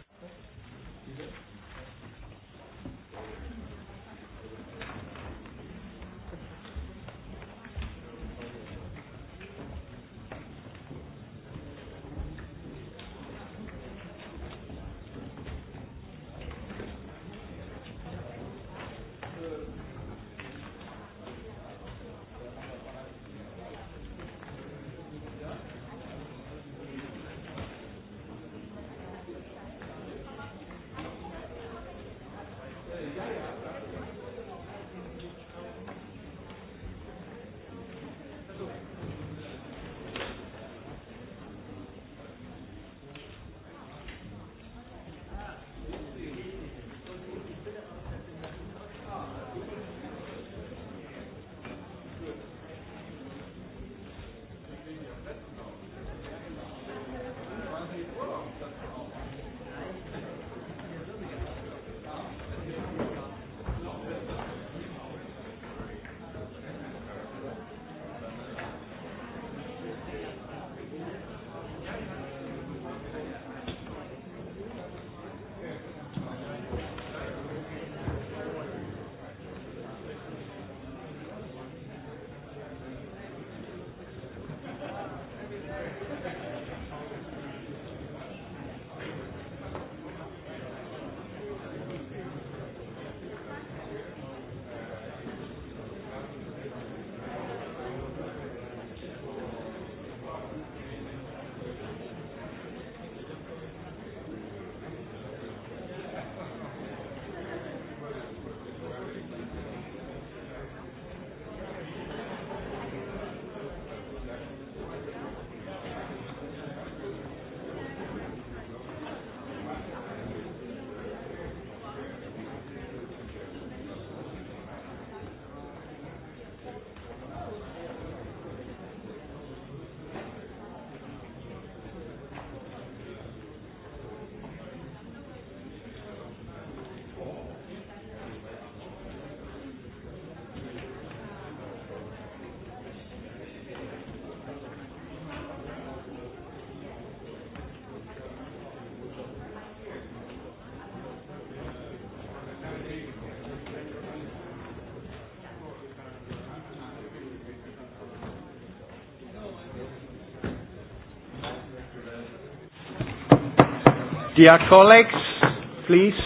Dear colleagues, please.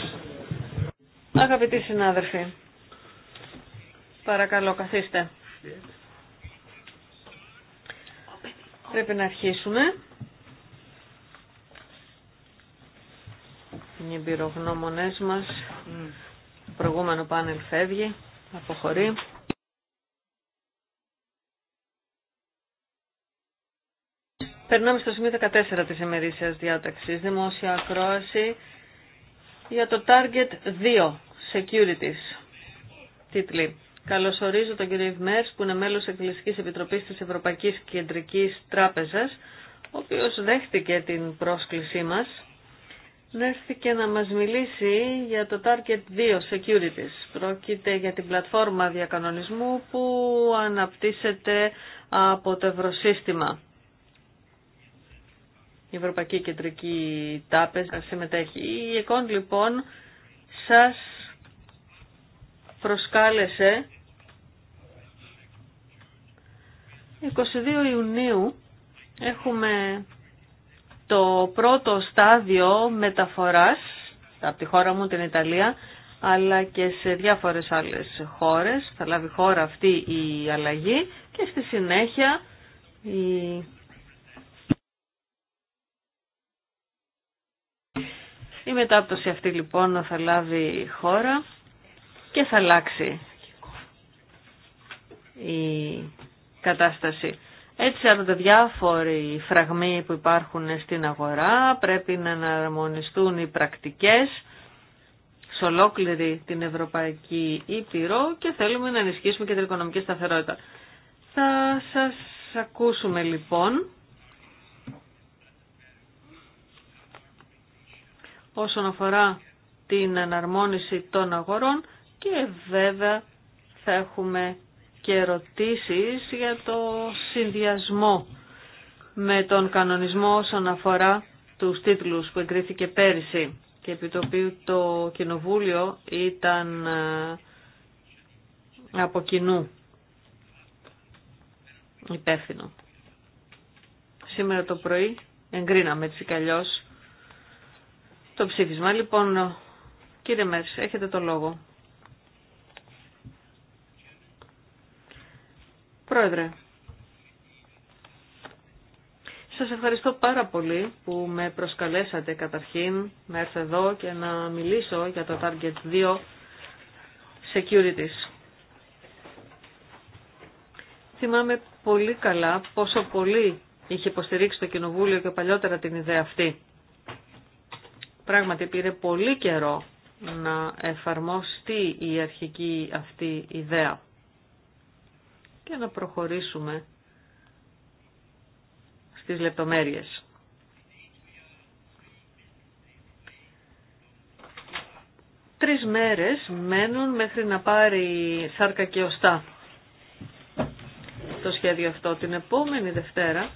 Αγαπητοί συνάδελφοι, παρακαλώ καθίστε. Πρέπει να αρχίσουμε. Οι εμπειρογνώμονες μας, το προηγούμενο πάνελ φεύγει, αποχωρεί. Περνάμε στο σημείο 14 της ημερήσιας διάταξης. Δημόσια ακρόαση για το Target 2, Securities. Τίτλοι. Καλωσορίζω τον κύριο Ιβμέρς που είναι μέλος Εκκλησικής Επιτροπής της Ευρωπαϊκής Κεντρικής Τράπεζας, ο οποίος δέχτηκε την πρόσκλησή μας. Δέχτηκε να μας μιλήσει για το Target 2 Securities. Πρόκειται για την πλατφόρμα διακανονισμού που αναπτύσσεται από το ευρωσύστημα η Ευρωπαϊκή Κεντρική Τάπεζα συμμετέχει. Η ΕΚΟΝ λοιπόν σας προσκάλεσε 22 Ιουνίου έχουμε το πρώτο στάδιο μεταφοράς από τη χώρα μου την Ιταλία αλλά και σε διάφορες άλλες χώρες. Θα λάβει χώρα αυτή η αλλαγή και στη συνέχεια η Η μετάπτωση αυτή λοιπόν θα λάβει χώρα και θα αλλάξει η κατάσταση. Έτσι αν τα διάφοροι φραγμοί που υπάρχουν στην αγορά πρέπει να αναρμονιστούν οι πρακτικές σε ολόκληρη την Ευρωπαϊκή Ήπειρο και θέλουμε να ενισχύσουμε και την οικονομική σταθερότητα. Θα σας ακούσουμε λοιπόν όσον αφορά την εναρμόνιση των αγορών και βέβαια θα έχουμε και ερωτήσεις για το συνδυασμό με τον κανονισμό όσον αφορά τους τίτλους που εγκρίθηκε πέρυσι και επί το οποίο το Κοινοβούλιο ήταν ε, από κοινού υπεύθυνο. Σήμερα το πρωί εγκρίναμε έτσι το ψήφισμα. Λοιπόν, κύριε Μέρς, έχετε το λόγο. Πρόεδρε, σας ευχαριστώ πάρα πολύ που με προσκαλέσατε καταρχήν να έρθω εδώ και να μιλήσω για το Target 2 Securities. Θυμάμαι πολύ καλά πόσο πολύ είχε υποστηρίξει το Κοινοβούλιο και παλιότερα την ιδέα αυτή. Πράγματι πήρε πολύ καιρό να εφαρμοστεί η αρχική αυτή ιδέα και να προχωρήσουμε στις λεπτομέρειες. Τρεις μέρες μένουν μέχρι να πάρει σάρκα και οστά το σχέδιο αυτό. Την επόμενη Δευτέρα,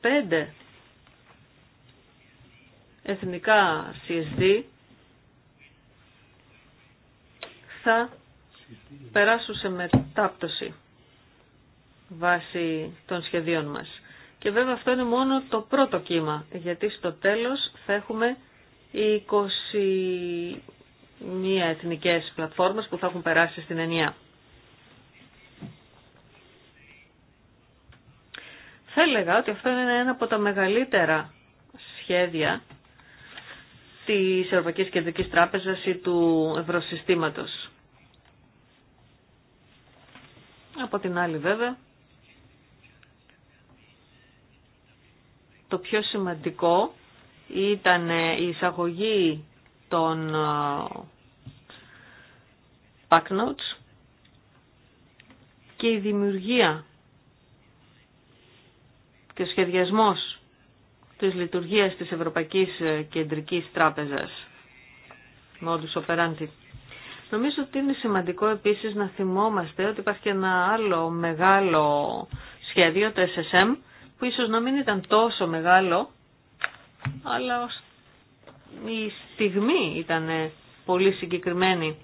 πέντε εθνικά CSD θα περάσουν σε μετάπτωση βάσει των σχεδίων μας. Και βέβαια αυτό είναι μόνο το πρώτο κύμα, γιατί στο τέλος θα έχουμε 21 εθνικές πλατφόρμες που θα έχουν περάσει στην ενιαία. Θα έλεγα ότι αυτό είναι ένα από τα μεγαλύτερα σχέδια της Ευρωπαϊκής Κεντρικής Τράπεζας ή του Ευρωσυστήματος. Από την άλλη βέβαια, το πιο σημαντικό ήταν η εισαγωγή των backnotes και η δημιουργία και ο σχεδιασμός της λειτουργίας της Ευρωπαϊκής ε, Κεντρικής Τράπεζας. Μόντους operandi. Νομίζω ότι είναι σημαντικό επίσης να θυμόμαστε ότι υπάρχει και ένα άλλο μεγάλο σχέδιο, το SSM, που ίσως να μην ήταν τόσο μεγάλο, αλλά η στιγμή ήταν πολύ συγκεκριμένη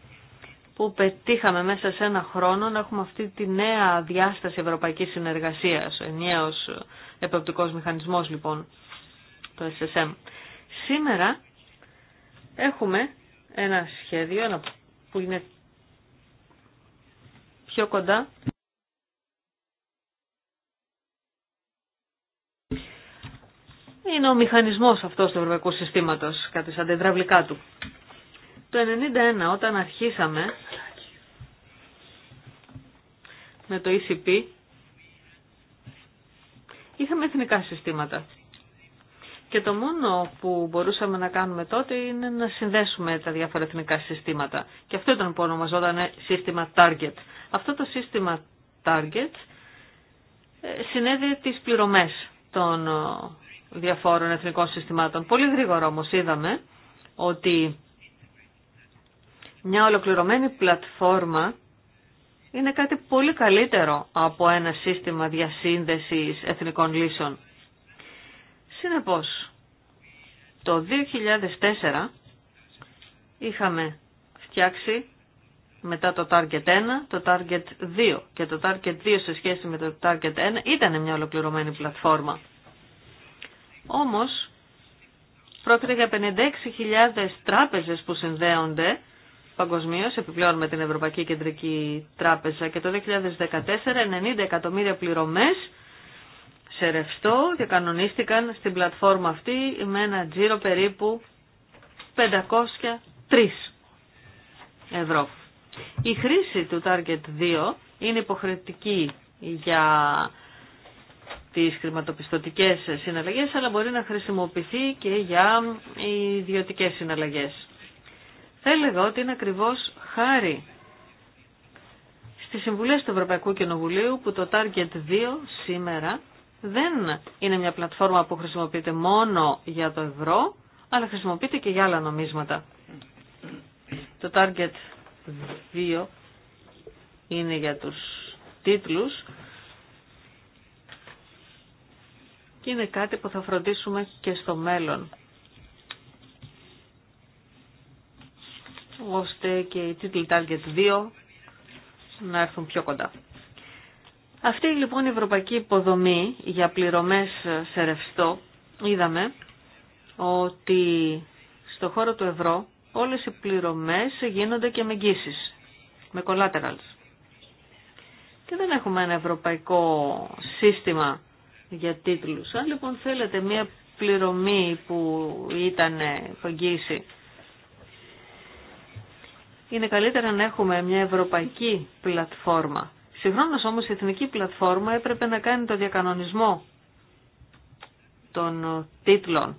που πετύχαμε μέσα σε ένα χρόνο να έχουμε αυτή τη νέα διάσταση ευρωπαϊκής συνεργασίας, ενιαίος επαπτικός μηχανισμός λοιπόν το SSM. Σήμερα έχουμε ένα σχέδιο ένα που είναι πιο κοντά είναι ο μηχανισμός αυτός του ευρωπαϊκού συστήματος, κάτι σαν τετραυλικά του. Το 1991 όταν αρχίσαμε με το ECP είχαμε εθνικά συστήματα. Και το μόνο που μπορούσαμε να κάνουμε τότε είναι να συνδέσουμε τα διάφορα εθνικά συστήματα. Και αυτό ήταν που ονομαζόταν σύστημα Target. Αυτό το σύστημα Target ε, συνέδει τις πληρωμές των ε, διαφόρων εθνικών συστημάτων. Πολύ γρήγορα όμως είδαμε ότι μια ολοκληρωμένη πλατφόρμα είναι κάτι πολύ καλύτερο από ένα σύστημα διασύνδεσης εθνικών λύσεων. Συνεπώς, το 2004 είχαμε φτιάξει μετά το Target 1, το Target 2 και το Target 2 σε σχέση με το Target 1 ήταν μια ολοκληρωμένη πλατφόρμα. Όμως, πρόκειται για 56.000 τράπεζες που συνδέονται παγκοσμίως επιπλέον με την Ευρωπαϊκή Κεντρική Τράπεζα και το 2014 90 εκατομμύρια πληρωμές σε ρευστό και κανονίστηκαν στην πλατφόρμα αυτή με ένα τζίρο περίπου 503 ευρώ. Η χρήση του Target 2 είναι υποχρεωτική για τις χρηματοπιστωτικές συναλλαγές αλλά μπορεί να χρησιμοποιηθεί και για ιδιωτικές συναλλαγές. Θα έλεγα ότι είναι ακριβώς χάρη στις συμβουλές του Ευρωπαϊκού Κοινοβουλίου που το Target 2 σήμερα δεν είναι μια πλατφόρμα που χρησιμοποιείται μόνο για το ευρώ, αλλά χρησιμοποιείται και για άλλα νομίσματα. Το Target 2 είναι για τους τίτλους και είναι κάτι που θα φροντίσουμε και στο μέλλον. ώστε και οι τίτλοι Target 2 να έρθουν πιο κοντά. Αυτή λοιπόν η ευρωπαϊκή υποδομή για πληρωμές σε ρευστό είδαμε ότι στο χώρο του ευρώ όλες οι πληρωμές γίνονται και με γκίσεις, με collaterals. Και δεν έχουμε ένα ευρωπαϊκό σύστημα για τίτλους. Αν λοιπόν θέλετε μια πληρωμή που ήταν εγγύηση, είναι καλύτερα να έχουμε μια ευρωπαϊκή πλατφόρμα Συγχρόνως όμως η Εθνική Πλατφόρμα έπρεπε να κάνει το διακανονισμό των ε, τίτλων.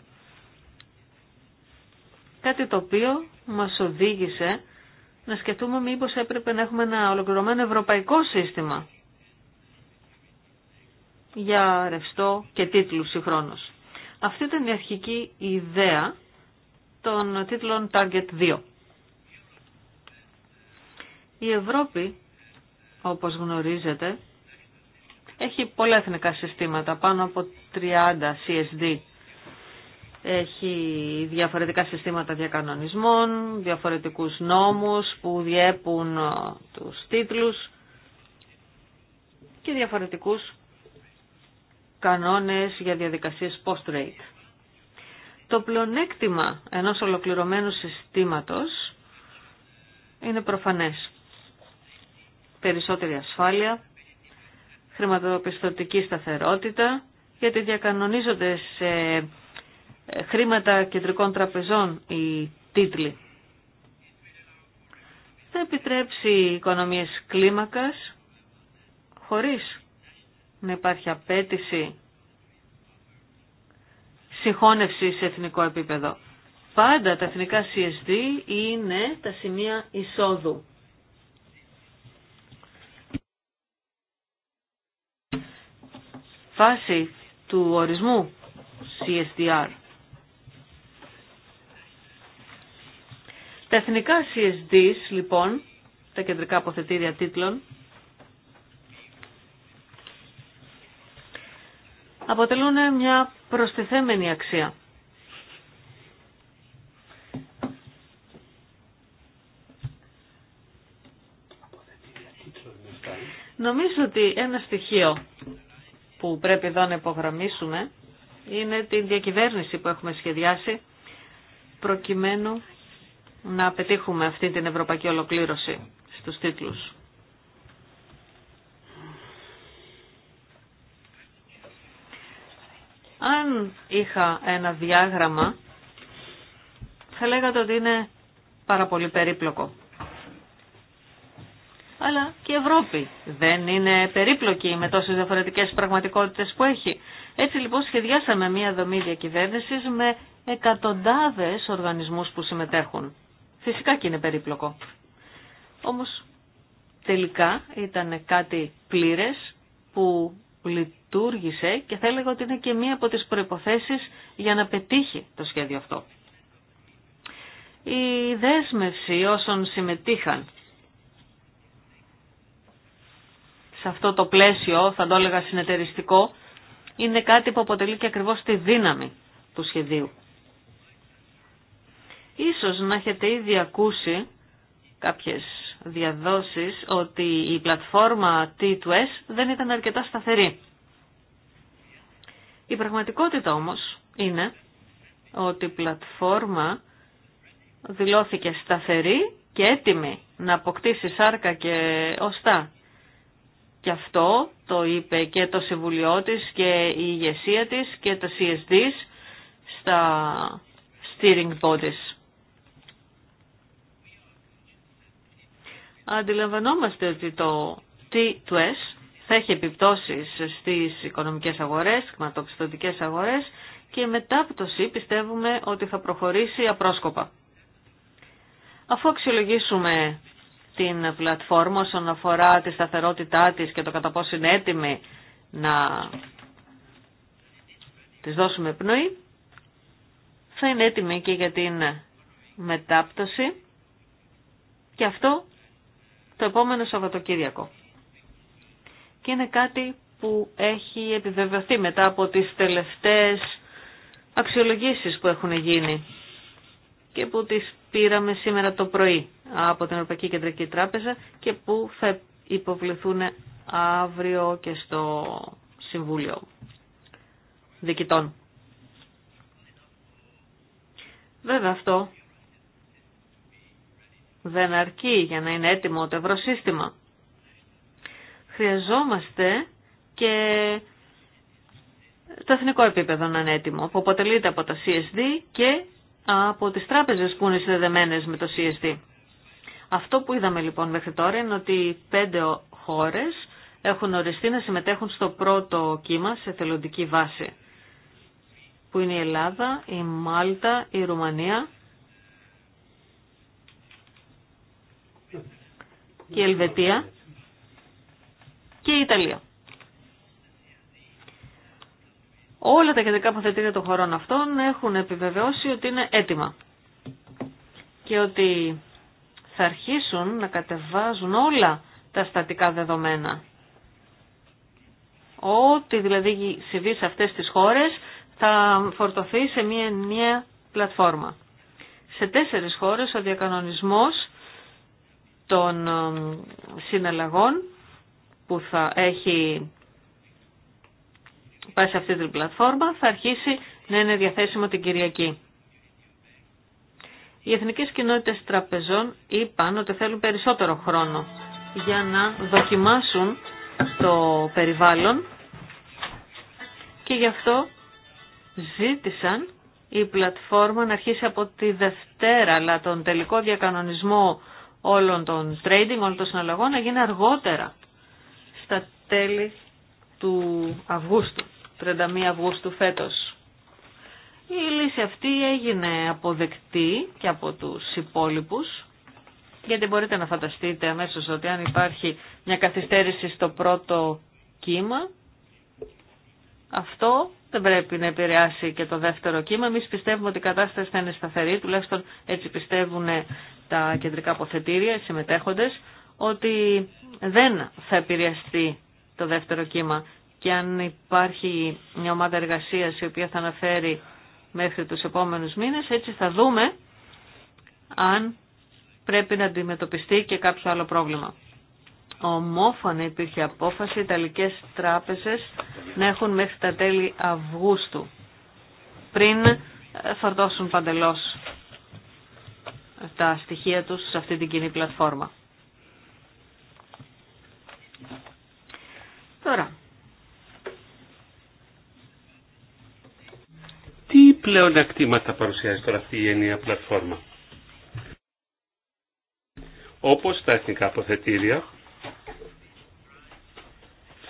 Κάτι το οποίο μας οδήγησε να σκεφτούμε μήπως έπρεπε να έχουμε ένα ολοκληρωμένο ευρωπαϊκό σύστημα για ρευστό και τίτλους συγχρόνως. Αυτή ήταν η αρχική ιδέα των τίτλων Target 2. Η Ευρώπη όπως γνωρίζετε, έχει πολλά εθνικά συστήματα, πάνω από 30 CSD. Έχει διαφορετικά συστήματα διακανονισμών, διαφορετικούς νόμους που διέπουν ε, τους τίτλους και διαφορετικούς κανόνες για διαδικασίες post-rate. Το πλονέκτημα ενός ολοκληρωμένου συστήματος είναι προφανές περισσότερη ασφάλεια, χρηματοπιστωτική σταθερότητα, γιατί διακανονίζονται σε ε, χρήματα κεντρικών τραπεζών οι τίτλοι. Θα επιτρέψει οικονομίες κλίμακας, χωρίς να υπάρχει απέτηση συγχώνευση σε εθνικό επίπεδο. Πάντα τα εθνικά CSD είναι τα σημεία εισόδου βάση του ορισμού CSDR. Τα εθνικά CSDs, λοιπόν, τα κεντρικά αποθετήρια τίτλων, αποτελούν μια προστιθέμενη αξία. Νομίζω ότι ένα στοιχείο που πρέπει εδώ να υπογραμμίσουμε είναι την διακυβέρνηση που έχουμε σχεδιάσει προκειμένου να πετύχουμε αυτή την ευρωπαϊκή ολοκλήρωση στους τίτλους. Αν είχα ένα διάγραμμα, θα λέγατε ότι είναι πάρα πολύ περίπλοκο αλλά και η Ευρώπη δεν είναι περίπλοκη με τόσες διαφορετικές πραγματικότητες που έχει. Έτσι λοιπόν σχεδιάσαμε μια δομή διακυβέρνησης με εκατοντάδες οργανισμούς που συμμετέχουν. Φυσικά και είναι περίπλοκο. Όμως τελικά ήταν κάτι πλήρες που λειτουργήσε και θα έλεγα ότι είναι και μία από τις προϋποθέσεις για να πετύχει το σχέδιο αυτό. Η δέσμευση όσων συμμετείχαν σε αυτό το πλαίσιο, θα το έλεγα συνεταιριστικό, είναι κάτι που αποτελεί και ακριβώς τη δύναμη του σχεδίου. Ίσως να έχετε ήδη ακούσει κάποιες διαδόσεις ότι η πλατφόρμα T2S δεν ήταν αρκετά σταθερή. Η πραγματικότητα όμως είναι ότι η πλατφόρμα δηλώθηκε σταθερή και έτοιμη να αποκτήσει σάρκα και οστά και αυτό το είπε και το Συμβουλίο της και η ηγεσία της και τα CSD στα steering bodies. Αντιλαμβανόμαστε ότι το T2S θα έχει επιπτώσεις στις οικονομικές αγορές, χρηματοπιστωτικές αγορές και μετά από το C πιστεύουμε ότι θα προχωρήσει απρόσκοπα. Αφού αξιολογήσουμε την πλατφόρμα όσον αφορά τη σταθερότητά της και το κατά πόσο είναι έτοιμη να της δώσουμε πνοή, θα είναι έτοιμη και για την μετάπτωση και αυτό το επόμενο Σαββατοκύριακο. Και είναι κάτι που έχει επιβεβαιωθεί μετά από τις τελευταίες αξιολογήσεις που έχουν γίνει και που τις πήραμε σήμερα το πρωί από την Ευρωπαϊκή Κεντρική Τράπεζα και που θα υποβληθούν αύριο και στο Συμβούλιο δικητών. Βέβαια αυτό δεν αρκεί για να είναι έτοιμο το ευρωσύστημα. Χρειαζόμαστε και το εθνικό επίπεδο να είναι έτοιμο, που αποτελείται από τα CSD και από τις τράπεζες που είναι συνδεδεμένες με το CSD. Αυτό που είδαμε λοιπόν μέχρι τώρα είναι ότι πέντε χώρες έχουν οριστεί να συμμετέχουν στο πρώτο κύμα σε θελοντική βάση, που είναι η Ελλάδα, η Μάλτα, η Ρουμανία και η Ελβετία και η Ιταλία. Όλα τα κεντρικά αποθετήρια των χωρών αυτών έχουν επιβεβαιώσει ότι είναι έτοιμα και ότι θα αρχίσουν να κατεβάζουν όλα τα στατικά δεδομένα. Ό,τι δηλαδή συμβεί σε αυτές τις χώρες θα φορτωθεί σε μία νέα πλατφόρμα. Σε τέσσερις χώρες ο διακανονισμός των ε, συναλλαγών που θα έχει πάει σε αυτή την πλατφόρμα θα αρχίσει να είναι διαθέσιμο την Κυριακή. Οι Εθνικέ κοινότητε τραπεζών είπαν ότι θέλουν περισσότερο χρόνο για να δοκιμάσουν το περιβάλλον και γι' αυτό ζήτησαν η πλατφόρμα να αρχίσει από τη Δευτέρα, αλλά τον τελικό διακανονισμό όλων των trading, όλων των συναλλαγών να γίνει αργότερα, στα τέλη του Αυγούστου. 31 Αυγούστου φέτος. Η λύση αυτή έγινε αποδεκτή και από τους υπόλοιπους, γιατί μπορείτε να φανταστείτε αμέσω ότι αν υπάρχει μια καθυστέρηση στο πρώτο κύμα, αυτό δεν πρέπει να επηρεάσει και το δεύτερο κύμα. Εμεί πιστεύουμε ότι η κατάσταση θα είναι σταθερή, τουλάχιστον έτσι πιστεύουν τα κεντρικά αποθετήρια, οι συμμετέχοντες, ότι δεν θα επηρεαστεί το δεύτερο κύμα και αν υπάρχει μια ομάδα εργασίας η οποία θα αναφέρει μέχρι τους επόμενους μήνες, έτσι θα δούμε αν πρέπει να αντιμετωπιστεί και κάποιο άλλο πρόβλημα. Ομόφωνα υπήρχε απόφαση οι Ιταλικές τράπεζες να έχουν μέχρι τα τέλη Αυγούστου πριν ε, φορτώσουν παντελώς τα στοιχεία τους σε αυτή την κοινή πλατφόρμα. Τώρα, Πλέον ακτήματα παρουσιάζει τώρα αυτή η ενιαία πλατφόρμα. Όπως τα εθνικά αποθετήρια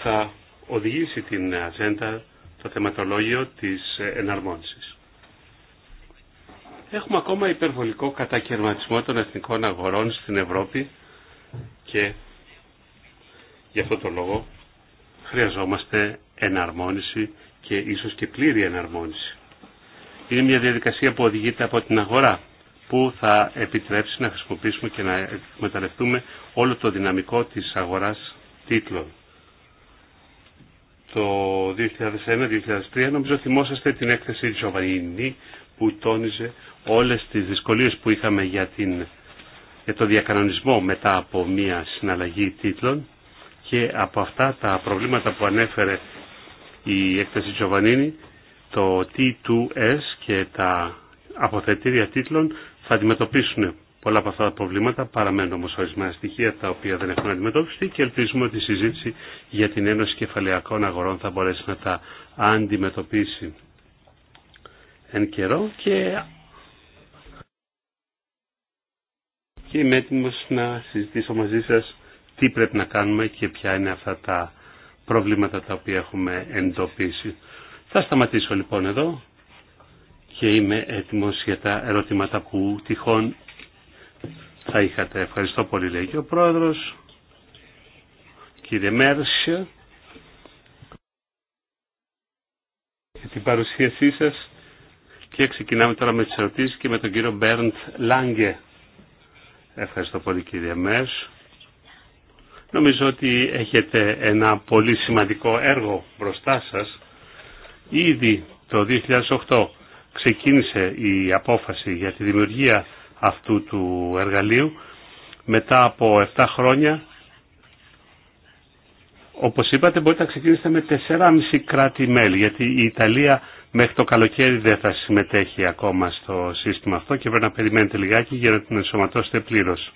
θα οδηγήσει την ατζέντα το θεματολόγιο της εναρμόνισης. Έχουμε ακόμα υπερβολικό κατακαιρματισμό των εθνικών αγορών στην Ευρώπη και γι' αυτό το λόγο χρειαζόμαστε εναρμόνιση και ίσως και πλήρη εναρμόνιση είναι μια διαδικασία που οδηγείται από την αγορά που θα επιτρέψει να χρησιμοποιήσουμε και να εκμεταλλευτούμε όλο το δυναμικό της αγοράς τίτλων. Το 2001-2003 νομίζω θυμόσαστε την έκθεση Τζοβαϊνή που τόνιζε όλες τις δυσκολίες που είχαμε για, για το διακανονισμό μετά από μια συναλλαγή τίτλων και από αυτά τα προβλήματα που ανέφερε η έκθεση Τζοβανίνη το T2S και τα αποθετήρια τίτλων θα αντιμετωπίσουν πολλά από αυτά τα προβλήματα. Παραμένουν όμω ορισμένα στοιχεία τα οποία δεν έχουν αντιμετωπιστεί και ελπίζουμε ότι η συζήτηση για την Ένωση Κεφαλαιακών Αγορών θα μπορέσει να τα αντιμετωπίσει εν καιρό και, και είμαι έτοιμο να συζητήσω μαζί σας τι πρέπει να κάνουμε και ποια είναι αυτά τα προβλήματα τα οποία έχουμε εντοπίσει. Θα σταματήσω λοιπόν εδώ και είμαι έτοιμος για τα ερωτήματα που τυχόν θα είχατε. Ευχαριστώ πολύ λέει και ο πρόεδρος, κύριε Μέρσια, για την παρουσίασή σας και ξεκινάμε τώρα με τις ερωτήσεις και με τον κύριο Μπέρντ Λάγκε. Ευχαριστώ πολύ κύριε Μέρσ. Νομίζω ότι έχετε ένα πολύ σημαντικό έργο μπροστά σας Ήδη το 2008 ξεκίνησε η απόφαση για τη δημιουργία αυτού του εργαλείου. Μετά από 7 χρόνια, όπως είπατε, μπορείτε να ξεκινήσετε με 4,5 κράτη-μέλη, γιατί η Ιταλία μέχρι το καλοκαίρι δεν θα συμμετέχει ακόμα στο σύστημα αυτό και πρέπει να περιμένετε λιγάκι για να την ενσωματώσετε πλήρως.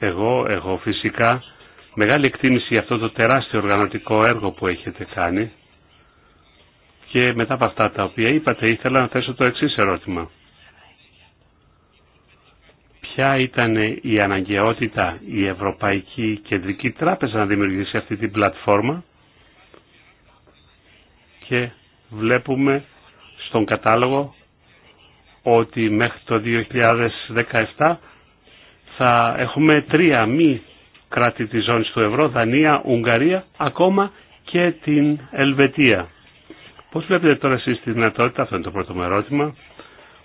Εγώ, εγώ φυσικά, μεγάλη εκτίμηση για αυτό το τεράστιο οργανωτικό έργο που έχετε κάνει και μετά από αυτά τα οποία είπατε ήθελα να θέσω το εξής ερώτημα. Ποια ήταν η αναγκαιότητα η Ευρωπαϊκή Κεντρική Τράπεζα να δημιουργήσει αυτή την πλατφόρμα και βλέπουμε στον κατάλογο ότι μέχρι το 2017 θα έχουμε τρία μη κράτη της ζώνης του ευρώ, Δανία, Ουγγαρία, ακόμα και την Ελβετία. Πώ βλέπετε τώρα εσεί τη δυνατότητα, αυτό είναι το πρώτο μου ερώτημα,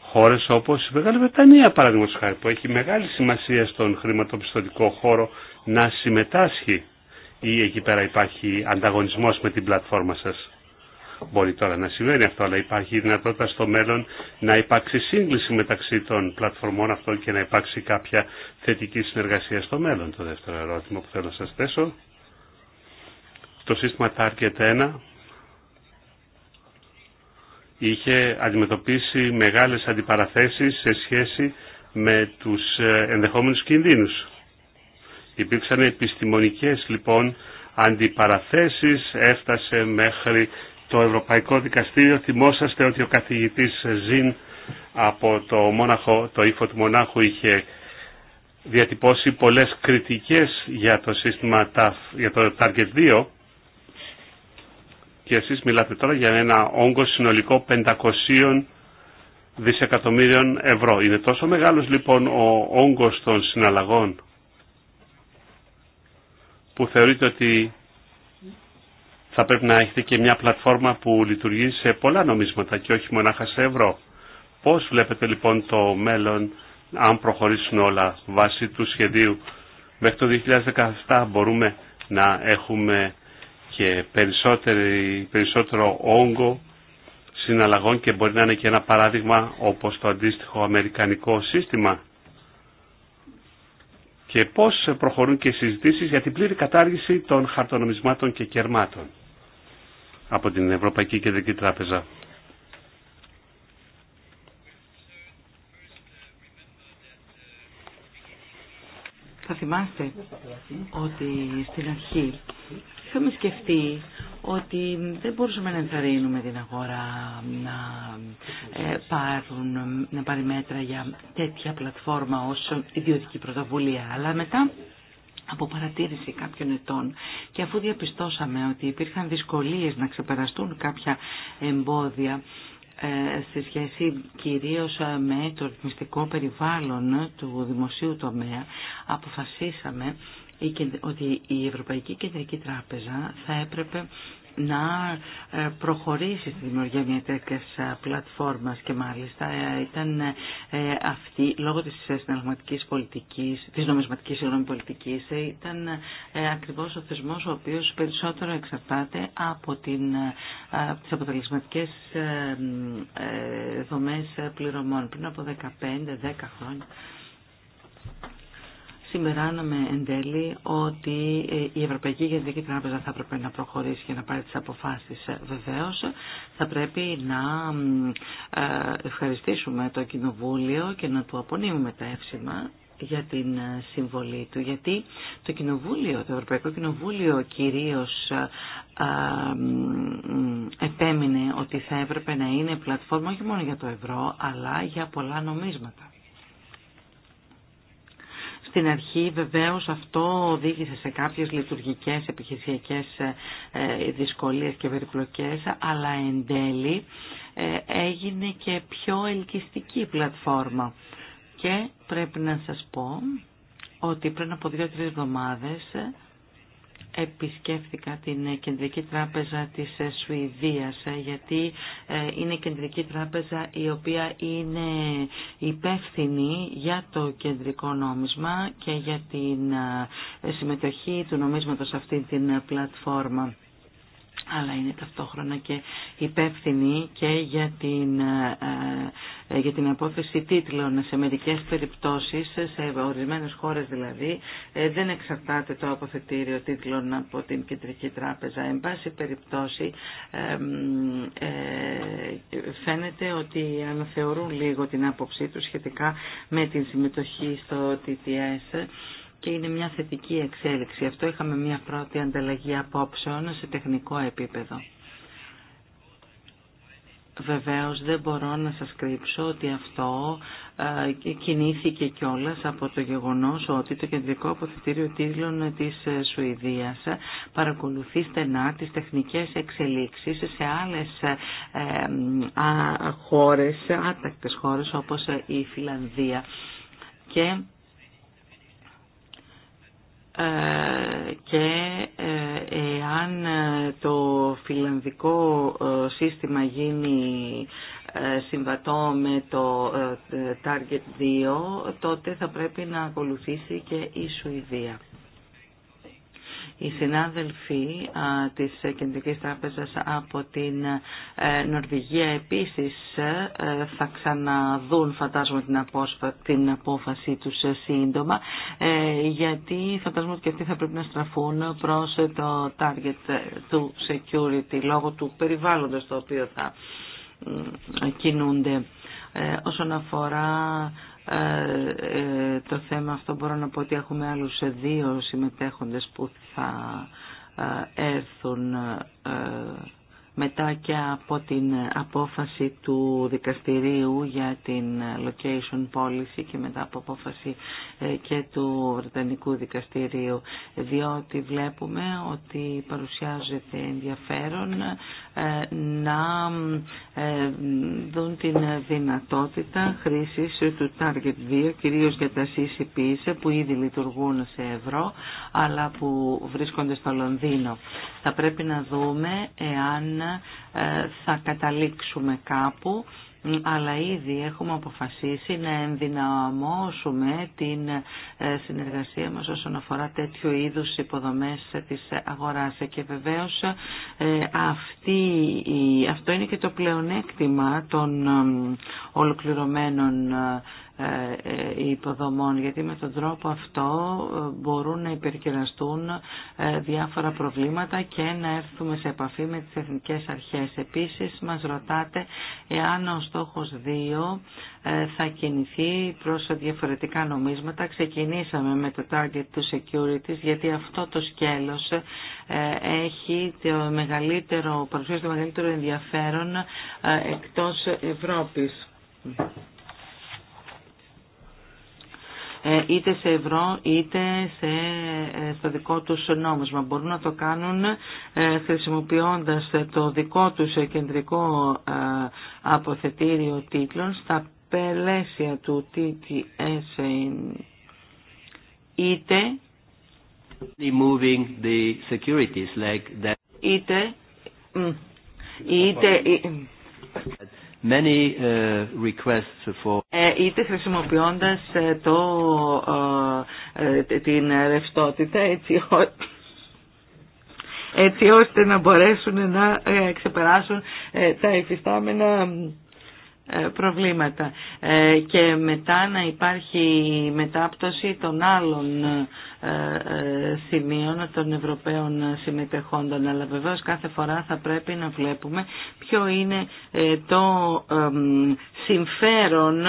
Χώρε όπω η Μεγάλη Βρετανία παραδείγματο χάρη που έχει μεγάλη σημασία στον χρηματοπιστωτικό χώρο να συμμετάσχει ή εκεί πέρα υπάρχει ανταγωνισμό με την πλατφόρμα σα. Μπορεί τώρα να συμβαίνει αυτό, αλλά υπάρχει δυνατότητα στο μέλλον να υπάρξει σύγκληση μεταξύ των πλατφορμών αυτών και να υπάρξει κάποια θετική συνεργασία στο μέλλον. Το δεύτερο ερώτημα που θέλω να σα θέσω. Το σύστημα Target είχε αντιμετωπίσει μεγάλες αντιπαραθέσεις σε σχέση με τους ε, ενδεχόμενους κινδύνους. Υπήρξαν επιστημονικές λοιπόν αντιπαραθέσεις, έφτασε μέχρι το Ευρωπαϊκό Δικαστήριο. Θυμόσαστε ότι ο καθηγητής Ζιν από το, μόναχο, το ύφο του μονάχου είχε διατυπώσει πολλές κριτικές για το σύστημα για το Target 2 και εσείς μιλάτε τώρα για ένα όγκο συνολικό 500 δισεκατομμύριων ευρώ. Είναι τόσο μεγάλος λοιπόν ο όγκος των συναλλαγών που θεωρείτε ότι θα πρέπει να έχετε και μια πλατφόρμα που λειτουργεί σε πολλά νομίσματα και όχι μονάχα σε ευρώ. Πώς βλέπετε λοιπόν το μέλλον αν προχωρήσουν όλα βάσει του σχεδίου. Μέχρι το 2017 μπορούμε να έχουμε και περισσότερο όγκο συναλλαγών και μπορεί να είναι και ένα παράδειγμα όπως το αντίστοιχο αμερικανικό σύστημα και πώς προχωρούν και οι συζητήσεις για την πλήρη κατάργηση των χαρτονομισμάτων και κερμάτων από την Ευρωπαϊκή Κεντρική Τράπεζα. Θα θυμάστε ότι στην αρχή είχαμε σκεφτεί ότι δεν μπορούσαμε να ενθαρρύνουμε την αγορά να, ε, πάρουν, να πάρει μέτρα για τέτοια πλατφόρμα ως ιδιωτική πρωτοβουλία. Αλλά μετά από παρατήρηση κάποιων ετών και αφού διαπιστώσαμε ότι υπήρχαν δυσκολίες να ξεπεραστούν κάποια εμπόδια σε σχέση κυρίως ε, με το ρυθμιστικό περιβάλλον του δημοσίου τομέα αποφασίσαμε ότι η Ευρωπαϊκή Κεντρική Τράπεζα θα έπρεπε να ε, προχωρήσει στη δημιουργία μια τέτοια ε, πλατφόρμα και μάλιστα ε, ήταν αυτή λόγω της συναλλαγματικής πολιτικής, της νομισματικής συγγνώμη πολιτικής ήταν ακριβώς ο θεσμός ο οποίος περισσότερο εξαρτάται από, την, από τις αποτελεσματικές δομές πληρωμών πριν από 15-10 χρόνια συμπεράναμε εν τέλει ότι ε, η Ευρωπαϊκή Γενική Τράπεζα θα πρέπει να προχωρήσει και να πάρει τις αποφάσεις ε, βεβαίως. Θα πρέπει να ε, ευχαριστήσουμε το Κοινοβούλιο και να του απονείμουμε τα εύσημα για την συμβολή του, γιατί το Κοινοβούλιο, το Ευρωπαϊκό Κοινοβούλιο κυρίως α, επέμεινε ότι θα έπρεπε να είναι πλατφόρμα όχι μόνο για το ευρώ, αλλά για πολλά νομίσματα. Στην αρχή βεβαίως αυτό οδήγησε σε κάποιες λειτουργικές επιχειρησιακές ε, ε, δυσκολίες και περιπλοκές, αλλά εν τέλει ε, έγινε και πιο ελκυστική πλατφόρμα. Και πρέπει να σας πω ότι πριν από δύο-τρεις εβδομάδες επισκέφθηκα την ε, Κεντρική Τράπεζα της ε, Σουηδίας ε, γιατί είναι κεντρική τράπεζα η οποία είναι υπεύθυνη για το κεντρικό νόμισμα και για την συμμετοχή του νομίσματος σε αυτή την πλατφόρμα αλλά είναι ταυτόχρονα και υπεύθυνη και για την, ε, ε, για την απόθεση τίτλων σε μερικές περιπτώσεις, σε ορισμένες χώρες δηλαδή, ε, δεν εξαρτάται το αποθετήριο τίτλων από την Κεντρική Τράπεζα. Εν πάση περιπτώσει φαίνεται ότι αναθεωρούν λίγο την άποψή του σχετικά με την συμμετοχή στο TTS και είναι μια θετική εξέλιξη. Αυτό είχαμε μια πρώτη ανταλλαγή απόψεων σε τεχνικό επίπεδο. Βεβαίως δεν μπορώ να σας κρύψω ότι αυτό ε, κινήθηκε κιόλας από το γεγονός ότι το Κεντρικό Αποθετήριο Τίτλων της ε, Σουηδίας παρακολουθεί στενά τις τεχνικές εξελίξεις σε άλλες ε, χώρες, άτακτες χώρες όπως η Φιλανδία. Και ε, και ε, εάν ε, το φιλανδικό σύστημα γίνει συμβατό με το Target 2, τότε θα πρέπει να ακολουθήσει και η Σουηδία οι συνάδελφοι της Κεντρικής Τράπεζας από την ε, Νορβηγία επίσης ε, θα ξαναδούν φαντάζομαι την, την απόφαση τους ε, σύντομα γιατί φαντάζομαι ότι και αυτοί θα πρέπει να στραφούν προς το target του security λόγω του περιβάλλοντος το οποίο θα κινούνται όσον αφορά ε, ε, το θέμα αυτό μπορώ να πω ότι έχουμε άλλους δύο συμμετέχοντες που θα ε, έρθουν μετά και από την απόφαση του δικαστηρίου για την location policy και μετά από απόφαση και του Βρετανικού δικαστηρίου διότι βλέπουμε ότι παρουσιάζεται ενδιαφέρον ε, να ε, δουν την δυνατότητα χρήσης του Target 2, κυρίως για τα CCPs που ήδη λειτουργούν σε ευρώ, αλλά που βρίσκονται στο Λονδίνο. Θα πρέπει να δούμε εάν ε, θα καταλήξουμε κάπου αλλά ήδη έχουμε αποφασίσει να ενδυναμώσουμε την ε, συνεργασία μας όσον αφορά τέτοιου είδους υποδομές της αγοράς και βεβαίως ε, αυτή, αυτό είναι και το πλεονέκτημα των ε, ολοκληρωμένων ε, ε, υποδομών γιατί με τον τρόπο αυτό ε, μπορούν να υπερκεραστούν διάφορα προβλήματα και να έρθουμε σε επαφή με τις εθνικές αρχές. Επίσης μας ρωτάτε εάν ο στόχος 2 θα κινηθεί προς διαφορετικά νομίσματα. Ξεκινήσαμε με το Target του security γιατί αυτό το σκέλος έχει το μεγαλύτερο, το μεγαλύτερο ενδιαφέρον εκτός Ευρώπης. Ε, είτε σε ευρώ είτε σε, ε, στο δικό τους νόμισμα. Μπορούν να το κάνουν ε, χρησιμοποιώντας το δικό τους κεντρικό αποθετήριο τίτλων στα πελέσια του TTS είτε είτε είτε Uh, ε, είτε χρησιμοποιώντας ε, το, ε, την ρευστότητα έτσι, έτσι ώστε να μπορέσουν να ξεπεράσουν τα υφιστάμενα ε, προβλήματα ε, και μετά να υπάρχει μετάπτωση των άλλων ε, σημείων των Ευρωπαίων συμμετεχόντων αλλά βεβαίως κάθε φορά θα πρέπει να βλέπουμε ποιο είναι το συμφέρον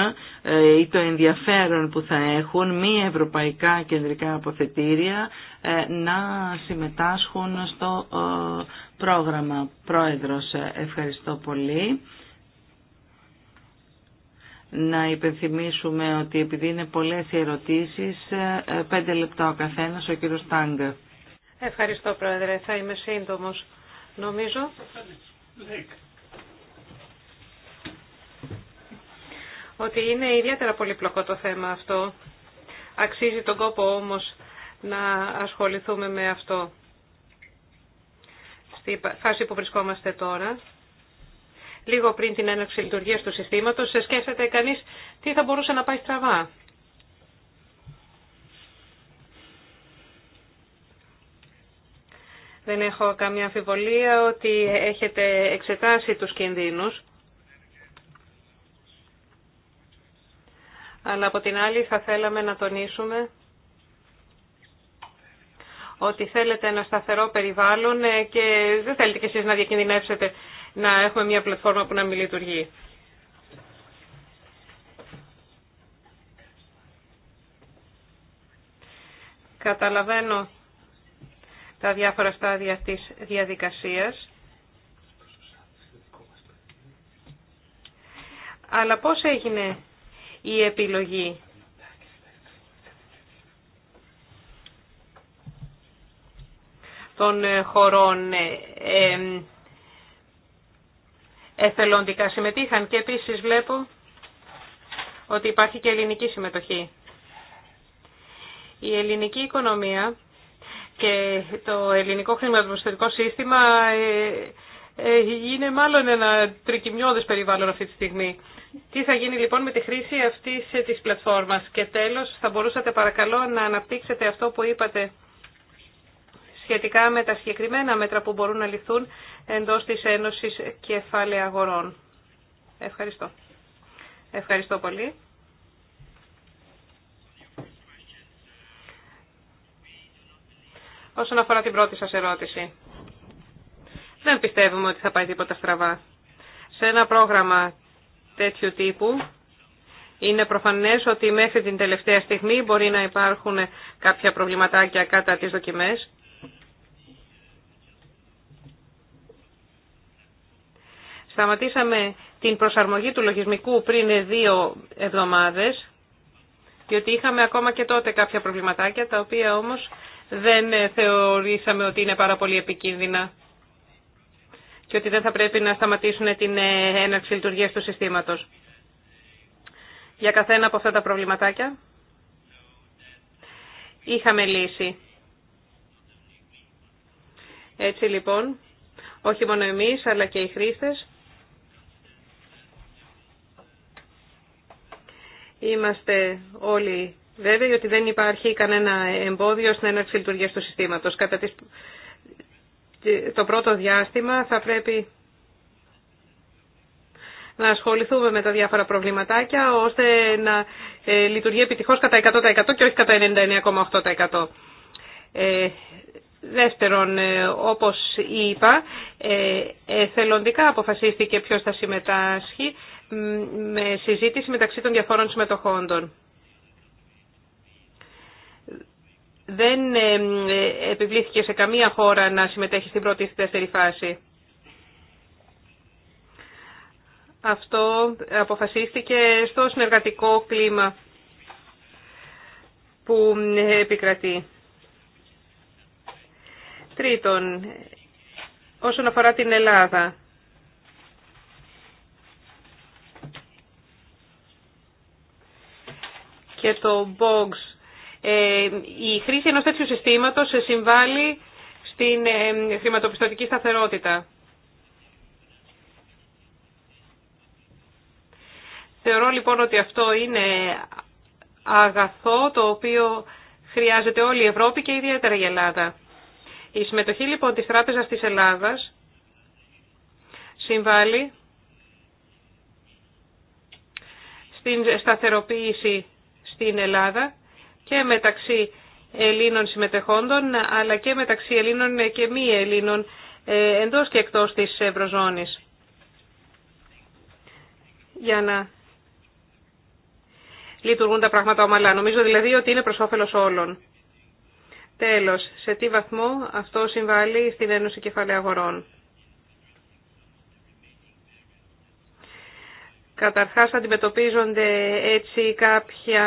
ή το ενδιαφέρον που θα έχουν μη ευρωπαϊκά κεντρικά αποθετήρια να συμμετάσχουν στο πρόγραμμα. Πρόεδρος, ευχαριστώ πολύ να υπενθυμίσουμε ότι επειδή είναι πολλές οι ερωτήσεις, ε, πέντε λεπτά ο καθένας, ο κύριος Τάγκα. Ευχαριστώ Πρόεδρε, θα είμαι σύντομος. Νομίζω ότι είναι ιδιαίτερα πολύπλοκο το θέμα αυτό. Αξίζει τον κόπο όμως να ασχοληθούμε με αυτό. Στη φάση που βρισκόμαστε τώρα, λίγο πριν την έναρξη λειτουργία του συστήματος, σκέφτεται κανεί τι θα μπορούσε να πάει στραβά. Δεν έχω καμία αμφιβολία ότι έχετε εξετάσει τους κινδύνους. Αλλά από την άλλη θα θέλαμε να τονίσουμε ότι θέλετε ένα σταθερό περιβάλλον ε, και δεν θέλετε κι εσείς να διακινδυνεύσετε να έχουμε μια πλατφόρμα που να μην λειτουργεί. Καταλαβαίνω τα διάφορα στάδια της διαδικασίας. Αλλά πώς έγινε η επιλογή. των ε, χωρών ε, ε, εθελοντικά συμμετείχαν και επίσης βλέπω ότι υπάρχει και ελληνική συμμετοχή. Η ελληνική οικονομία και το ελληνικό χρηματοπιστωτικό σύστημα ε, ε, είναι μάλλον ένα τρικυμιώδες περιβάλλον αυτή τη στιγμή. Τι θα γίνει λοιπόν με τη χρήση αυτής της πλατφόρμας. Και τέλος θα μπορούσατε παρακαλώ να αναπτύξετε αυτό που είπατε σχετικά με τα συγκεκριμένα μέτρα που μπορούν να ληφθούν εντός της Ένωσης Κεφάλαια Αγορών. Ευχαριστώ. Ευχαριστώ πολύ. Όσον αφορά την πρώτη σας ερώτηση, δεν πιστεύουμε ότι θα πάει τίποτα στραβά. Σε ένα πρόγραμμα τέτοιου τύπου είναι προφανές ότι μέχρι την τελευταία στιγμή μπορεί να υπάρχουν κάποια προβληματάκια κατά τις δοκιμές. Σταματήσαμε την προσαρμογή του λογισμικού πριν δύο εβδομάδες, διότι είχαμε ακόμα και τότε κάποια προβληματάκια, τα οποία όμως δεν θεωρήσαμε ότι είναι πάρα πολύ επικίνδυνα και ότι δεν θα πρέπει να σταματήσουν την έναρξη λειτουργίας του συστήματος. Για καθένα από αυτά τα προβληματάκια είχαμε λύση. Έτσι λοιπόν, όχι μόνο εμείς αλλά και οι χρήστες Είμαστε όλοι βέβαιοι ότι δεν υπάρχει κανένα εμπόδιο στην έναρξη λειτουργία του συστήματος. Κατά τις... το πρώτο διάστημα θα πρέπει να ασχοληθούμε με τα διάφορα προβληματάκια ώστε να ε, λειτουργεί επιτυχώς κατά 100% και όχι κατά 99,8%. Ε, δεύτερον, ε, όπως είπα, ε, εθελοντικά αποφασίστηκε ποιος θα συμμετάσχει με συζήτηση μεταξύ των διαφόρων συμμετοχόντων. Δεν ε, ε, επιβλήθηκε σε καμία χώρα να συμμετέχει στην πρώτη ή στη φάση. Αυτό αποφασίστηκε στο συνεργατικό κλίμα που ε, επικρατεί. Τρίτον, όσον αφορά την Ελλάδα, και το BOGS. Ε, η χρήση ενός τέτοιου συστήματος συμβάλλει στην ε, χρηματοπιστωτική σταθερότητα. Θεωρώ λοιπόν ότι αυτό είναι αγαθό το οποίο χρειάζεται όλη η Ευρώπη και ιδιαίτερα η Ελλάδα. Η συμμετοχή λοιπόν της Τράπεζας της Ελλάδας συμβάλλει στην σταθεροποίηση στην Ελλάδα και μεταξύ Ελλήνων συμμετεχόντων αλλά και μεταξύ Ελλήνων και μη Ελλήνων ε, εντός και εκτός της Ευρωζώνης. Για να λειτουργούν τα πράγματα ομαλά. Νομίζω δηλαδή ότι είναι προς όφελος όλων. Τέλος, σε τι βαθμό αυτό συμβάλλει στην Ένωση Κεφαλαίου Αγορών. Καταρχάς αντιμετωπίζονται έτσι κάποια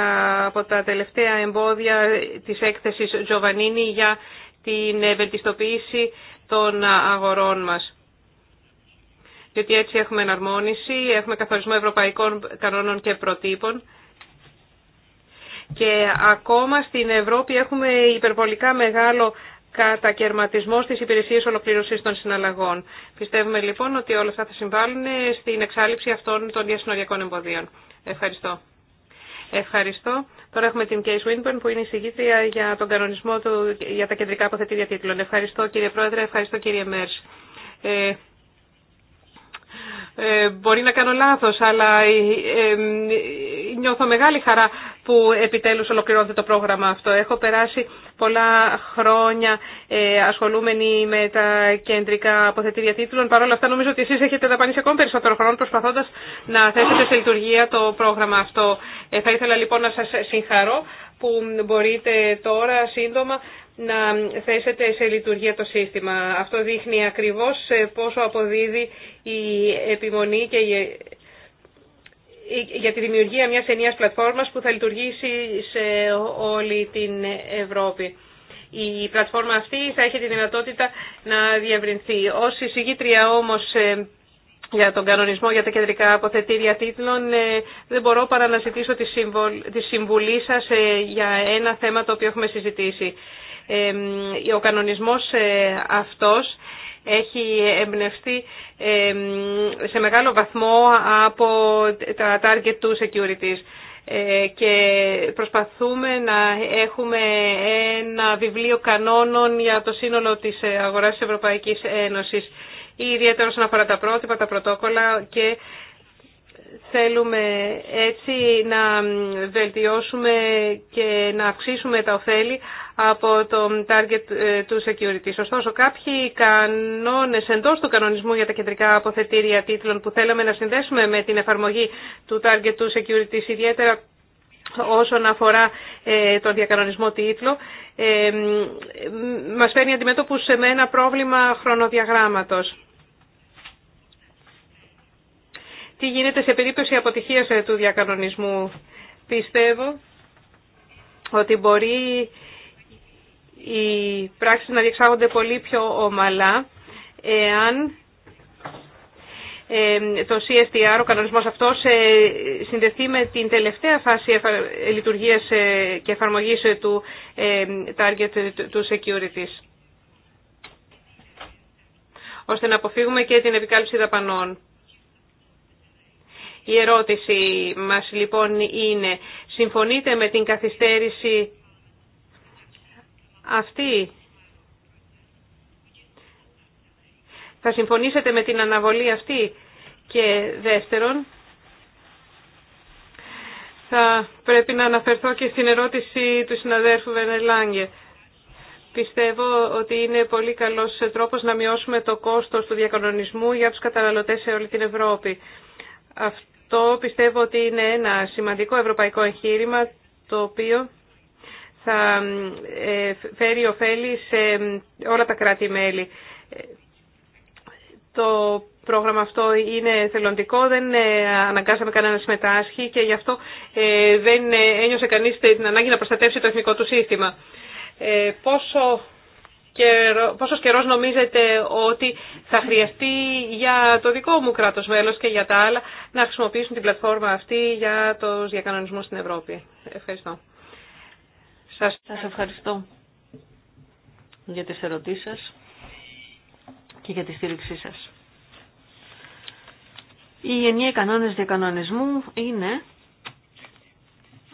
από τα τελευταία εμπόδια της έκθεσης Τζοβανίνη για την ευελτιστοποίηση των αγορών μας. Γιατί έτσι έχουμε εναρμόνιση, έχουμε καθορισμό ευρωπαϊκών κανόνων και προτύπων και ακόμα στην Ευρώπη έχουμε υπερβολικά μεγάλο κατακαιρματισμός της υπηρεσίας ολοκλήρωσης των συναλλαγών. Πιστεύουμε λοιπόν ότι όλα αυτά θα συμβάλλουν στην εξάλληψη αυτών των διασυνοριακών εμποδίων. Ευχαριστώ. Ευχαριστώ. Τώρα έχουμε την Κέις Βίνπεν που είναι η συγγήτρια για τον κανονισμό του για τα κεντρικά αποθετήρια τίτλων. Ευχαριστώ κύριε Πρόεδρε, ευχαριστώ κύριε Μέρς. Ε, ε, μπορεί να κάνω λάθος, αλλά ε, ε, νιώθω μεγάλη χαρά που επιτέλους ολοκληρώνεται το πρόγραμμα αυτό. Έχω περάσει πολλά χρόνια ασχολούμενη με τα κεντρικά αποθετήρια τίτλων. Παρ' όλα αυτά νομίζω ότι εσείς έχετε δαπανίσει ακόμα περισσότερο χρόνο προσπαθώντας να θέσετε σε λειτουργία το πρόγραμμα αυτό. θα ήθελα λοιπόν να σας συγχαρώ που μπορείτε τώρα σύντομα να θέσετε σε λειτουργία το σύστημα. Αυτό δείχνει ακριβώς ε, πόσο αποδίδει η επιμονή και η για τη δημιουργία μιας ενιαίας πλατφόρμας που θα λειτουργήσει σε όλη την Ευρώπη. Η πλατφόρμα αυτή θα έχει τη δυνατότητα να διευρυνθεί. Ως εισηγήτρια όμως ε, για τον κανονισμό για τα κεντρικά αποθετήρια τίτλων ε, δεν μπορώ παρά να ζητήσω τη συμβουλή σας για ένα θέμα το οποίο έχουμε συζητήσει ο κανονισμός ε, αυτός έχει εμπνευστεί σε μεγάλο βαθμό από τα target του securities ε, και προσπαθούμε να έχουμε ένα βιβλίο κανόνων για το σύνολο της αγοράς της Ευρωπαϊκής Ένωσης ιδιαίτερα όσον αφορά τα πρότυπα, τα πρωτόκολλα και θέλουμε έτσι να βελτιώσουμε και να αυξήσουμε τα ωφέλη από το target ε, του Security. Ωστόσο, κάποιοι κανόνες εντός του κανονισμού για τα κεντρικά αποθετήρια τίτλων που θέλαμε να συνδέσουμε με την εφαρμογή του target του Security... ιδιαίτερα όσον αφορά ε, τον διακανονισμό τίτλο, ε, μας φέρνει αντιμέτωπους σε ένα πρόβλημα χρονοδιαγράμματος. Τι γίνεται σε περίπτωση αποτυχίας του διακανονισμού. Πιστεύω ότι μπορεί οι πράξεις να διεξάγονται πολύ πιο ομαλά εάν ε, το CSTR, ο κανονισμός αυτός, ε, συνδεθεί με την τελευταία φάση λειτουργίας ε, και εφαρμογής του target του securities, ώστε να αποφύγουμε και την επικάλυψη δαπανών. Η ερώτηση μας λοιπόν είναι, συμφωνείτε με την καθυστέρηση αυτή θα συμφωνήσετε με την αναβολή αυτή και δεύτερον θα πρέπει να αναφερθώ και στην ερώτηση του συναδέρφου Βενελάνγκε. Πιστεύω ότι είναι πολύ καλός τρόπος να μειώσουμε το κόστος του διακανονισμού για τους καταναλωτές σε όλη την Ευρώπη. Αυτό πιστεύω ότι είναι ένα σημαντικό ευρωπαϊκό εγχείρημα το οποίο θα ε, φέρει ωφέλη σε όλα τα κράτη-μέλη. Το πρόγραμμα αυτό είναι θελοντικό, δεν ε, αναγκάσαμε κανένα να συμμετάσχει και γι' αυτό ε, δεν ένιωσε κανείς την ανάγκη να προστατεύσει το εθνικό του σύστημα. Πόσο καιρο, πόσος καιρός νομίζετε ότι θα χρειαστεί για το δικό μου κράτος μέλος και για τα άλλα να χρησιμοποιήσουν την πλατφόρμα αυτή για τους διακανονισμούς στην Ευρώπη. Ευχαριστώ. Σας, ευχαριστώ για τις ερωτήσεις σας και για τη στήριξή σας. Οι ενιαίοι κανόνες διακανονισμού είναι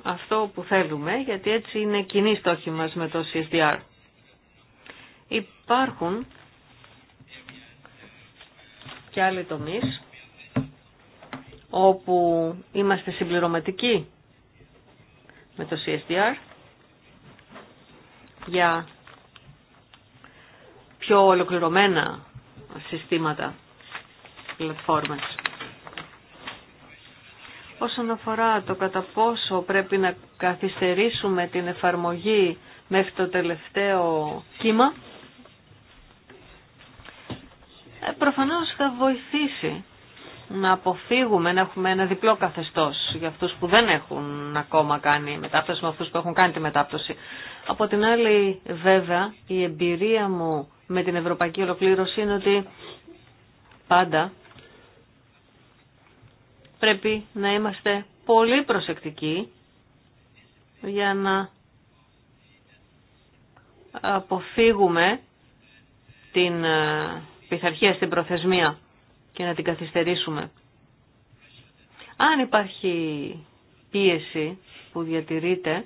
αυτό που θέλουμε, γιατί έτσι είναι κοινή στόχη μας με το CSDR. Υπάρχουν και άλλοι τομείς όπου είμαστε συμπληρωματικοί με το CSDR για πιο ολοκληρωμένα συστήματα, πλατφόρμες. Όσον αφορά το κατά πόσο πρέπει να καθυστερήσουμε την εφαρμογή μέχρι το τελευταίο κύμα, ε, προφανώς θα βοηθήσει να αποφύγουμε να έχουμε ένα διπλό καθεστώς για αυτούς που δεν έχουν ακόμα κάνει μετάπτωση με αυτούς που έχουν κάνει τη μετάπτωση. Από την άλλη βέβαια η εμπειρία μου με την ευρωπαϊκή ολοκλήρωση είναι ότι πάντα πρέπει να είμαστε πολύ προσεκτικοί για να αποφύγουμε την ε, πειθαρχία στην προθεσμία και να την καθυστερήσουμε. Αν υπάρχει πίεση που διατηρείται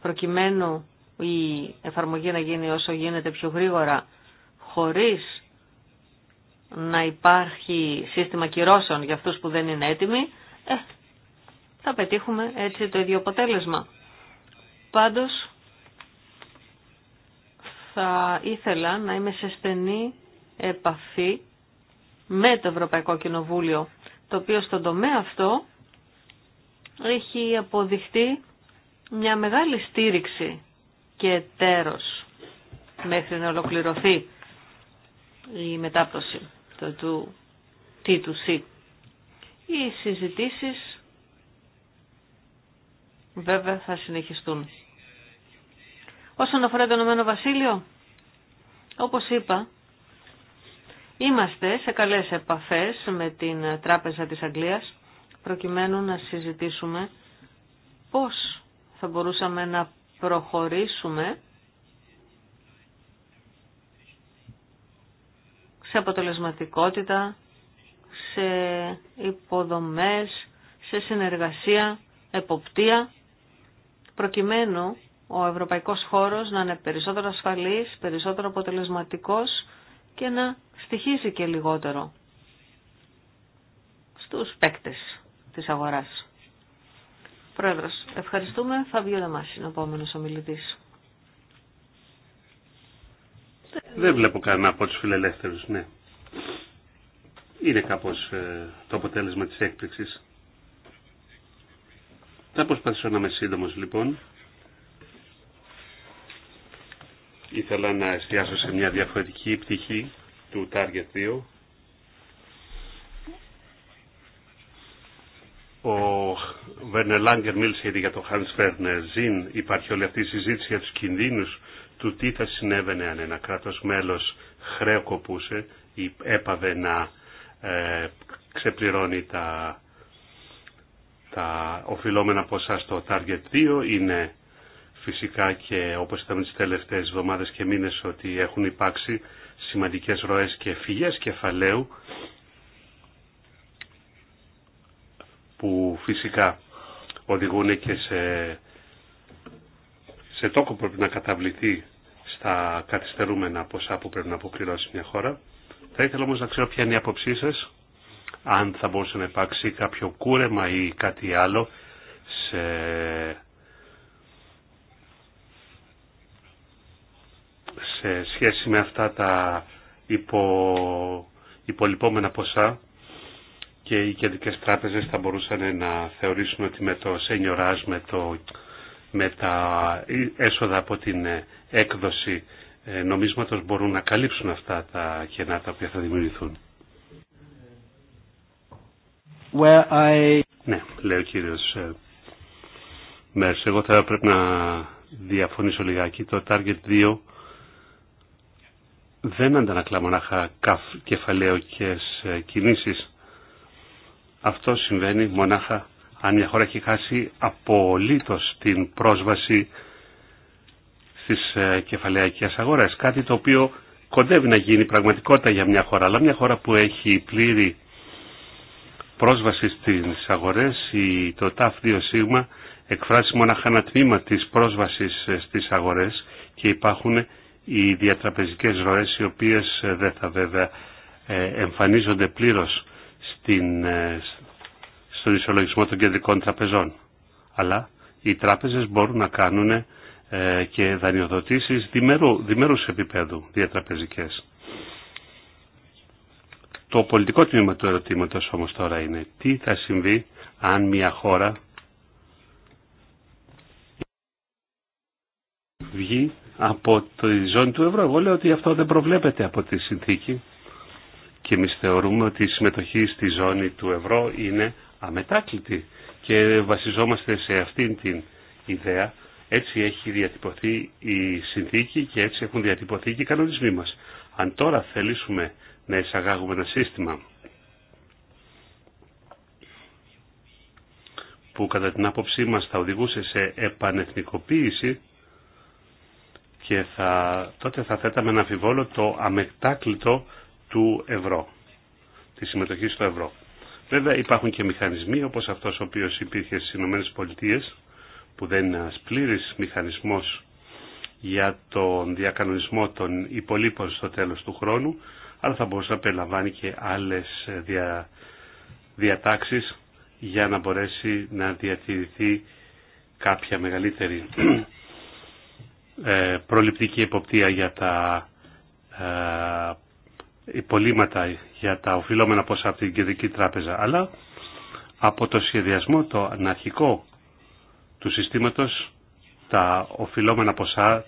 προκειμένου η εφαρμογή να γίνει όσο γίνεται πιο γρήγορα χωρίς να υπάρχει σύστημα κυρώσεων για αυτούς που δεν είναι έτοιμοι, ε, θα πετύχουμε έτσι το ίδιο αποτέλεσμα. Πάντως, θα ήθελα να είμαι σε στενή επαφή με το Ευρωπαϊκό Κοινοβούλιο, το οποίο στον τομέα αυτό έχει αποδειχτεί μια μεγάλη στήριξη και τέρος μέχρι να ολοκληρωθεί η μετάπτωση του T2C. Οι συζητήσεις βέβαια θα συνεχιστούν. Όσον αφορά το Ηνωμένο Βασίλειο, όπως είπα, Είμαστε σε καλές επαφές με την Τράπεζα της Αγγλίας προκειμένου να συζητήσουμε πώς θα μπορούσαμε να προχωρήσουμε σε αποτελεσματικότητα, σε υποδομές, σε συνεργασία, εποπτεία, προκειμένου ο ευρωπαϊκός χώρος να είναι περισσότερο ασφαλής, περισσότερο αποτελεσματικός και να στοιχίζει και λιγότερο στους παίκτες της αγοράς. Πρόεδρος, ευχαριστούμε. ο δεμάς, είναι ο επόμενος ομιλητής. Δεν βλέπω κανένα από τους φιλελεύθερους, ναι. Είναι κάπως ε, το αποτέλεσμα της έκπληξης. Θα προσπαθήσω να είμαι σύντομος, λοιπόν. ήθελα να εστιάσω σε μια διαφορετική πτυχή του Target 2. Ο Βέρνε Λάγκερ μίλησε ήδη για το Hans-Werner Zinn. Υπάρχει όλη αυτή η συζήτηση για τους κινδύνους του τι θα συνέβαινε αν ένα κράτος μέλος χρέοκοπούσε ή έπαβε να ε, ξεπληρώνει τα, τα οφειλόμενα ποσά στο Target 2. Είναι φυσικά και όπως είδαμε τις τελευταίες εβδομάδες και μήνες ότι έχουν υπάρξει σημαντικές ροές και φυγές κεφαλαίου που φυσικά οδηγούν και σε, σε τόκο που πρέπει να καταβληθεί στα καθυστερούμενα ποσά που πρέπει να αποκληρώσει μια χώρα. Θα ήθελα όμως να ξέρω ποια είναι η άποψή σας, αν θα μπορούσε να υπάρξει κάποιο κούρεμα ή κάτι άλλο σε σε σχέση με αυτά τα υπο, υπολοιπόμενα ποσά και οι κεντρικές τράπεζες θα μπορούσαν να θεωρήσουν ότι με το σενιοράζ, με, με τα έσοδα από την ε, έκδοση ε, νομίσματος μπορούν να καλύψουν αυτά τα κενά τα οποία θα δημιουργηθούν. I... Ναι, λέει ο κύριος ε, Μέρς. Εγώ θα πρέπει να διαφωνήσω λιγάκι. Το Target 2 δεν αντανακλά μονάχα κεφαλαίωκες κινήσεις. Αυτό συμβαίνει μονάχα αν μια χώρα έχει χάσει απολύτως την πρόσβαση στις ε, κεφαλαιακές αγορές. Κάτι το οποίο κοντεύει να γίνει πραγματικότητα για μια χώρα, αλλά μια χώρα που έχει πλήρη πρόσβαση στις αγορές, το ΤΑΦ 2 σίγμα εκφράζει μονάχα ένα τμήμα της πρόσβασης ε, στις αγορές και υπάρχουν οι διατραπεζικές ροές οι οποίες ε, δεν θα βέβαια ε, εμφανίζονται πλήρως στην, ε, στον ισολογισμό των κεντρικών τραπεζών. Αλλά οι τράπεζες μπορούν να κάνουν και δανειοδοτήσεις διμερού, διμερούς επίπεδου διατραπεζικές. Το πολιτικό τμήμα του ερωτήματος όμως τώρα είναι τι θα συμβεί αν μια χώρα βγει από τη ζώνη του ευρώ. Εγώ λέω ότι αυτό δεν προβλέπεται από τη συνθήκη και εμεί θεωρούμε ότι η συμμετοχή στη ζώνη του ευρώ είναι αμετάκλητη και βασιζόμαστε σε αυτήν την ιδέα. Έτσι έχει διατυπωθεί η συνθήκη και έτσι έχουν διατυπωθεί και οι κανονισμοί μας. Αν τώρα θελήσουμε να εισαγάγουμε ένα σύστημα που κατά την άποψή μας θα οδηγούσε σε επανεθνικοποίηση και τότε θα θέταμε να αμφιβόλο το αμεκτάκλητο του ευρώ, τη συμμετοχή στο ευρώ. Βέβαια υπάρχουν και μηχανισμοί όπως αυτός ο οποίος υπήρχε στις ΗΠΑ που δεν είναι ένας πλήρης μηχανισμός για τον διακανονισμό των υπολείπων στο τέλος του χρόνου αλλά θα μπορούσε να περιλαμβάνει και άλλες ε, δια, διατάξεις για να μπορέσει να διατηρηθεί κάποια μεγαλύτερη ε, προληπτική εποπτεία για τα ε, υπολείμματα για τα οφειλόμενα ποσά από την Κεντρική Τράπεζα, αλλά από το σχεδιασμό το αναρχικό του συστήματος τα οφειλόμενα ποσά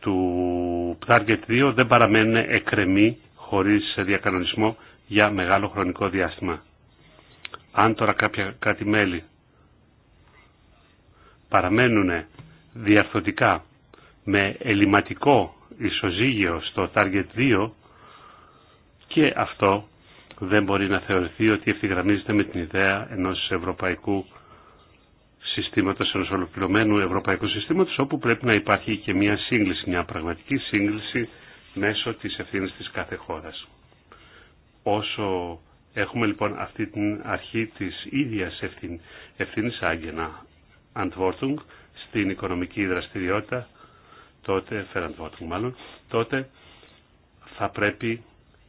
του Target 2 δεν παραμένουν εκρεμή χωρίς διακανονισμό για μεγάλο χρονικό διάστημα. Αν τώρα κάποια κάτι μέλη παραμένουν διαρθωτικά με ελληματικό ισοζύγιο στο Target 2 και αυτό δεν μπορεί να θεωρηθεί ότι ευθυγραμμίζεται με την ιδέα ενός ευρωπαϊκού συστήματος, ενός ολοκληρωμένου ευρωπαϊκού συστήματος όπου πρέπει να υπάρχει και μια σύγκληση, μια πραγματική σύγκληση μέσω της ευθύνη της κάθε χώρας. Όσο έχουμε λοιπόν αυτή την αρχή της ίδιας ευθύνη, άγγενα Antwortung, την οικονομική δραστηριότητα, τότε, μάλλον, τότε θα πρέπει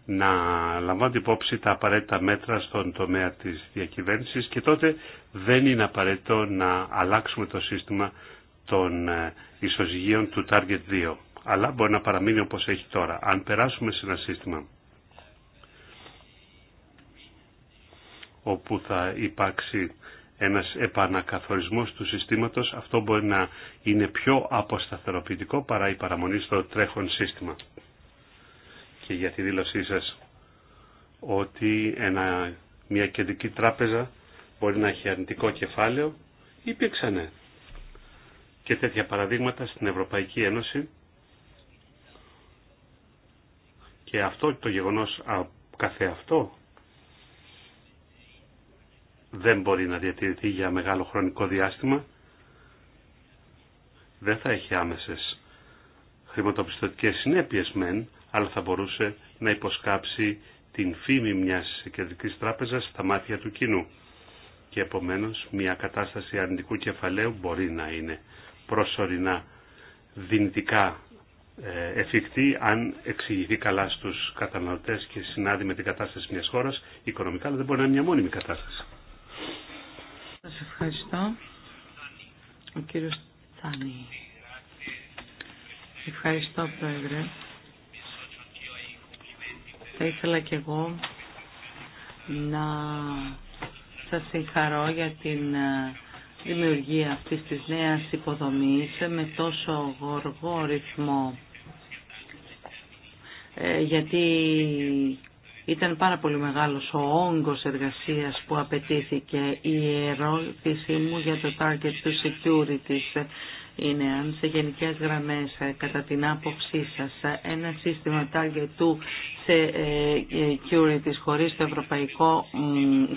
να λαμβάνουν υπόψη τα απαραίτητα μέτρα στον τομέα της διακυβέρνησης και τότε δεν είναι απαραίτητο να αλλάξουμε το σύστημα των ε, ισοζυγίων του Target 2. Αλλά μπορεί να παραμείνει όπως έχει τώρα. Αν περάσουμε σε ένα σύστημα όπου θα υπάρξει ένας επανακαθορισμός του συστήματος, αυτό μπορεί να είναι πιο αποσταθεροποιητικό παρά η παραμονή στο τρέχον σύστημα. Και για τη δήλωσή σας ότι ένα, μια κεντρική τράπεζα μπορεί να έχει αρνητικό κεφάλαιο, υπήρξανε και τέτοια παραδείγματα στην Ευρωπαϊκή Ένωση και αυτό το γεγονός καθεαυτό δεν μπορεί να διατηρηθεί για μεγάλο χρονικό διάστημα, δεν θα έχει άμεσες χρηματοπιστωτικές συνέπειες μεν, αλλά θα μπορούσε να υποσκάψει την φήμη μιας κεντρικής τράπεζας στα μάτια του κοινού. Και επομένως μια κατάσταση αρνητικού κεφαλαίου μπορεί να είναι προσωρινά δυνητικά ε, εφικτή αν εξηγηθεί καλά στους καταναλωτές και συνάδει με την κατάσταση μιας χώρας οικονομικά, αλλά δεν μπορεί να είναι μια μόνιμη κατάσταση. Σα ευχαριστώ. Ο κύριος Τσάνι. Ευχαριστώ, Πρόεδρε. Θα ήθελα κι εγώ να σας συγχαρώ για την ε, δημιουργία αυτής της νέας υποδομής με τόσο γοργό ρυθμό. Ε, γιατί ήταν πάρα πολύ μεγάλος ο όγκος εργασίας που απαιτήθηκε. Η ερώτησή μου για το target του security είναι αν σε γενικές γραμμές ε, κατά την άποψή σας ε, ένα σύστημα target του ε, security χωρίς το ευρωπαϊκό,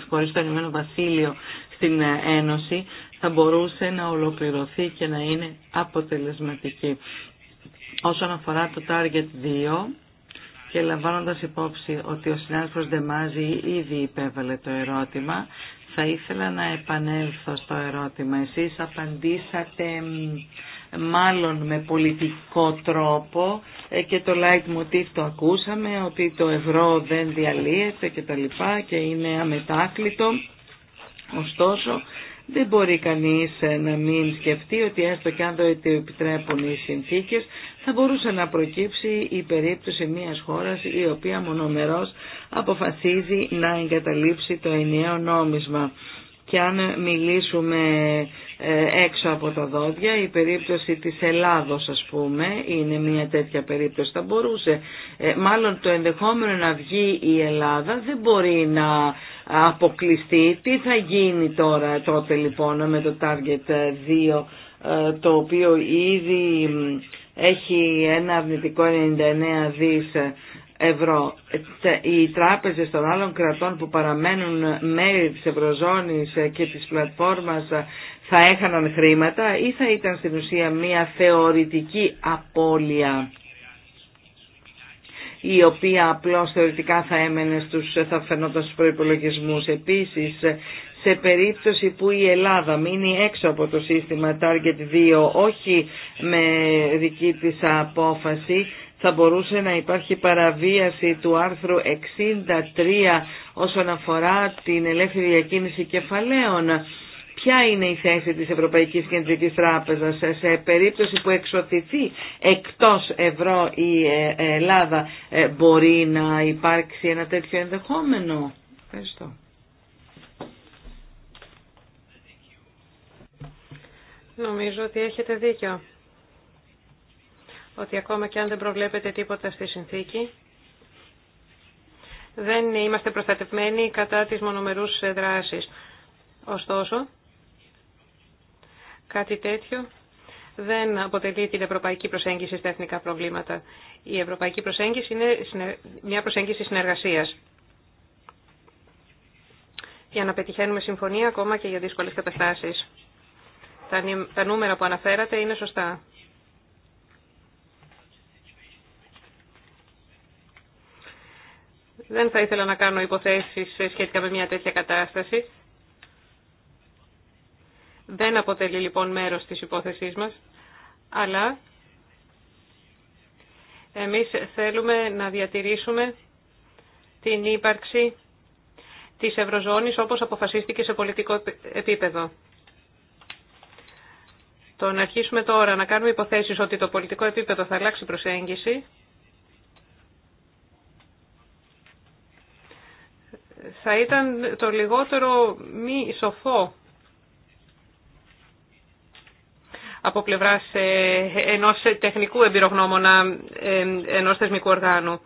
χωρίς το Βασίλειο στην Ένωση θα μπορούσε να ολοκληρωθεί και να είναι αποτελεσματική. Όσον αφορά το Target 2, και λαμβάνοντας υπόψη ότι ο συνάδελφος Ντεμάζη ήδη υπέβαλε το ερώτημα, θα ήθελα να επανέλθω στο ερώτημα. Εσείς απαντήσατε μάλλον με πολιτικό τρόπο ε, και το light motif το ακούσαμε ότι το ευρώ δεν διαλύεται και τα λοιπά και είναι αμετάκλητο. Ωστόσο, δεν μπορεί κανείς ε, να μην σκεφτεί ότι έστω και αν το επιτρέπουν οι συνθήκες θα μπορούσε να προκύψει η περίπτωση μιας χώρας η οποία μονομερός αποφασίζει να εγκαταλείψει το ενιαίο νόμισμα. Και αν μιλήσουμε ε, έξω από τα δόντια, η περίπτωση της Ελλάδος ας πούμε είναι μια τέτοια περίπτωση. Θα μπορούσε, ε, μάλλον το ενδεχόμενο να βγει η Ελλάδα δεν μπορεί να αποκλειστεί. Τι θα γίνει τώρα τότε λοιπόν με το Target 2 ε, το οποίο ήδη έχει ένα αρνητικό 99 δις ευρώ. Οι τράπεζες των άλλων κρατών που παραμένουν μέρη της Ευρωζώνης και της πλατφόρμας θα έχαναν χρήματα ή θα ήταν στην ουσία μια θεωρητική απώλεια η οποία απλώς θεωρητικά θα έμενε στους, θα φαινόταν στους προϋπολογισμούς. Επίσης, σε περίπτωση που η Ελλάδα μείνει έξω από το σύστημα Target 2, όχι με δική της απόφαση, θα μπορούσε να υπάρχει παραβίαση του άρθρου 63 όσον αφορά την ελεύθερη διακίνηση κεφαλαίων. Ποια είναι η θέση της Ευρωπαϊκής Κεντρικής Τράπεζας σε περίπτωση που εξωθηθεί εκτός ευρώ η ε, Ελλάδα ε, μπορεί να υπάρξει ένα τέτοιο ενδεχόμενο. Ευχαριστώ. Νομίζω ότι έχετε δίκιο ότι ακόμα και αν δεν προβλέπετε τίποτα στη συνθήκη, δεν είμαστε προστατευμένοι κατά τις μονομερούς δράσεις. Ωστόσο, κάτι τέτοιο δεν αποτελεί την ευρωπαϊκή προσέγγιση στα εθνικά προβλήματα. Η ευρωπαϊκή προσέγγιση είναι μια προσέγγιση συνεργασίας. Για να πετυχαίνουμε συμφωνία ακόμα και για δύσκολες καταστάσεις. Τα νούμερα που αναφέρατε είναι σωστά. Δεν θα ήθελα να κάνω υποθέσεις σχετικά με μια τέτοια κατάσταση. Δεν αποτελεί λοιπόν μέρος της υπόθεσής μας, αλλά εμείς θέλουμε να διατηρήσουμε την ύπαρξη της Ευρωζώνης όπως αποφασίστηκε σε πολιτικό επίπεδο. Το να αρχίσουμε τώρα να κάνουμε υποθέσεις ότι το πολιτικό επίπεδο θα αλλάξει προσέγγιση, θα ήταν το λιγότερο μη σοφό από πλευράς ε, ενός τεχνικού εμπειρογνώμονα, ε, ενός θεσμικού οργάνου.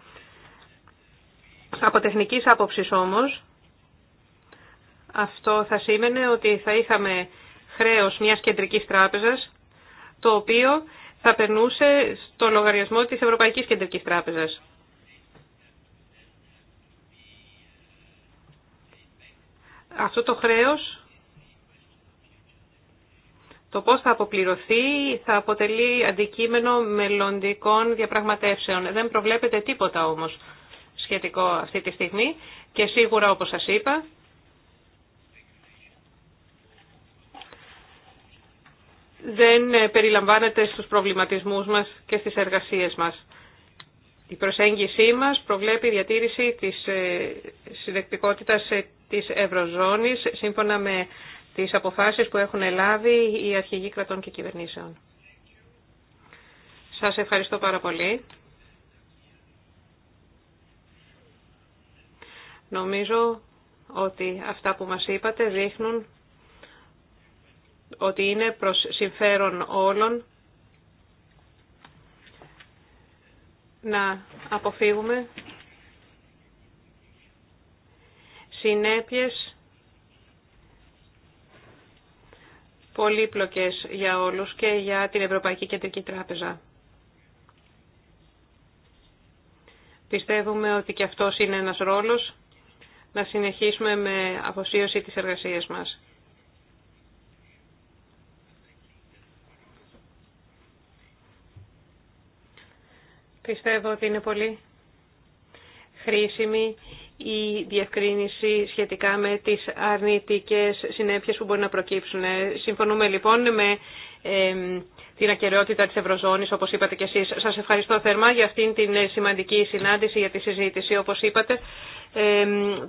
Από τεχνικής άποψης όμως, αυτό θα σήμαινε ότι θα είχαμε χρέος μιας κεντρικής τράπεζας, το οποίο θα περνούσε στο λογαριασμό της Ευρωπαϊκής Κεντρικής Τράπεζας. Αυτό το χρέος, το πώς θα αποπληρωθεί, θα αποτελεί αντικείμενο μελλοντικών διαπραγματεύσεων. Δεν προβλέπεται τίποτα όμως σχετικό αυτή τη στιγμή και σίγουρα όπως σας είπα, δεν περιλαμβάνεται στους προβληματισμούς μας και στις εργασίες μας. Η προσέγγιση μας προβλέπει διατήρηση της ε, συνδεκτικότητας ε, της Ευρωζώνης σύμφωνα με τις αποφάσεις που έχουν λάβει οι αρχηγοί κρατών και κυβερνήσεων. Σας ευχαριστώ πάρα πολύ. Νομίζω ότι αυτά που μας είπατε δείχνουν ότι είναι προς συμφέρον όλων να αποφύγουμε συνέπειες πολύπλοκες για όλους και για την Ευρωπαϊκή Κεντρική Τράπεζα. Πιστεύουμε ότι και αυτός είναι ένας ρόλος να συνεχίσουμε με αφοσίωση της εργασίας μας. Πιστεύω ότι είναι πολύ χρήσιμη η διευκρίνηση σχετικά με τις αρνητικές συνέπειες που μπορεί να προκύψουν. Ε, συμφωνούμε λοιπόν με την ακεραιότητα της Ευρωζώνης, όπως είπατε και εσείς. Σας ευχαριστώ θερμά για αυτήν την σημαντική συνάντηση, για τη συζήτηση. Όπως είπατε,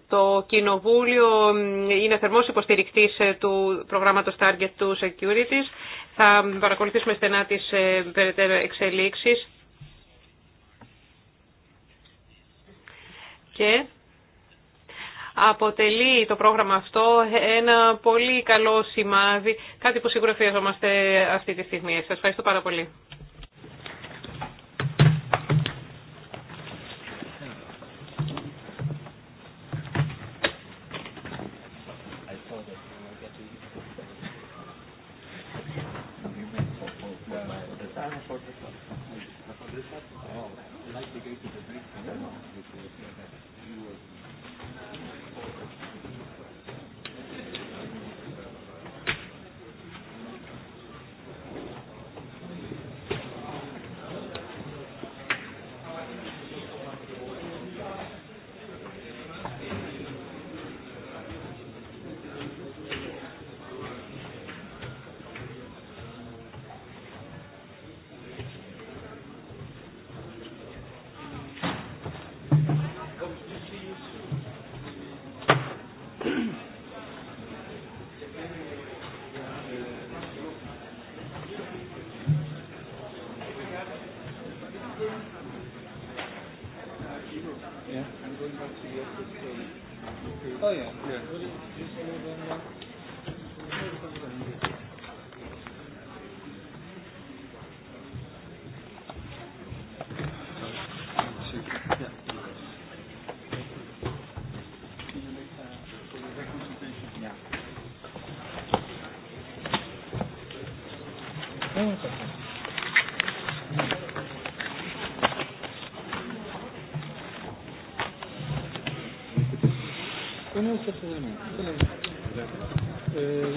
το Κοινοβούλιο είναι θερμός υποστηρικτής ε, του προγράμματος Target to Securities. Θα παρακολουθήσουμε στενά τις ε, περαιτέρω εξελίξεις και αποτελεί το πρόγραμμα αυτό ένα πολύ καλό σημάδι, κάτι που σίγουρα χρειαζόμαστε αυτή τη στιγμή. Σας ευχαριστώ πάρα πολύ to the Thank you.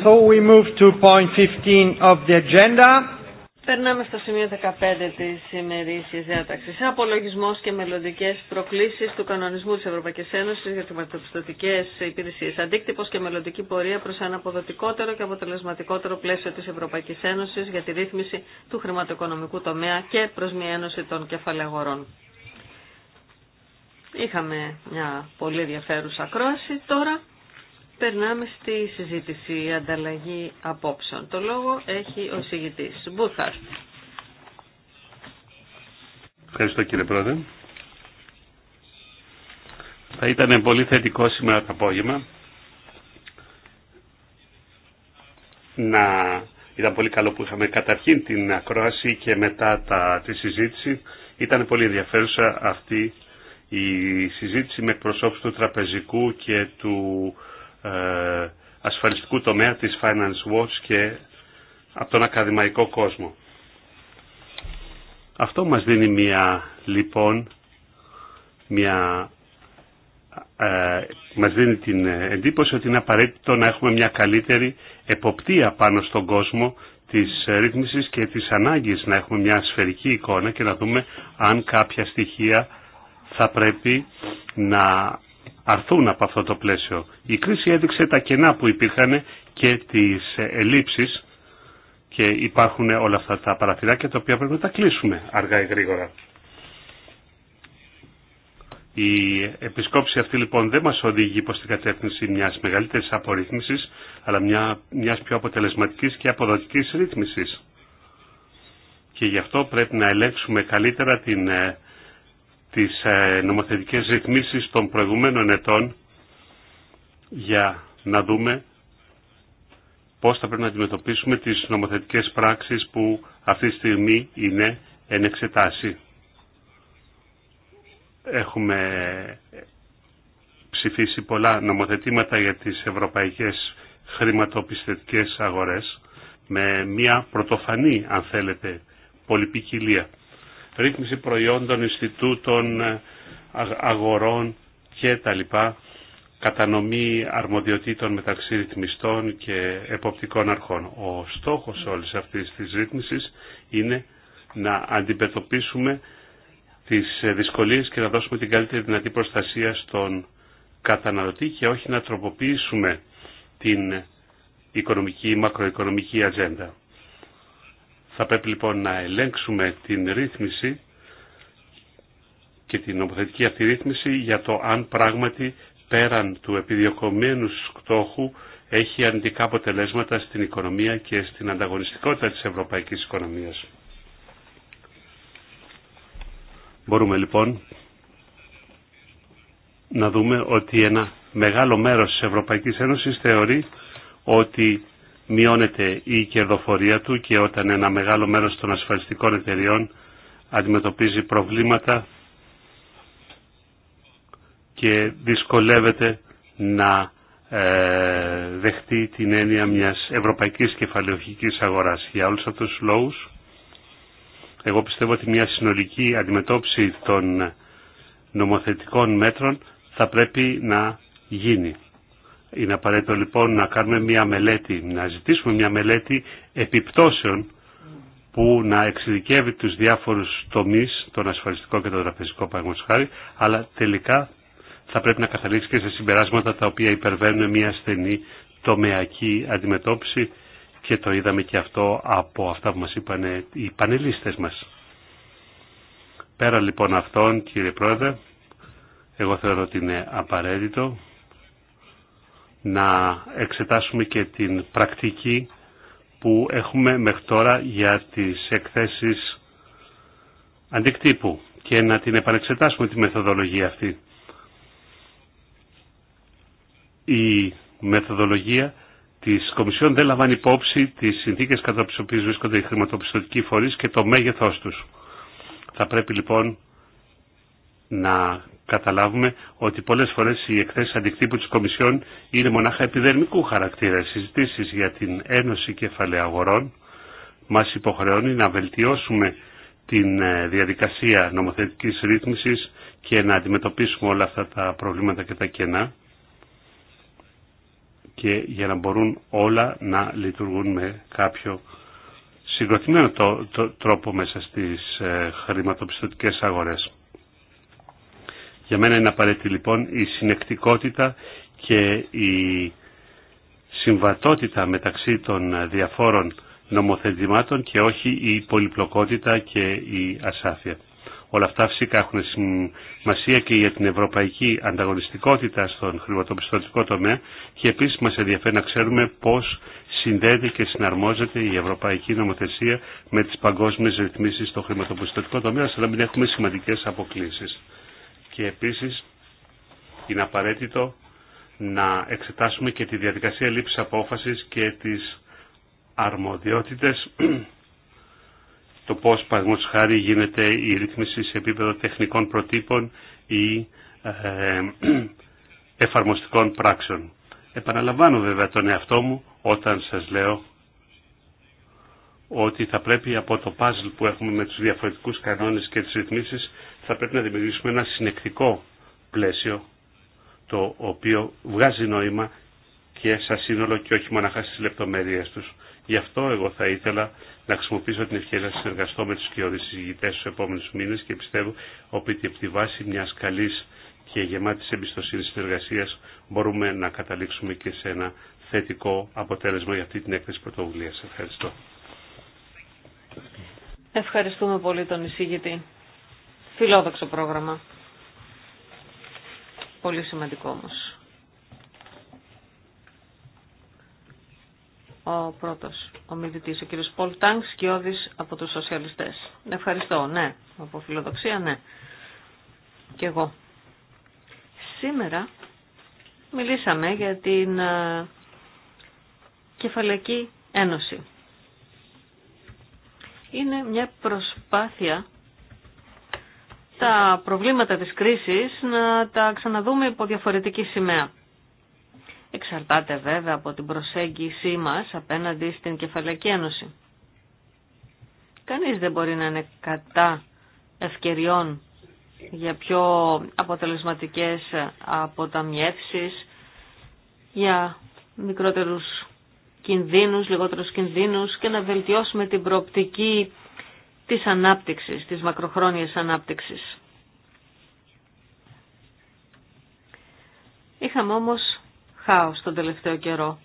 So we move to point 15 of the agenda. Περνάμε στο σημείο 15 της σημερινής διάταξης. Απολογισμός και μελλοντικές προκλήσεις του κανονισμού της Ευρωπαϊκής Ένωσης για χρηματοπιστωτικέ υπηρεσίε Αντίκτυπος και μελλοντική πορεία προς ένα αποδοτικότερο και αποτελεσματικότερο πλαίσιο της Ευρωπαϊκής Ένωσης για τη ρύθμιση του χρηματοοικονομικού τομέα και προς μια ένωση των κεφαλαίων Είχαμε μια πολύ ενδιαφέρουσα κρόαση τώρα. Περνάμε στη συζήτηση ανταλλαγή απόψεων. Το λόγο έχει ο συγητής. Μπούθαρ. Ευχαριστώ κύριε Πρόεδρε. Θα ήταν πολύ θετικό σήμερα το απόγευμα να ήταν πολύ καλό που είχαμε καταρχήν την ακρόαση και μετά τα, τη συζήτηση. Ήταν πολύ ενδιαφέρουσα αυτή η συζήτηση με εκπροσώπους του τραπεζικού και του ε, ασφαλιστικού τομέα της Finance Watch και από τον ακαδημαϊκό κόσμο. Αυτό μας δίνει μια λοιπόν μια ε, μας δίνει την εντύπωση ότι είναι απαραίτητο να έχουμε μια καλύτερη εποπτεία πάνω στον κόσμο της ρύθμισης και της ανάγκης να έχουμε μια σφαιρική εικόνα και να δούμε αν κάποια στοιχεία θα πρέπει να αρθούν από αυτό το πλαίσιο. Η κρίση έδειξε τα κενά που υπήρχαν και τις ελλείψεις και υπάρχουν όλα αυτά τα παραθυράκια τα οποία πρέπει να τα κλείσουμε αργά ή γρήγορα. Η επισκόπηση αυτή λοιπόν δεν μας οδηγεί προς την κατεύθυνση μιας μεγαλύτερης απορρίθμισης, αλλά μια, μιας πιο αποτελεσματικής και αποδοτικής ρύθμισης. Και γι' αυτό πρέπει να ελέγξουμε καλύτερα την ε, τις ε, νομοθετικές ρυθμίσεις των προηγούμενων ετών για να δούμε πώς θα πρέπει να αντιμετωπίσουμε τις νομοθετικές πράξεις που αυτή τη στιγμή είναι εν Έχουμε ψηφίσει πολλά νομοθετήματα για τις ευρωπαϊκές χρηματοπιστωτικές αγορές με μια πρωτοφανή, αν θέλετε, πολυπικιλία ρύθμιση προϊόντων, Ινστιτούτων, αγορών και τα λοιπά, κατανομή αρμοδιοτήτων μεταξύ ρυθμιστών και εποπτικών αρχών. Ο στόχος όλης αυτής της ρύθμισης είναι να αντιμετωπίσουμε τις δυσκολίες και να δώσουμε την καλύτερη δυνατή προστασία στον καταναλωτή και όχι να τροποποιήσουμε την οικονομική, μακροοικονομική ατζέντα. Θα πρέπει λοιπόν να ελέγξουμε την ρύθμιση και την νομοθετική αυτή ρύθμιση για το αν πράγματι πέραν του επιδιωκομένου στόχου έχει αρνητικά αποτελέσματα στην οικονομία και στην ανταγωνιστικότητα της ευρωπαϊκής οικονομίας. Μπορούμε λοιπόν να δούμε ότι ένα μεγάλο μέρος της Ευρωπαϊκής Ένωσης θεωρεί ότι μειώνεται η κερδοφορία του και όταν ένα μεγάλο μέρος των ασφαλιστικών εταιριών αντιμετωπίζει προβλήματα και δυσκολεύεται να ε, δεχτεί την έννοια μιας ευρωπαϊκής κεφαλαιοχικής αγοράς. Για όλους αυτούς τους λόγους, εγώ πιστεύω ότι μια συνολική αντιμετώπιση των νομοθετικών μέτρων θα πρέπει να γίνει. Είναι απαραίτητο λοιπόν να κάνουμε μια μελέτη, να ζητήσουμε μια μελέτη επιπτώσεων που να εξειδικεύει τους διάφορους τομείς, τον ασφαλιστικό και τον τραπεζικό παραγωγός χάρη, αλλά τελικά θα πρέπει να καταλήξει και σε συμπεράσματα τα οποία υπερβαίνουν μια στενή τομεακή αντιμετώπιση και το είδαμε και αυτό από αυτά που μας είπαν οι πανελίστες μας. Πέρα λοιπόν αυτών κύριε Πρόεδρε, εγώ θεωρώ ότι είναι απαραίτητο να εξετάσουμε και την πρακτική που έχουμε μέχρι τώρα για τις εκθέσεις αντικτύπου και να την επανεξετάσουμε τη μεθοδολογία αυτή. Η μεθοδολογία της Κομισιόν δεν λαμβάνει υπόψη τις συνθήκες κατά τις οποίες βρίσκονται οι χρηματοπιστωτικοί φορείς και το μέγεθός τους. Θα πρέπει λοιπόν να καταλάβουμε ότι πολλές φορές οι εκθέσει αντικτύπου της Κομισιόν είναι μονάχα επιδερμικού χαρακτήρα. Συζητήσει για την Ένωση Κεφαλαίου Αγορών μας υποχρεώνει να βελτιώσουμε την ε, διαδικασία νομοθετικής ρύθμιση και να αντιμετωπίσουμε όλα αυτά τα προβλήματα και τα κενά και για να μπορούν όλα να λειτουργούν με κάποιο συγκροτημένο τρόπο μέσα στις ε, χρηματοπιστωτικές αγορές. Για μένα είναι απαραίτητη λοιπόν η συνεκτικότητα και η συμβατότητα μεταξύ των διαφόρων νομοθετημάτων και όχι η πολυπλοκότητα και η ασάφεια. Όλα αυτά φυσικά έχουν σημασία και για την ευρωπαϊκή ανταγωνιστικότητα στον χρηματοπιστωτικό τομέα και επίσης μας ενδιαφέρει να ξέρουμε πώς συνδέεται και συναρμόζεται η ευρωπαϊκή νομοθεσία με τις παγκόσμιες ρυθμίσεις στο χρηματοπιστωτικό τομέα ώστε να μην έχουμε σημαντικές αποκλήσεις και επίσης είναι απαραίτητο να εξετάσουμε και τη διαδικασία λήψης απόφασης και τις αρμοδιότητες το πώς παραδείγματος χάρη γίνεται η ρύθμιση σε επίπεδο τεχνικών προτύπων ή ε, εφαρμοστικών πράξεων. Επαναλαμβάνω βέβαια τον εαυτό μου όταν σας λέω ότι θα πρέπει από το παζλ που έχουμε με τους διαφορετικούς κανόνες και τις ρυθμίσεις θα πρέπει να δημιουργήσουμε ένα συνεκτικό πλαίσιο το οποίο βγάζει νόημα και σαν σύνολο και όχι μοναχά στις λεπτομέρειες τους. Γι' αυτό εγώ θα ήθελα να χρησιμοποιήσω την ευκαιρία να συνεργαστώ με τους κοιόδης συζητητές στους επόμενους μήνες και πιστεύω ότι από τη βάση μιας καλής και γεμάτης εμπιστοσύνης συνεργασίας μπορούμε να καταλήξουμε και σε ένα θετικό αποτέλεσμα για αυτή την έκθεση πρωτοβουλίας. Ευχαριστώ. Ευχαριστούμε πολύ τον εισηγητή. Φιλόδοξο πρόγραμμα. Πολύ σημαντικό όμως. Ο πρώτος ομιλητής, ο κύριο Πολ Τάγκ, σκιώδης από τους σοσιαλιστές. Ευχαριστώ, ναι. Από φιλοδοξία, ναι. Και εγώ. Σήμερα μιλήσαμε για την ε, Κεφαλαϊκή Ένωση. Είναι μια προσπάθεια τα προβλήματα της κρίσης να τα ξαναδούμε υπό διαφορετική σημαία. Εξαρτάται βέβαια από την προσέγγιση μας απέναντι στην κεφαλακή Ένωση. Κανείς δεν μπορεί να είναι κατά ευκαιριών για πιο αποτελεσματικές αποταμιεύσεις, για μικρότερους κινδύνους, λιγότερους κινδύνους και να βελτιώσουμε την προοπτική της ανάπτυξης, της μακροχρόνιας ανάπτυξης. Είχαμε όμως χάος τον τελευταίο καιρό.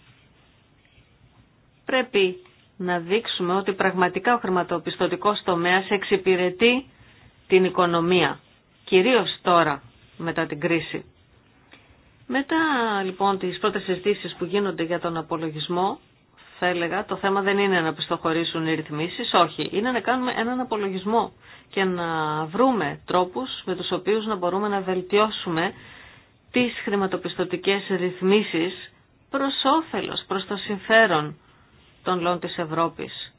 Πρέπει να δείξουμε ότι πραγματικά ο χρηματοπιστωτικός τομέας εξυπηρετεί την οικονομία, κυρίως τώρα μετά την κρίση. Μετά λοιπόν τις πρώτες αισθήσεις που γίνονται για τον απολογισμό, θα έλεγα, το θέμα δεν είναι να πιστοχωρήσουν οι ρυθμίσεις, όχι. Είναι να κάνουμε έναν απολογισμό και να βρούμε τρόπους με τους οποίους να μπορούμε να βελτιώσουμε τις χρηματοπιστωτικές ρυθμίσεις προς όφελος, προς το συμφέρον των λόγων της Ευρώπης,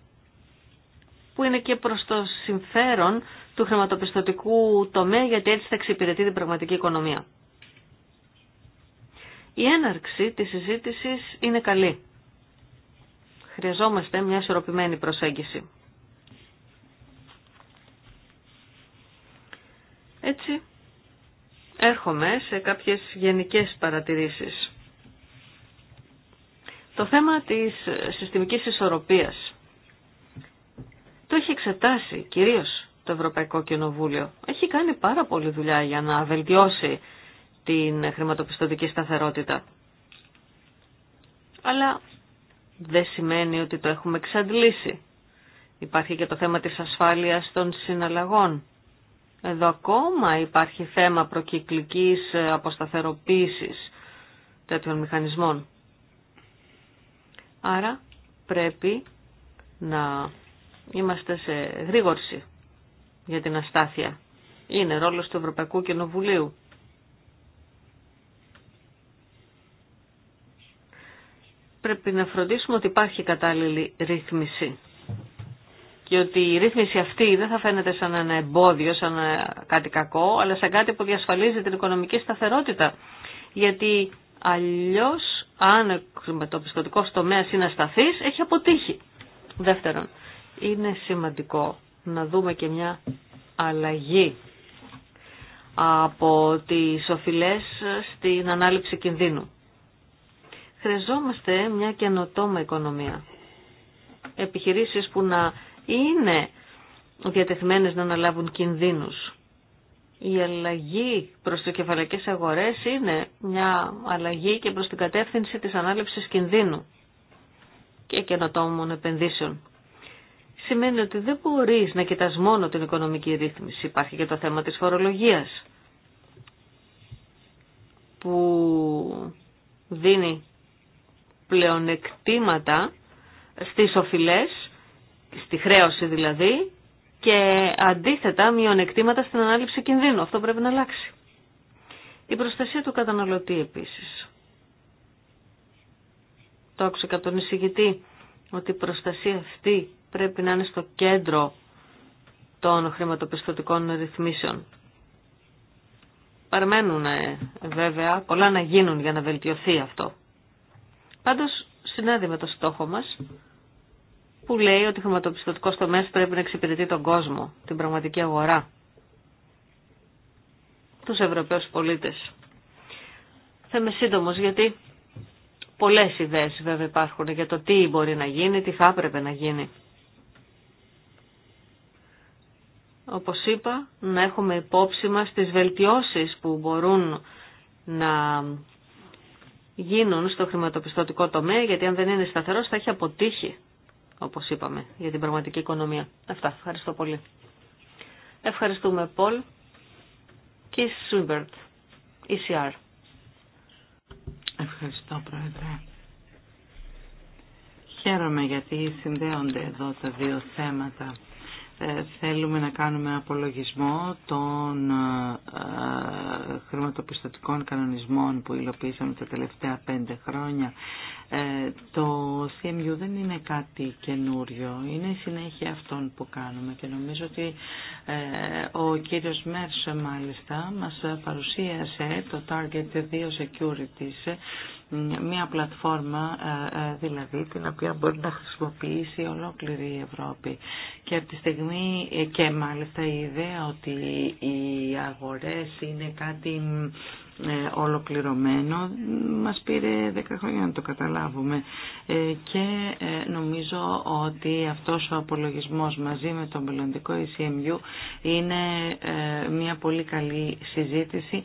που είναι και προς το συμφέρον του χρηματοπιστωτικού τομέα, γιατί έτσι θα εξυπηρετεί την πραγματική οικονομία. Η έναρξη της συζήτησης είναι καλή Χρειαζόμαστε μια ισορροπημένη προσέγγιση. Έτσι, έρχομαι σε κάποιες γενικές παρατηρήσεις. Το θέμα της συστημικής ισορροπίας το έχει εξετάσει κυρίως το Ευρωπαϊκό Κοινοβούλιο. Έχει κάνει πάρα πολλή δουλειά για να βελτιώσει την χρηματοπιστωτική σταθερότητα. Αλλά δεν σημαίνει ότι το έχουμε εξαντλήσει. Υπάρχει και το θέμα της ασφάλειας των συναλλαγών. Εδώ ακόμα υπάρχει θέμα προκυκλικής αποσταθεροποίησης τέτοιων μηχανισμών. Άρα πρέπει να είμαστε σε γρήγορση για την αστάθεια. Είναι ρόλος του Ευρωπαϊκού Κοινοβουλίου. πρέπει να φροντίσουμε ότι υπάρχει κατάλληλη ρύθμιση. Και ότι η ρύθμιση αυτή δεν θα φαίνεται σαν ένα εμπόδιο, σαν κάτι κακό, αλλά σαν κάτι που διασφαλίζει την οικονομική σταθερότητα. Γιατί αλλιώ αν το πιστωτικό τομέα είναι ασταθή, έχει αποτύχει. Δεύτερον, είναι σημαντικό να δούμε και μια αλλαγή από τις οφειλές στην ανάληψη κινδύνου. Χρειαζόμαστε μια καινοτόμα οικονομία. Επιχειρήσεις που να είναι διατεθειμένες να αναλάβουν κινδύνους. Η αλλαγή προς τις κεφαλαϊκές αγορές είναι μια αλλαγή και προς την κατεύθυνση της ανάληψης κινδύνου και καινοτόμων επενδύσεων. Σημαίνει ότι δεν μπορείς να κοιτάς μόνο την οικονομική ρύθμιση. Υπάρχει και το θέμα της φορολογίας που δίνει πλεονεκτήματα στις οφειλές, στη χρέωση δηλαδή, και αντίθετα μειονεκτήματα στην ανάληψη κινδύνου. Αυτό πρέπει να αλλάξει. Η προστασία του καταναλωτή επίσης. Το άκουσα και από τον εισηγητή ότι η προστασία αυτή πρέπει να είναι στο κέντρο των χρηματοπιστωτικών ρυθμίσεων. Παραμένουν ε, βέβαια πολλά να γίνουν για να βελτιωθεί αυτό. Πάντως συνάδει με το στόχο μας που λέει ότι ο χρηματοπιστωτικός τομέας πρέπει να εξυπηρετεί τον κόσμο, την πραγματική αγορά, τους Ευρωπαίους πολίτες. Θα είμαι σύντομο γιατί πολλές ιδέες βέβαια υπάρχουν για το τι μπορεί να γίνει, τι θα έπρεπε να γίνει. Όπως είπα, να έχουμε υπόψη μας τις βελτιώσεις που μπορούν να γίνουν στο χρηματοπιστωτικό τομέα, γιατί αν δεν είναι σταθερός θα έχει αποτύχει, όπως είπαμε, για την πραγματική οικονομία. Αυτά. Ευχαριστώ πολύ. Ευχαριστούμε, Πολ. Και Σούμπερτ, ECR. Ευχαριστώ, Πρόεδρε. Χαίρομαι γιατί συνδέονται εδώ τα δύο θέματα θέλουμε να κάνουμε απολογισμό των ε, χρηματοπιστωτικών κανονισμών που υλοποιήσαμε τα τελευταία πέντε χρόνια. Ε, το CMU δεν είναι κάτι καινούριο, είναι η συνέχεια αυτών που κάνουμε και νομίζω ότι ε, ο κύριος Μέρσο, μάλιστα μας παρουσίασε το Target 2 Securities μια πλατφόρμα ε, ε, δηλαδή την οποία μπορεί να χρησιμοποιήσει ολόκληρη η Ευρώπη. Και από τη στιγμή ε, και μάλιστα η ιδέα ότι οι αγορές είναι κάτι ε, ολοκληρωμένο μας πήρε 10 χρόνια να το καταλάβουμε ε, και ε, νομίζω ότι αυτός ο απολογισμός μαζί με τον μελλοντικό ECMU είναι μια πολύ καλή συζήτηση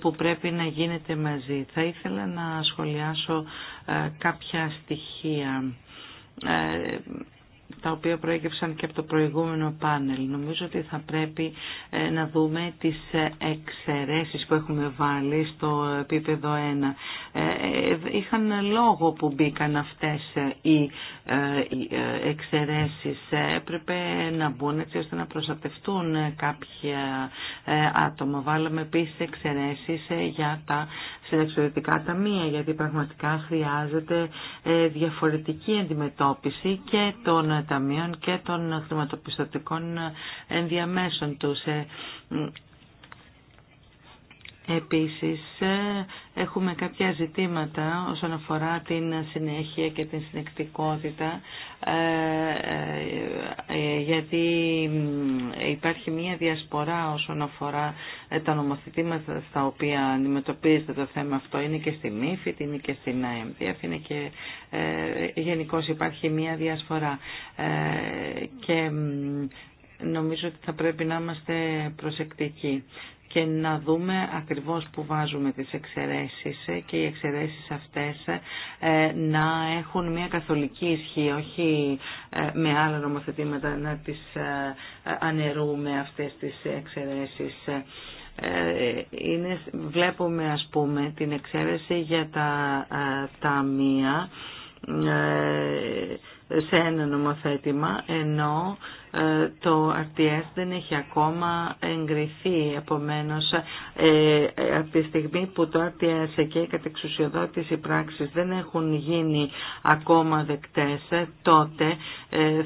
που πρέπει να γίνεται μαζί. Θα ήθελα να σχολιάσω κάποια στοιχεία τα οποία προέκυψαν και από το προηγούμενο πάνελ. Νομίζω ότι θα πρέπει ε, να δούμε τις ε, εξαιρέσεις που έχουμε βάλει στο επίπεδο 1. Ε, είχαν λόγο που μπήκαν αυτές οι εξαιρέσεις. Έπρεπε να μπουν έτσι ώστε να προστατευτούν κάποια άτομα. Βάλαμε επίσης εξαιρέσεις για τα συνταξιδετικά ταμεία, γιατί πραγματικά χρειάζεται διαφορετική αντιμετώπιση και των ταμείων ταμείων και των χρηματοπιστωτικών ενδιαμέσων τους. Ε, Επίσης, ε, έχουμε κάποια ζητήματα όσον αφορά την συνέχεια και την συνεκτικότητα, ε, ε, γιατί υπάρχει μία διασπορά όσον αφορά τα νομοθετήματα στα οποία αντιμετωπίζεται το θέμα αυτό. Είναι και στη ΜΥΦΙΤ, είναι και στην ΑΕΜΠΙΑΦ, είναι και γενικώ υπάρχει μία διασπορά. Και νομίζω ότι θα πρέπει να είμαστε προσεκτικοί και να δούμε ακριβώς που βάζουμε τις εξαιρέσεις και οι εξαιρέσεις αυτές ε, να έχουν μια καθολική ισχύ, όχι ε, με άλλα νομοθετήματα να τις ε, ανερούμε αυτές τις εξαιρέσεις είναι, βλέπουμε ας πούμε την εξαίρεση για τα ταμεία σε ένα νομοθέτημα ενώ ε, το RTS δεν έχει ακόμα εγκριθεί. Επομένως, ε, από τη στιγμή που το RTS και η κατεξουσιοδότηση πράξης δεν έχουν γίνει ακόμα δεκτές, ε, τότε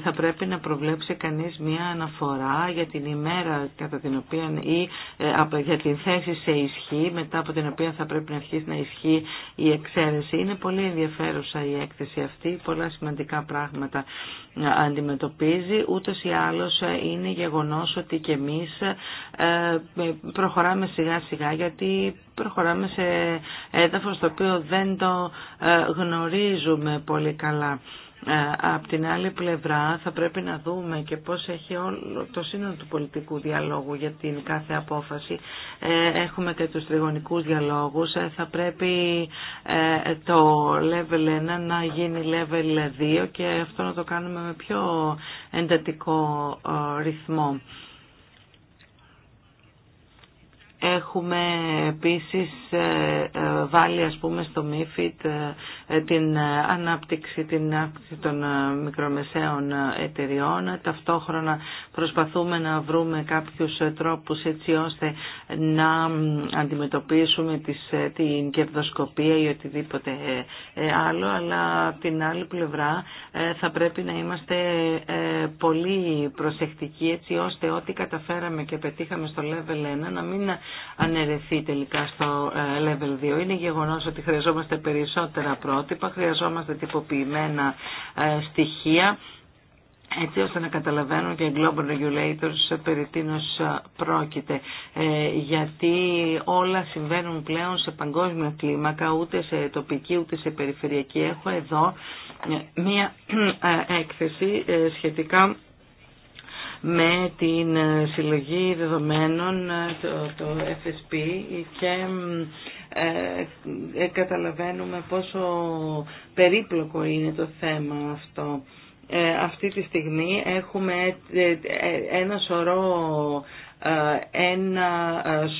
θα πρέπει να προβλέψει κανείς μία αναφορά για την ημέρα κατά την οποία ή για την θέση σε ισχύ, μετά από την οποία θα πρέπει να αρχίσει να ισχύει η εξαίρεση. Είναι πολύ ενδιαφέρουσα η έκθεση αυτή, πολλά σημαντικά πράγματα αντιμετωπίζει, ούτως ή άλλως ε, είναι γεγονός ότι και εμείς ε, ε, προχωράμε σιγά σιγά γιατί προχωράμε σε έδαφος το οποίο δεν το γνωρίζουμε πολύ καλά. Ε, απ' την άλλη πλευρά θα πρέπει να δούμε και πώς έχει όλο το σύνολο του πολιτικού διαλόγου για την κάθε απόφαση. Ε, έχουμε και τους τριγωνικούς διαλόγους. Ε, θα πρέπει το level 1 να γίνει level 2 και αυτό να το κάνουμε με πιο εντατικό ρυθμό. Έχουμε επίσης ε, ε, βάλει ας πούμε στο MIFID ε, την ανάπτυξη, την των μικρομεσαίων εταιριών. Ταυτόχρονα προσπαθούμε να βρούμε κάποιους τρόπους έτσι ώστε να αντιμετωπίσουμε τις, την κερδοσκοπία ή οτιδήποτε άλλο, αλλά την άλλη πλευρά θα πρέπει να είμαστε πολύ προσεκτικοί έτσι ώστε ό,τι καταφέραμε και πετύχαμε στο level 1 να μην αναιρεθεί τελικά στο ε, level 2. Είναι γεγονός ότι χρειαζόμαστε περισσότερα πρότυπα, χρειαζόμαστε τυποποιημένα ε, στοιχεία έτσι ώστε να καταλαβαίνουν και οι global regulators περί τίνος ε, πρόκειται. γιατί όλα συμβαίνουν πλέον σε παγκόσμια κλίμακα, ούτε σε τοπική ούτε σε περιφερειακή. Έχω εδώ μία έκθεση σχετικά με την συλλογή δεδομένων το, το FSP και ε, ε, καταλαβαίνουμε πόσο περίπλοκο είναι το θέμα αυτό. Ε, αυτή τη στιγμή έχουμε ε, ένα σωρό ένα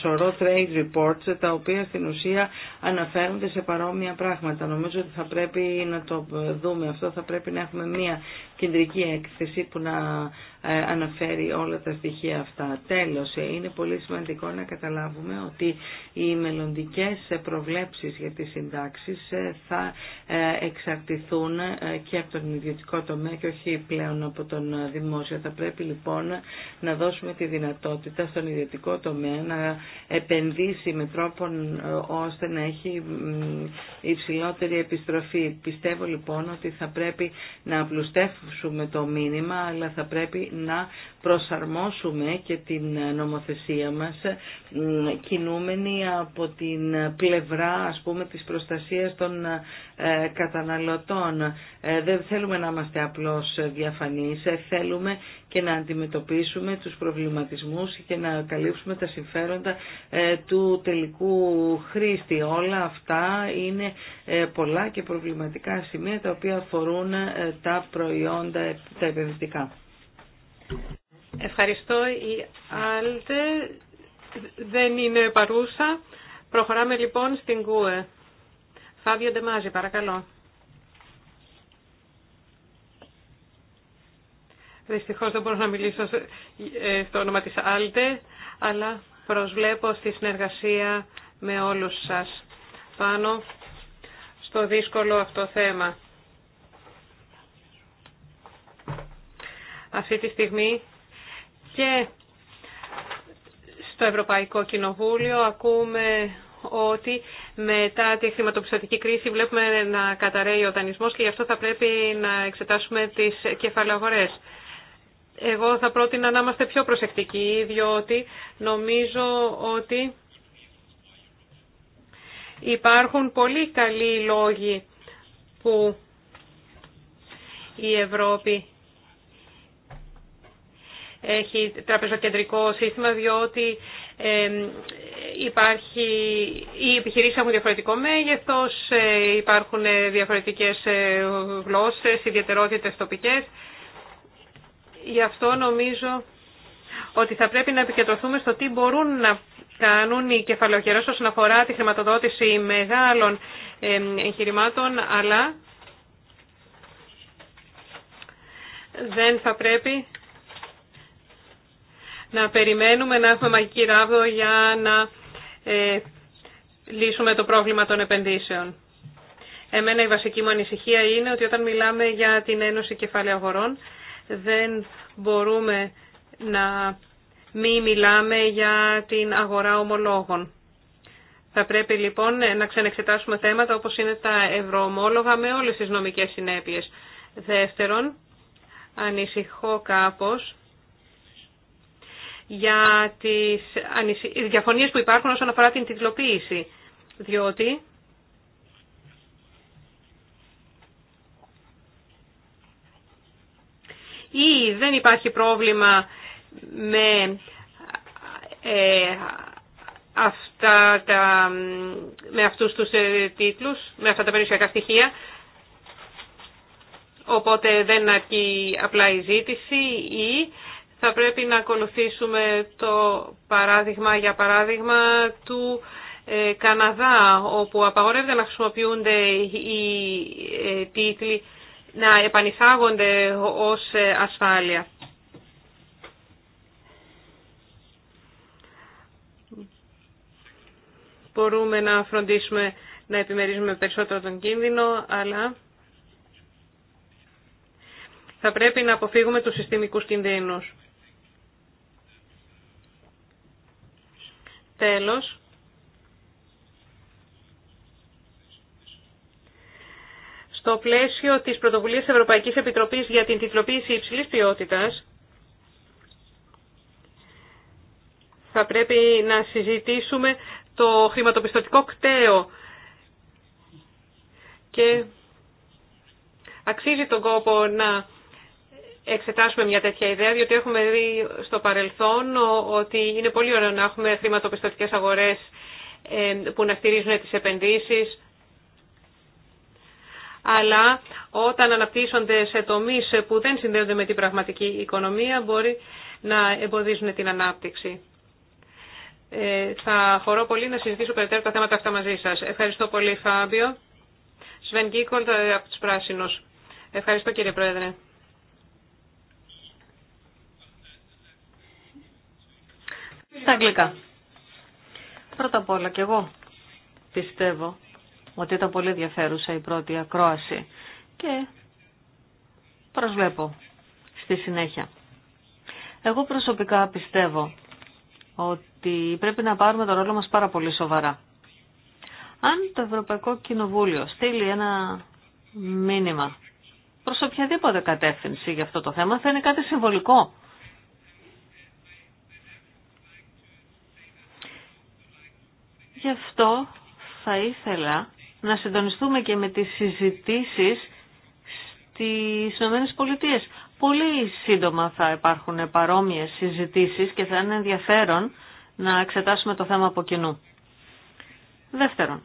σωρό trade reports τα οποία στην ουσία αναφέρονται σε παρόμοια πράγματα. Νομίζω ότι θα πρέπει να το δούμε αυτό, θα πρέπει να έχουμε μία κεντρική έκθεση που να ε, αναφέρει όλα τα στοιχεία αυτά. Τέλος, ε, είναι πολύ σημαντικό να καταλάβουμε ότι οι μελλοντικές προβλέψεις για τις συντάξεις ε, θα εξαρτηθούν και από τον ιδιωτικό τομέα και όχι πλέον από τον δημόσιο. Θα πρέπει λοιπόν να δώσουμε τη δυνατότητα στον ιδιωτικό τομέα να επενδύσει με τρόπο ώστε να έχει υψηλότερη επιστροφή. Πιστεύω λοιπόν ότι θα πρέπει να απλουστεύσουμε το μήνυμα αλλά θα πρέπει να προσαρμόσουμε και την νομοθεσία μας κινούμενη από την πλευρά ας πούμε της προστασίας των ε, καταναλωτών. Ε, δεν θέλουμε να είμαστε απλώς διαφανείς, ε, θέλουμε και να αντιμετωπίσουμε τους προβληματισμούς και να καλύψουμε τα συμφέροντα του τελικού χρήστη. Όλα αυτά είναι πολλά και προβληματικά σημεία τα οποία αφορούν τα προϊόντα τα επενδυτικά. Ευχαριστώ. Η Άλτε δεν είναι παρούσα. Προχωράμε λοιπόν στην ΚΟΕ. Φάβιο Ντεμάζη, παρακαλώ. Δυστυχώς δεν μπορώ να μιλήσω ε, στο όνομα της Άλτε, αλλά προσβλέπω στη συνεργασία με όλους σας πάνω στο δύσκολο αυτό θέμα. αυτή τη στιγμή και στο Ευρωπαϊκό Κοινοβούλιο ακούμε ότι μετά τη χρηματοπιστωτική κρίση βλέπουμε να καταραίει ο δανεισμός και γι' αυτό θα πρέπει να εξετάσουμε τις κεφαλαγορές. Εγώ θα πρότεινα να είμαστε πιο προσεκτικοί, διότι νομίζω ότι υπάρχουν πολύ καλοί λόγοι που η Ευρώπη έχει τραπεζοκεντρικό σύστημα, διότι υπάρχει, οι επιχειρήσει έχουν διαφορετικό μέγεθος, ε, υπάρχουν ε, διαφορετικές ε, γλώσσε, ιδιαιτερότητε τοπικέ. Γι' αυτό νομίζω ότι θα πρέπει να επικεντρωθούμε στο τι μπορούν να κάνουν οι κεφαλαιοχερές όσον αφορά τη χρηματοδότηση μεγάλων εγχειρημάτων, αλλά δεν θα πρέπει να περιμένουμε να έχουμε μαγική ράβδο για να ε, λύσουμε το πρόβλημα των επενδύσεων. Εμένα η βασική μου ανησυχία είναι ότι όταν μιλάμε για την Ένωση Κεφάλαια Αγορών δεν μπορούμε να μη μιλάμε για την αγορά ομολόγων. Θα πρέπει λοιπόν ε, να ξενεξετάσουμε θέματα όπως είναι τα ευρωομόλογα με όλες τις νομικές συνέπειες. Δεύτερον, ανησυχώ κάπως για τις διαφωνίες που υπάρχουν όσον αφορά την τυκλοποίηση, διότι ή δεν υπάρχει πρόβλημα με ε, αυτά τα, με αυτούς τους ε, τίτλους, με αυτά τα περιουσιακά στοιχεία, οπότε δεν αρκεί απλά η ζήτηση ή θα πρέπει να ακολουθήσουμε το παράδειγμα, για παράδειγμα, του ε, Καναδά, όπου απαγορεύεται να χρησιμοποιούνται οι ε, τίτλοι, να επανεισάγονται ως ε, ασφάλεια. Μπορούμε να φροντίσουμε να επιμερίζουμε περισσότερο τον κίνδυνο, αλλά θα πρέπει να αποφύγουμε τους συστημικούς κινδύνους. Τέλος. Στο πλαίσιο της πρωτοβουλίας Ευρωπαϊκής Επιτροπής για την τιτλοποίηση υψηλής ποιότητας, θα πρέπει να συζητήσουμε το χρηματοπιστωτικό κταίο και αξίζει τον κόπο να εξετάσουμε μια τέτοια ιδέα, διότι έχουμε δει στο παρελθόν ότι είναι πολύ ωραίο να έχουμε χρηματοπιστωτικές αγορές ε, που να στηρίζουν τις επενδύσεις, αλλά όταν αναπτύσσονται σε τομείς που δεν συνδέονται με την πραγματική οικονομία μπορεί να εμποδίζουν την ανάπτυξη. Ε, θα χωρώ πολύ να συζητήσω περαιτέρω τα θέματα αυτά μαζί σας. Ευχαριστώ πολύ Φάμπιο. Σβεν Κίκολτ, ε, από τους Πράσινους. Ευχαριστώ κύριε Πρόεδρε. στα αγγλικά. Πρώτα απ' όλα και εγώ πιστεύω ότι ήταν πολύ ενδιαφέρουσα η πρώτη ακρόαση και προσβλέπω στη συνέχεια. Εγώ προσωπικά πιστεύω ότι πρέπει να πάρουμε το ρόλο μας πάρα πολύ σοβαρά. Αν το Ευρωπαϊκό Κοινοβούλιο στείλει ένα μήνυμα προς οποιαδήποτε κατεύθυνση για αυτό το θέμα θα είναι κάτι συμβολικό. Γι' αυτό θα ήθελα να συντονιστούμε και με τις συζητήσεις στις Ηνωμένες Πολιτείες. Πολύ σύντομα θα υπάρχουν παρόμοιες συζητήσεις και θα είναι ενδιαφέρον να εξετάσουμε το θέμα από κοινού. Δεύτερον,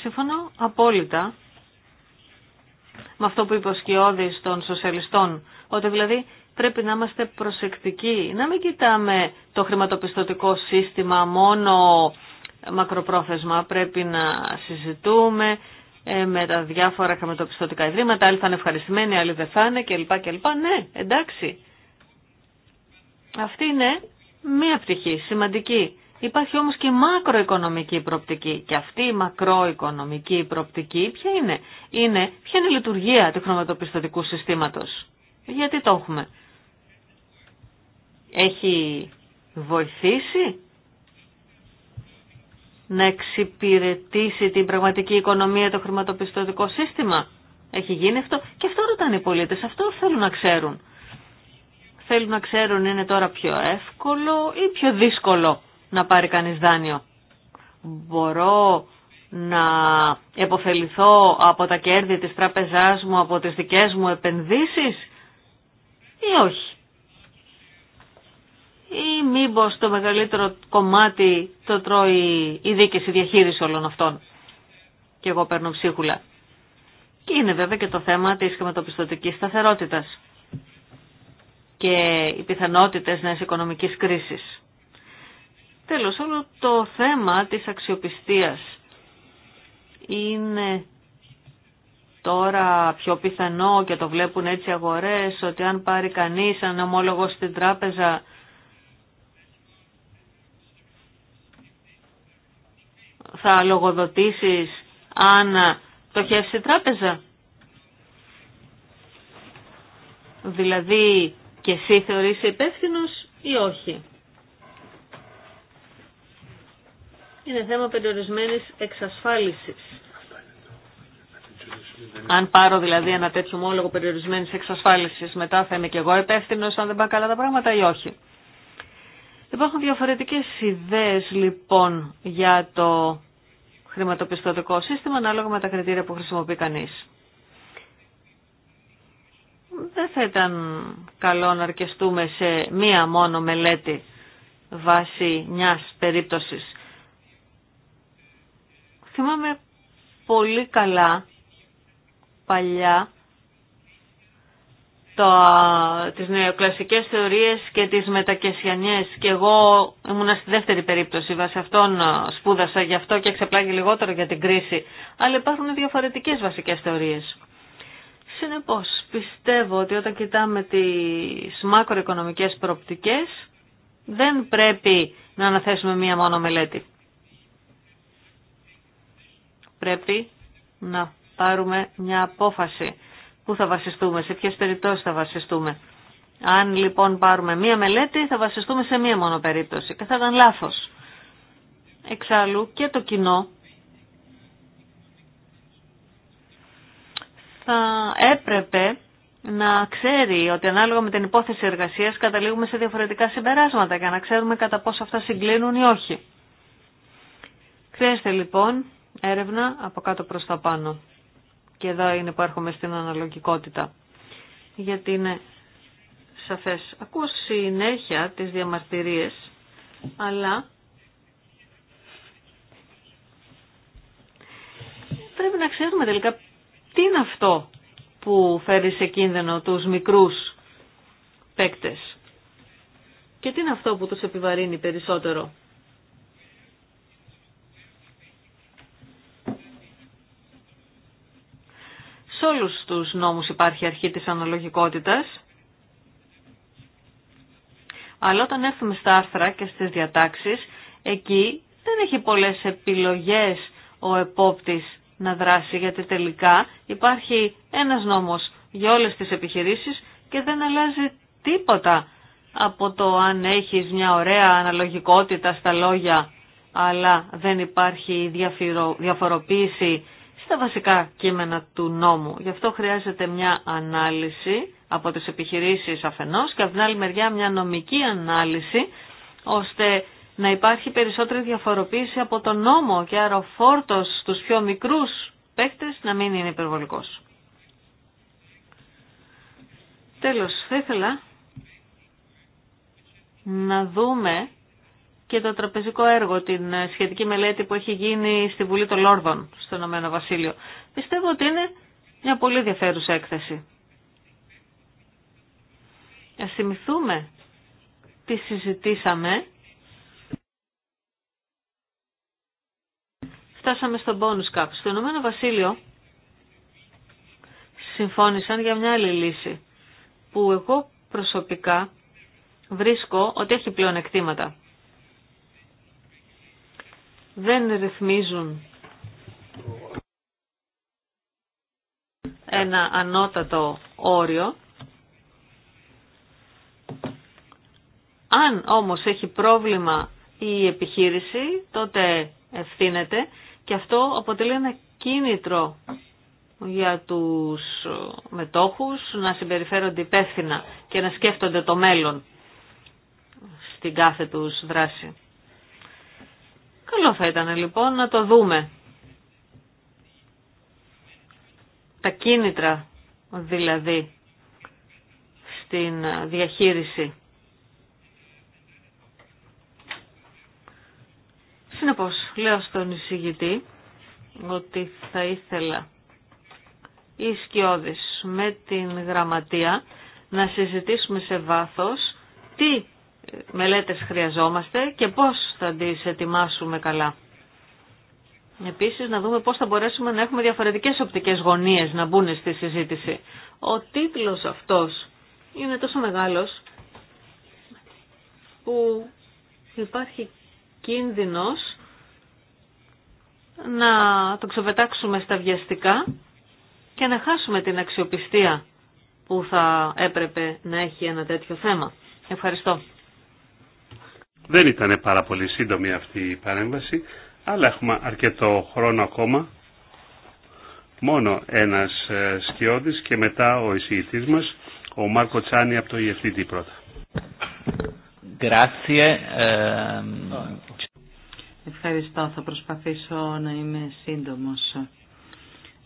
συμφωνώ απόλυτα με αυτό που είπε ο Σκιώδης των Σοσιαλιστών, ότι δηλαδή πρέπει να είμαστε προσεκτικοί, να μην κοιτάμε το χρηματοπιστωτικό σύστημα μόνο μακροπρόθεσμα. Πρέπει να συζητούμε ε, με τα διάφορα χρηματοπιστωτικά ιδρύματα, άλλοι θα είναι ευχαριστημένοι, άλλοι δεν θα είναι κλπ. Ναι, εντάξει. Αυτή είναι μία πτυχή, σημαντική. Υπάρχει όμως και μακροοικονομική προπτική. Και αυτή η μακροοικονομική προπτική ποια είναι. είναι ποια είναι η λειτουργία του χρηματοπιστωτικού συστήματος. Γιατί το έχουμε έχει βοηθήσει να εξυπηρετήσει την πραγματική οικονομία το χρηματοπιστωτικό σύστημα. Έχει γίνει αυτό και αυτό ρωτάνε οι πολίτες, αυτό θέλουν να ξέρουν. Θέλουν να ξέρουν είναι τώρα πιο εύκολο ή πιο δύσκολο να πάρει κανείς δάνειο. Μπορώ να επωφεληθώ από τα κέρδη της τραπεζάς μου, από τις δικές μου επενδύσεις ή όχι ή μήπως το μεγαλύτερο κομμάτι το τρώει η μηπω το μεγαλυτερο κομματι το τρωει η δικαιση η όλων αυτών. Και εγώ παίρνω ψίχουλα. Και είναι βέβαια και το θέμα της χρηματοπιστωτική σταθερότητας και οι πιθανότητες νέας οικονομικής κρίσης. Τέλος, όλο το θέμα της αξιοπιστίας είναι τώρα πιο πιθανό και το βλέπουν έτσι οι αγορές ότι αν πάρει κανείς ένα ομόλογο στην τράπεζα θα λογοδοτήσεις αν πτωχεύσει η τράπεζα. Δηλαδή και εσύ θεωρείς υπεύθυνο ή όχι. Είναι θέμα περιορισμένης εξασφάλισης. Αν πάρω δηλαδή ένα τέτοιο μόλογο περιορισμένης εξασφάλισης, μετά θα είμαι και εγώ υπεύθυνο αν δεν πάνε καλά τα πράγματα ή όχι. Υπάρχουν διαφορετικές ιδέες λοιπόν για το χρηματοπιστωτικό σύστημα ανάλογα με τα κριτήρια που χρησιμοποιεί κανείς. Δεν θα ήταν καλό να αρκεστούμε σε μία μόνο μελέτη βάσει μιας περίπτωσης. Θυμάμαι πολύ καλά παλιά τα, τις νεοκλασικές θεωρίες και τις μετακεσιανιές και εγώ ήμουνα στη δεύτερη περίπτωση βάσει αυτών ε, σπούδασα γι' αυτό και εξεπλάγει λιγότερο για την κρίση αλλά υπάρχουν διαφορετικές βασικές θεωρίες Συνεπώς πιστεύω ότι όταν κοιτάμε τις μακροοικονομικές προοπτικές δεν πρέπει να αναθέσουμε μία μόνο μελέτη πρέπει να πάρουμε μια απόφαση Πού θα βασιστούμε, σε ποιες περιπτώσεις θα βασιστούμε. Αν λοιπόν πάρουμε μία μελέτη θα βασιστούμε σε μία μόνο περίπτωση και θα ήταν λάθος. Εξάλλου και το κοινό θα έπρεπε να ξέρει ότι ανάλογα με την υπόθεση εργασίας καταλήγουμε σε διαφορετικά συμπεράσματα και να ξέρουμε κατά πόσο αυτά συγκλίνουν ή όχι. Χρειάζεται λοιπόν έρευνα από κάτω προς τα πάνω. Και εδώ είναι που έρχομαι στην αναλογικότητα. Γιατί είναι σαφές. Ακούω συνέχεια τις διαμαρτυρίες, αλλά πρέπει να ξέρουμε τελικά τι είναι αυτό που φέρει σε κίνδυνο τους μικρούς παίκτες. Και τι είναι αυτό που τους επιβαρύνει περισσότερο. Σε όλους τους νόμους υπάρχει αρχή της αναλογικότητας. Αλλά όταν έρθουμε στα άρθρα και στις διατάξεις, εκεί δεν έχει πολλές επιλογές ο επόπτης να δράσει, γιατί τελικά υπάρχει ένας νόμος για όλες τις επιχειρήσεις και δεν αλλάζει τίποτα από το αν έχεις μια ωραία αναλογικότητα στα λόγια, αλλά δεν υπάρχει διαφοροποίηση τα βασικά κείμενα του νόμου. Γι' αυτό χρειάζεται μια ανάλυση από τις επιχειρήσεις αφενός και από την άλλη μεριά μια νομική ανάλυση ώστε να υπάρχει περισσότερη διαφοροποίηση από τον νόμο και άρα ο φόρτος στους πιο μικρούς παίκτες να μην είναι υπερβολικός. Τέλος, θα ήθελα να δούμε και το τραπεζικό έργο, την ε, σχετική μελέτη που έχει γίνει στη Βουλή των Λόρδων, στο Ηνωμένο Βασίλειο. Πιστεύω ότι είναι μια πολύ ενδιαφέρουσα έκθεση. Α θυμηθούμε τι συζητήσαμε. Φτάσαμε στο bonus cap. Στο Ηνωμένο Βασίλειο συμφώνησαν για μια άλλη λύση που εγώ προσωπικά βρίσκω ότι έχει πλέον εκτήματα δεν ρυθμίζουν ένα ανώτατο όριο. Αν όμως έχει πρόβλημα η επιχείρηση, τότε ευθύνεται και αυτό αποτελεί ένα κίνητρο για τους μετόχους να συμπεριφέρονται υπεύθυνα και να σκέφτονται το μέλλον στην κάθε τους δράση. Καλό θα ήταν λοιπόν να το δούμε. Τα κίνητρα δηλαδή στην διαχείριση. Συνεπώς λέω στον εισηγητή ότι θα ήθελα οι σκιώδεις με την γραμματεία να συζητήσουμε σε βάθος τι μελέτες χρειαζόμαστε και πώς θα τις ετοιμάσουμε καλά. Επίσης να δούμε πώς θα μπορέσουμε να έχουμε διαφορετικές οπτικές γωνίες να μπουν στη συζήτηση. Ο τίτλος αυτός είναι τόσο μεγάλος που υπάρχει κίνδυνος να το ξεπετάξουμε στα βιαστικά και να χάσουμε την αξιοπιστία που θα έπρεπε να έχει ένα τέτοιο θέμα. Ευχαριστώ. Δεν ήταν πάρα πολύ σύντομη αυτή η παρέμβαση, αλλά έχουμε αρκετό χρόνο ακόμα. Μόνο ένας ε, σκιώδης και μετά ο εισηγητής μας, ο Μάρκο Τσάνι από το EFTD πρώτα. Ε, Ευχαριστώ. Θα προσπαθήσω να είμαι σύντομος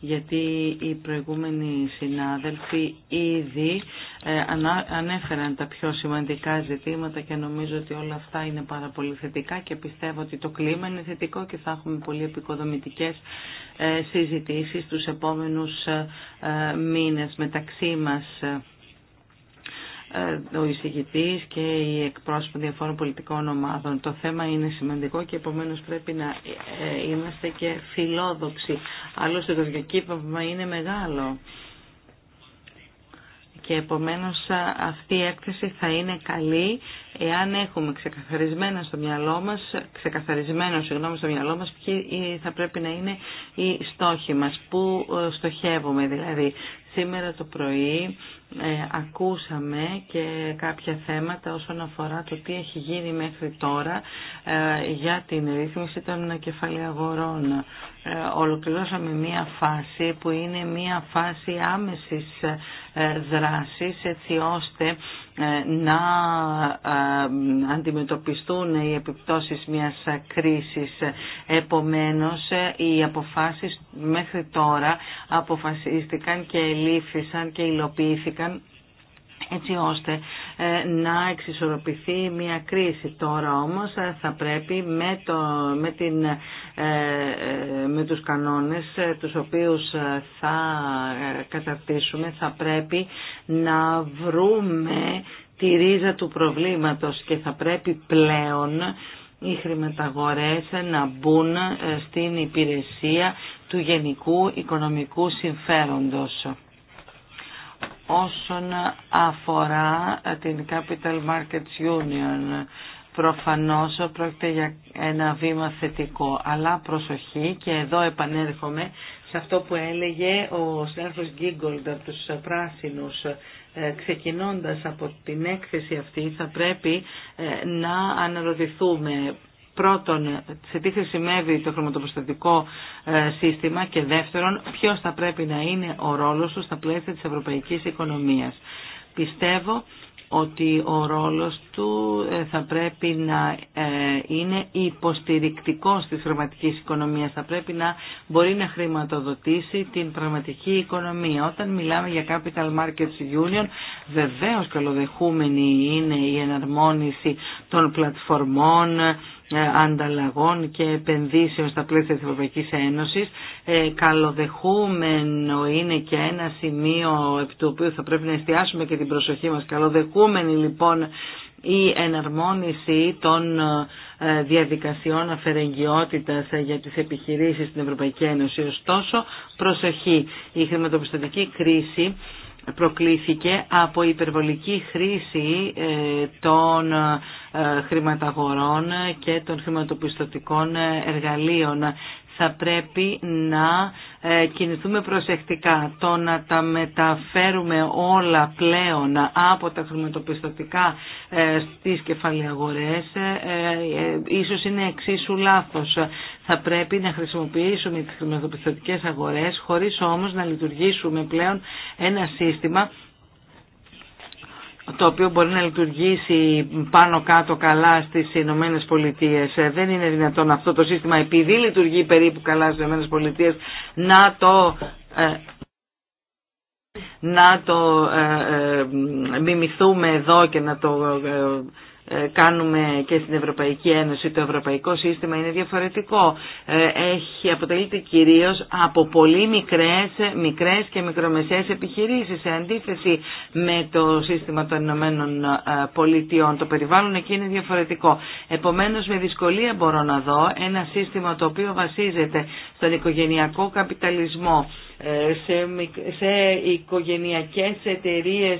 γιατί οι προηγούμενοι συνάδελφοι ήδη ε, ανέφεραν τα πιο σημαντικά ζητήματα και νομίζω ότι όλα αυτά είναι πάρα πολύ θετικά και πιστεύω ότι το κλίμα είναι θετικό και θα έχουμε πολύ επικοδομητικές ε, συζητήσεις τους επόμενους ε, μήνες μεταξύ μας. Ε, ο εισηγητής και οι εκπρόσωποι διαφόρων πολιτικών ομάδων. Το θέμα είναι σημαντικό και επομένως πρέπει να ε, ε, είμαστε και φιλόδοξοι. Άλλωστε το διακύπαυμα είναι μεγάλο. Και επομένως αυτή η έκθεση θα είναι καλή εάν έχουμε ξεκαθαρισμένα στο μυαλό μας, ξεκαθαρισμένο συγγνώμη στο μυαλό μας, ποιοι θα πρέπει να είναι οι στόχοι μας, πού στοχεύουμε δηλαδή. Σήμερα το πρωί ε, ακούσαμε και κάποια θέματα όσον αφορά το τι έχει γίνει μέχρι τώρα ε, για την ρύθμιση των κεφαλαίων ε, Ολοκληρώσαμε μία φάση που είναι μία φάση άμεσης δράσης έτσι ώστε ε, να ε, αντιμετωπιστούν οι επιπτώσεις μιας κρίσης. Επομένως, ε, οι αποφάσεις μέχρι τώρα αποφασίστηκαν και ελήφθησαν και υλοποιήθηκαν έτσι ώστε ε, να εξισορροπηθεί μια κρίση. Τώρα όμως ε, θα πρέπει με, το, με, την, ε, με τους κανόνες τους οποίους θα καταρτήσουμε θα πρέπει να βρούμε τη ρίζα του προβλήματος και θα πρέπει πλέον οι χρηματαγορές να μπουν στην υπηρεσία του γενικού οικονομικού συμφέροντος όσον αφορά ε, την Capital Markets Union. Προφανώς πρόκειται για ένα βήμα θετικό, αλλά προσοχή και εδώ επανέρχομαι σε αυτό που έλεγε ο συνάδελφος Γκίγκολντ από τους πράσινους ε, ξεκινώντας από την έκθεση αυτή θα πρέπει ε, να αναρωτηθούμε πρώτον, σε τι χρησιμεύει το χρηματοπιστωτικό ε, σύστημα και δεύτερον, ποιος θα πρέπει να είναι ο ρόλος του στα πλαίσια της ευρωπαϊκής οικονομίας. Πιστεύω ότι ο ρόλος του ε, θα πρέπει να ε, είναι υποστηρικτικός της χρηματικής οικονομίας. Θα πρέπει να μπορεί να χρηματοδοτήσει την πραγματική οικονομία. Όταν μιλάμε για Capital Markets Union, βεβαίως καλοδεχούμενη είναι η εναρμόνιση των πλατφορμών, ε, ανταλλαγών και επενδύσεων στα πλαίσια της Ευρωπαϊκής Ένωσης. Ε, καλοδεχούμενο είναι και ένα σημείο επί του οποίου θα πρέπει να εστιάσουμε και την προσοχή μας. Καλοδεχούμενη λοιπόν η εναρμόνιση των ε, διαδικασιών αφαιρεγγιότητας για τις επιχειρήσεις στην Ευρωπαϊκή Ένωση. Ωστόσο, προσοχή, η χρηματοπιστωτική κρίση προκλήθηκε από υπερβολική χρήση ε, των ε, χρηματαγορών και των χρηματοπιστωτικών εργαλείων θα πρέπει να ε, κινηθούμε προσεκτικά. Το να τα μεταφέρουμε όλα πλέον από τα χρηματοπιστωτικά ε, στις κεφαλαιαγορές ε, ίσως είναι εξίσου λάθος. Θα πρέπει να χρησιμοποιήσουμε τις χρηματοπιστωτικές αγορές χωρίς όμως να λειτουργήσουμε πλέον ένα σύστημα το οποίο μπορεί να λειτουργήσει πάνω κάτω καλά στις Ηνωμένε Πολιτείε. Ε, δεν είναι δυνατόν αυτό το σύστημα, επειδή λειτουργεί περίπου καλά στις Ηνωμένε Πολιτείε, να το ε, να το ε, μιμηθούμε εδώ και να το ε, κάνουμε και στην Ευρωπαϊκή Ένωση. Το ευρωπαϊκό σύστημα είναι διαφορετικό. Ε, έχει αποτελείται κυρίως από πολύ μικρές, μικρές και μικρομεσαίες επιχειρήσεις σε αντίθεση με το σύστημα των Ηνωμένων ε, Πολιτειών. Το περιβάλλον εκεί είναι διαφορετικό. Επομένως με δυσκολία μπορώ να δω ένα σύστημα το οποίο βασίζεται στον οικογενειακό καπιταλισμό σε, σε οικογενειακές εταιρείες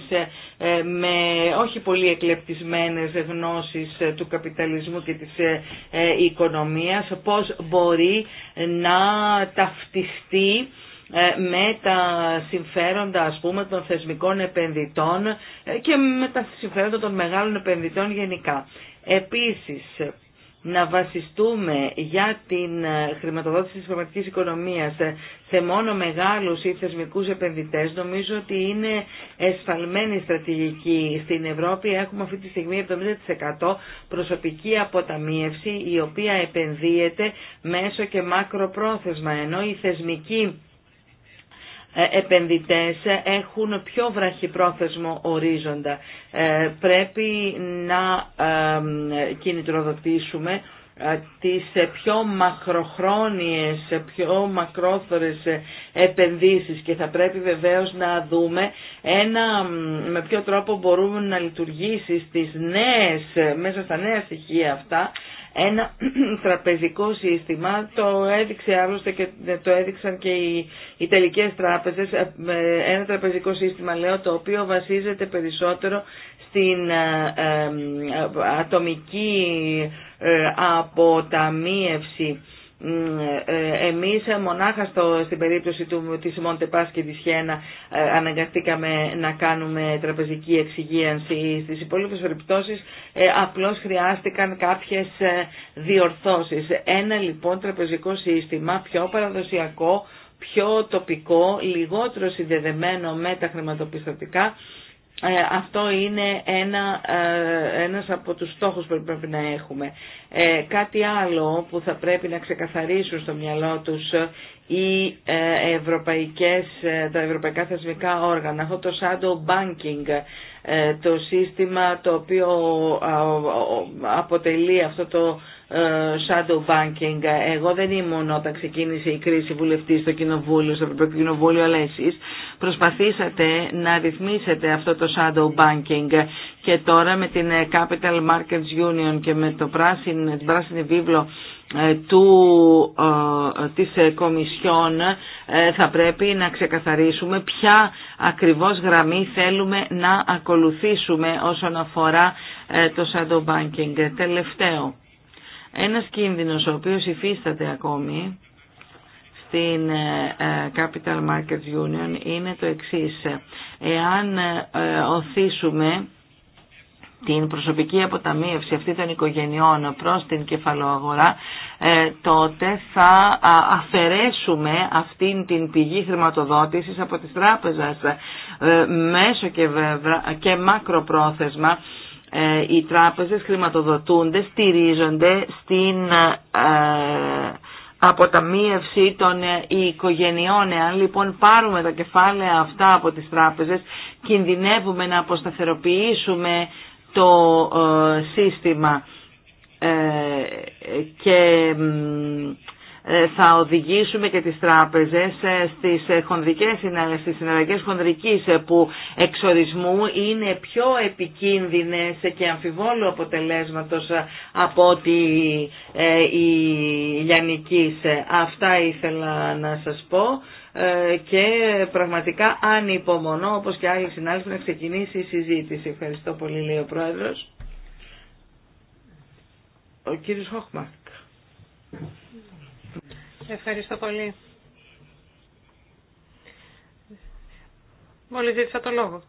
ε, με όχι πολύ εκλεπτισμένες γνώσεις ε, του καπιταλισμού και της ε, οικονομίας, πώς μπορεί να ταυτιστεί με τα συμφέροντα ας πούμε των θεσμικών επενδυτών και με τα συμφέροντα των μεγάλων επενδυτών γενικά. Επίσης, να βασιστούμε για την ε, χρηματοδότηση της πραγματικής οικονομίας ε, σε μόνο μεγάλους ή θεσμικούς επενδυτές νομίζω ότι είναι εσφαλμένη στρατηγική. Στην Ευρώπη έχουμε αυτή τη στιγμή 70% προσωπική αποταμίευση η οποία επενδύεται μέσω και μακροπρόθεσμα ενώ η θεσμική ε, επενδυτές έχουν πιο βραχυπρόθεσμο ορίζοντα. Ε, πρέπει να κινητροδοτήσουμε ε, τις πιο μακροχρόνιες, πιο μακρόθωρες επενδύσεις και θα πρέπει βεβαίως να δούμε ένα, με ποιο τρόπο μπορούμε να λειτουργήσει στις νέες, μέσα στα νέα στοιχεία αυτά ένα τραπεζικό σύστημα, το έδειξε άλλωστε και το έδειξαν και οι, οι τελικές τράπεζες, ε, ένα τραπεζικό σύστημα λέω το οποίο βασίζεται περισσότερο στην ε, ε, ατομική αποταμίευση ε, ε, εμείς ε, μονάχα στο, στην περίπτωση του, της Μοντεπάς και της Χένα αναγκαστήκαμε να κάνουμε τραπεζική εξυγίανση. Στις υπόλοιπες περιπτώσεις απλώς χρειάστηκαν κάποιες διορθώσεις. Ένα λοιπόν τραπεζικό σύστημα πιο παραδοσιακό, πιο τοπικό, λιγότερο συνδεδεμένο με τα χρηματοπιστωτικά ε, αυτό είναι ένα, ε, ένας από τους στόχους που πρέπει να έχουμε. Ε, κάτι άλλο που θα πρέπει να ξεκαθαρίσουν στο μυαλό τους οι ευρωπαϊκές, τα ευρωπαϊκά θεσμικά όργανα, αυτό το shadow banking, το σύστημα το οποίο αποτελεί αυτό το ε, shadow banking. Εγώ δεν ήμουν όταν ξεκίνησε η κρίση βουλευτή στο Κοινοβούλιο, στο Ευρωπαϊκό Κοινοβούλιο, αλλά εσεί προσπαθήσατε να ρυθμίσετε αυτό το shadow banking και τώρα με την ε, Capital Markets Union και με το πράσινο, την πράσινη βίβλο ε, του, της Κομισιόν θα πρέπει να ξεκαθαρίσουμε ποια ακριβώς γραμμή θέλουμε να ακολουθήσουμε όσον αφορά το shadow banking. Τελευταίο ένα κίνδυνος ο οποίος υφίσταται ακόμη στην ε, ε, Capital Markets Union είναι το εξής. Εάν ε, οθήσουμε την προσωπική αποταμίευση αυτή των οικογενειών προς την κεφαλοαγορά, τότε θα αφαιρέσουμε αυτήν την πηγή χρηματοδότησης από τις τράπεζες μέσω και, και μακροπρόθεσμα ε, οι τράπεζες χρηματοδοτούνται, στηρίζονται στην ε, αποταμίευση των ε, οικογενειών. Εάν λοιπόν πάρουμε τα κεφάλαια αυτά από τις τράπεζες, κινδυνεύουμε να αποσταθεροποιήσουμε το σύστημα και ε, θα οδηγήσουμε και τις τράπεζες ε, στις, ε, χονδρικές, στις συναλλαγές χονδρικής που εξορισμού είναι πιο επικίνδυνες και αμφιβόλου αποτελέσματος από ότι η Λιανική. Αυτά ήθελα να σας πω και πραγματικά ανυπομονώ όπως και άλλοι συνάδελφοι να ξεκινήσει η συζήτηση. Ευχαριστώ πολύ λέει ο Πρόεδρος. Ο κύριος Χόχμαρκ. Ευχαριστώ πολύ. Μόλις ζήτησα το λόγο.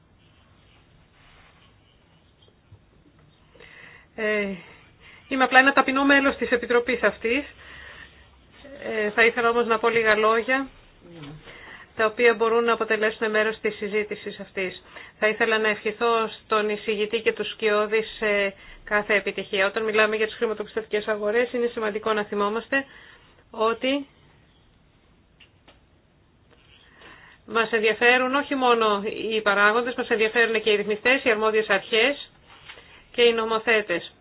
Ε, είμαι απλά ένα ταπεινό μέλος της Επιτροπής αυτής. Ε, θα ήθελα όμως να πω λίγα λόγια, τα οποία μπορούν να αποτελέσουν μέρος της συζήτησης αυτής. Θα ήθελα να ευχηθώ στον εισηγητή και τους σκιώδεις σε κάθε επιτυχία. Όταν μιλάμε για τις χρηματοπιστωτικές αγορές, είναι σημαντικό να θυμόμαστε ότι μας ενδιαφέρουν όχι μόνο οι παράγοντες, μας ενδιαφέρουν και οι ρυθμιστές, οι αρμόδιες αρχές και οι νομοθέτες.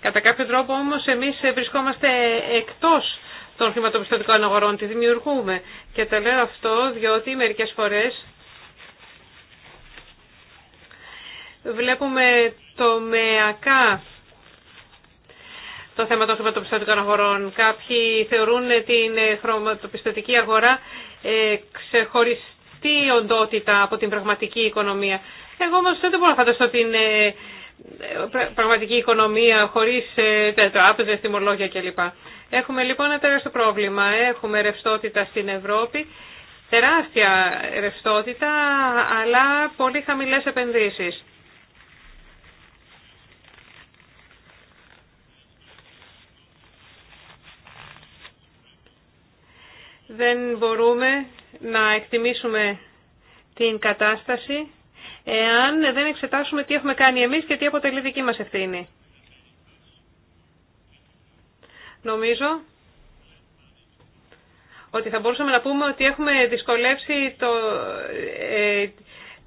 Κατά κάποιο τρόπο όμως εμείς βρισκόμαστε εκτός των χρηματοπιστωτικών αγορών, τη δημιουργούμε. Και το λέω αυτό διότι μερικές φορές βλέπουμε τομεακά το θέμα των χρηματοπιστωτικών αγορών. Κάποιοι θεωρούν την χρηματοπιστωτική αγορά ε, ξεχωριστή οντότητα από την πραγματική οικονομία. Εγώ όμως δεν μπορώ να φανταστώ την ε, ε, πραγματική οικονομία χωρίς τράπεζες, τιμολόγια κλπ. Έχουμε λοιπόν ένα τεράστιο πρόβλημα. Έχουμε ρευστότητα στην Ευρώπη, τεράστια ρευστότητα, αλλά πολύ χαμηλές επενδύσεις. Δεν μπορούμε να εκτιμήσουμε την κατάσταση εάν δεν εξετάσουμε τι έχουμε κάνει εμείς και τι αποτελεί δική μας ευθύνη. Νομίζω ότι θα μπορούσαμε να πούμε ότι έχουμε δυσκολεύσει το, ε,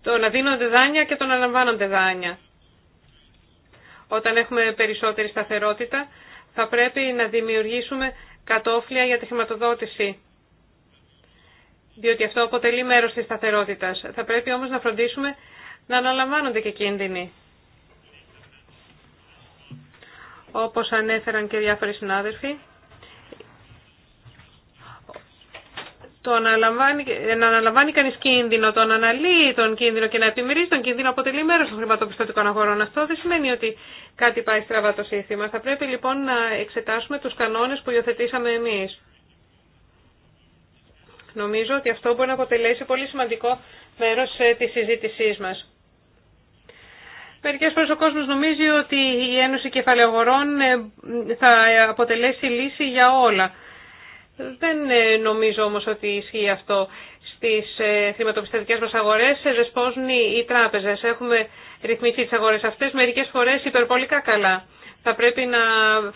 το να δίνονται δάνεια και το να λαμβάνονται δάνεια. Όταν έχουμε περισσότερη σταθερότητα θα πρέπει να δημιουργήσουμε κατόφλια για τη χρηματοδότηση διότι αυτό αποτελεί μέρος της σταθερότητας. Θα πρέπει όμως να φροντίσουμε να αναλαμβάνονται και κίνδυνοι. Όπως ανέφεραν και διάφοροι συνάδελφοι, το να αναλαμβάνει, να αναλαμβάνει κανεί κίνδυνο, το να αναλύει τον κίνδυνο και να επιμερίζει τον κίνδυνο αποτελεί μέρο των χρηματοπιστωτικών αγορών. Αυτό δεν σημαίνει ότι κάτι πάει στραβά το σύστημα. Θα πρέπει λοιπόν να εξετάσουμε του κανόνε που υιοθετήσαμε εμεί. Νομίζω ότι αυτό μπορεί να αποτελέσει πολύ σημαντικό μέρος ε, της συζήτησής μας. Μερικές φορές ο κόσμος νομίζει ότι η Ένωση Κεφαλαιογορών ε, θα αποτελέσει λύση για όλα. Δεν ε, νομίζω όμως ότι ισχύει αυτό. Στις χρηματοπιστωτικές μας αγορές δεσπόζουν οι τράπεζες. Έχουμε ρυθμίσει τις αγορές αυτές μερικές φορές υπερπολικά καλά. Θα πρέπει να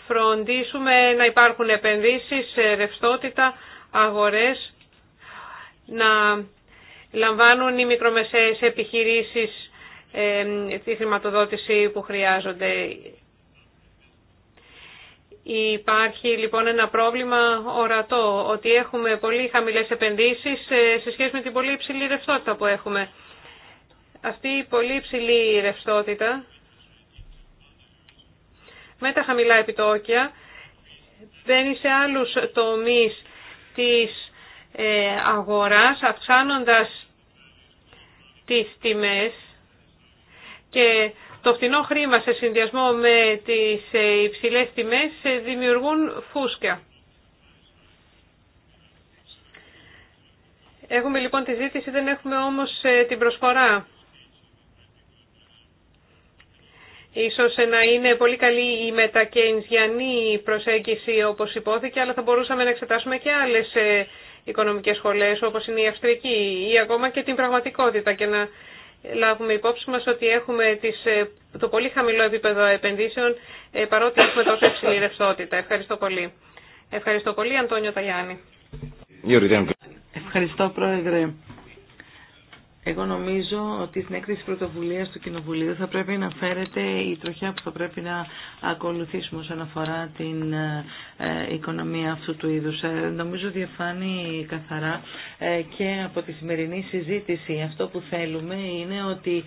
φροντίσουμε να υπάρχουν επενδύσεις, ρευστότητα, αγορές να λαμβάνουν οι μικρομεσαίες επιχειρήσεις ε, τη χρηματοδότηση που χρειάζονται. Υπάρχει λοιπόν ένα πρόβλημα ορατό, ότι έχουμε πολύ χαμηλές επενδύσεις ε, σε σχέση με την πολύ υψηλή ρευστότητα που έχουμε. Αυτή η πολύ υψηλή ρευστότητα με τα χαμηλά επιτόκια μπαίνει σε άλλους τομείς της ε, αγοράς αυξάνοντας τις τιμές και το φθηνό χρήμα σε συνδυασμό με τις ε, υψηλές τιμές ε, δημιουργούν φούσκια. Έχουμε λοιπόν τη ζήτηση, δεν έχουμε όμως την προσφορά. Ίσως να είναι πολύ καλή η μετακέινσιανή προσέγγιση όπως υπόθηκε, αλλά θα μπορούσαμε να εξετάσουμε και άλλες οικονομικές σχολές όπως είναι η Αυστρική ή ακόμα και την πραγματικότητα και να λάβουμε υπόψη μας ότι έχουμε τις, ε, το πολύ χαμηλό επίπεδο επενδύσεων ε, παρότι έχουμε τόσο υψηλή ρευστότητα. Ευχαριστώ πολύ. Ευχαριστώ πολύ, Αντώνιο Ταγιάννη. Ευχαριστώ, Πρόεδρε. Εγώ νομίζω ότι στην έκθεση πρωτοβουλία του Κοινοβουλίου θα πρέπει να φέρεται η τροχιά που θα πρέπει να ακολουθήσουμε όσον αφορά την ε, ε, οικονομία αυτού του είδου. Ε, νομίζω διαφάνει καθαρά και από τη σημερινή συζήτηση. Αυτό που θέλουμε είναι ότι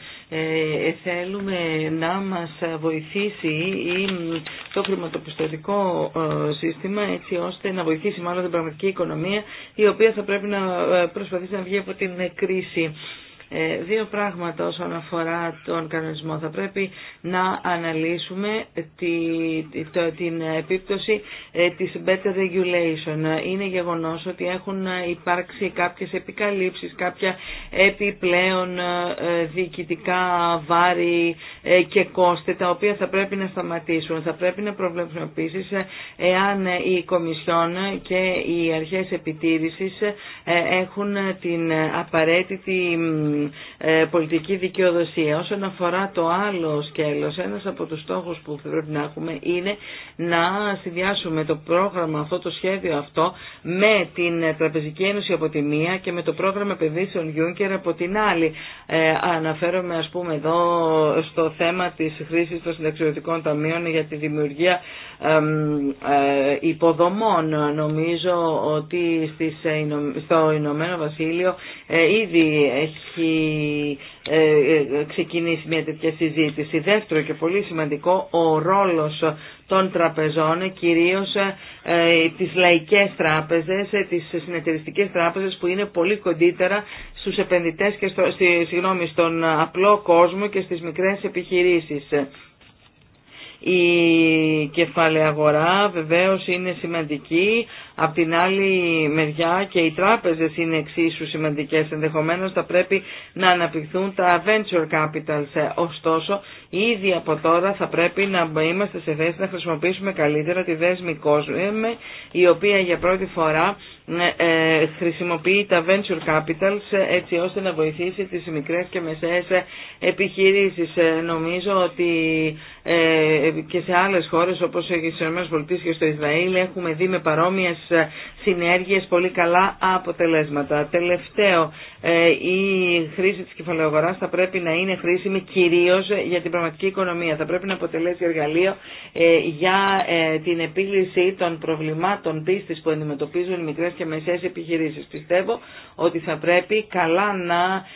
θέλουμε να μα βοηθήσει το χρηματοπιστωτικό σύστημα έτσι ώστε να βοηθήσει μάλλον την πραγματική οικονομία η οποία θα πρέπει να προσπαθήσει να βγει από την κρίση. Ε, δύο πράγματα όσον αφορά τον κανονισμό. Θα πρέπει να αναλύσουμε τη, την επίπτωση ε, της better regulation. Είναι γεγονός ότι έχουν υπάρξει κάποιες επικαλύψεις, κάποια επιπλέον ε, διοικητικά βάρη και κόστη, τα οποία θα πρέπει να σταματήσουν. Θα πρέπει να προβλέψουμε επίσης εάν η Κομισιόν και οι αρχές επιτήρησης έχουν την απαραίτητη ε, πολιτική δικαιοδοσία. Όσον αφορά το άλλο σκέλος, ένας από τους στόχους που πρέπει να έχουμε είναι να συνδυάσουμε το πρόγραμμα αυτό, το σχέδιο αυτό με την Τραπεζική Ένωση από τη μία και με το πρόγραμμα επενδύσεων Juncker από την άλλη. Ε, αναφέρομαι ας πούμε εδώ στο θέμα της χρήσης των συνταξιωτικών ταμείων για τη δημιουργία ε, υποδομών. Νομίζω ότι στις, ε, στο Ηνωμένο Βασίλειο ε, ήδη έχει ε, ε, ξεκινήσει μια τέτοια συζήτηση. Δεύτερο και πολύ σημαντικό, ο ρόλος των τραπεζών, κυρίως τις λαϊκές τράπεζες, τις συνεταιριστικές τράπεζες που είναι πολύ κοντύτερα στους επενδυτές και στο, συγγνώμη, στον απλό κόσμο και στις μικρές επιχειρήσεις. Η κεφάλαια αγορά βεβαίως είναι σημαντική Απ' την άλλη μεριά και οι τράπεζες είναι εξίσου σημαντικές. Ενδεχομένως θα πρέπει να αναπτυχθούν τα venture capitals. Ε, ωστόσο, ήδη από τώρα θα πρέπει να είμαστε σε θέση να χρησιμοποιήσουμε καλύτερα τη δέσμη COSME, η οποία για πρώτη φορά ε, ε, χρησιμοποιεί τα venture capitals έτσι ώστε να βοηθήσει τις μικρές και μεσαίες επιχειρήσεις. Νομίζω ότι και σε άλλες χώρες όπως και στις ΗΠΑ και στο Ισραήλ έχουμε δει με παρόμοιες ε, συνέργειες πολύ καλά αποτελέσματα. Τελευταίο, ε, η χρήση της κεφαλαιογοράς θα πρέπει να είναι χρήσιμη κυρίως για την πραγματική οικονομία. Θα πρέπει να αποτελέσει εργαλείο ε, για την επίλυση των προβλημάτων πίστης που αντιμετωπίζουν οι μικρές και μεσαίες επιχειρήσεις. Πιστεύω ότι θα πρέπει καλά να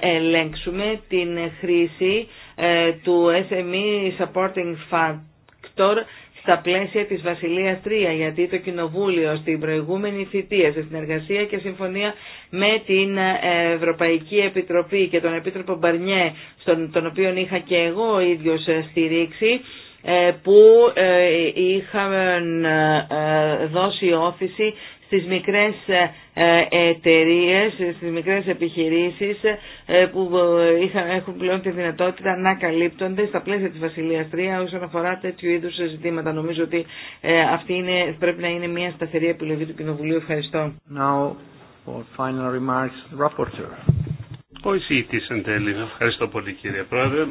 ελέγξουμε την χρήση του SME Supporting Factor στα πλαίσια της Βασιλείας 3, γιατί το Κοινοβούλιο στην προηγούμενη θητεία, σε συνεργασία και συμφωνία με την ε, Ευρωπαϊκή Επιτροπή και τον Επίτροπο Μπαρνιέ, στον, τον οποίο είχα και εγώ ίδιος ε, στηρίξει, που ε, είχαν δώσει όθηση στις μικρές ε, εταιρείε, στι μικρές επιχειρήσεις ε, που ε, έχουν πλέον τη δυνατότητα να καλύπτονται στα πλαίσια της Βασιλεία 3 όσον αφορά τέτοιου είδου ζητήματα. Νομίζω ότι αυτή είναι, πρέπει να είναι μια σταθερή επιλογή του Κοινοβουλίου. Ευχαριστώ. Now for final remarks, the Ο εισηγητής εν τέλει. Ευχαριστώ πολύ κύριε Πρόεδρε.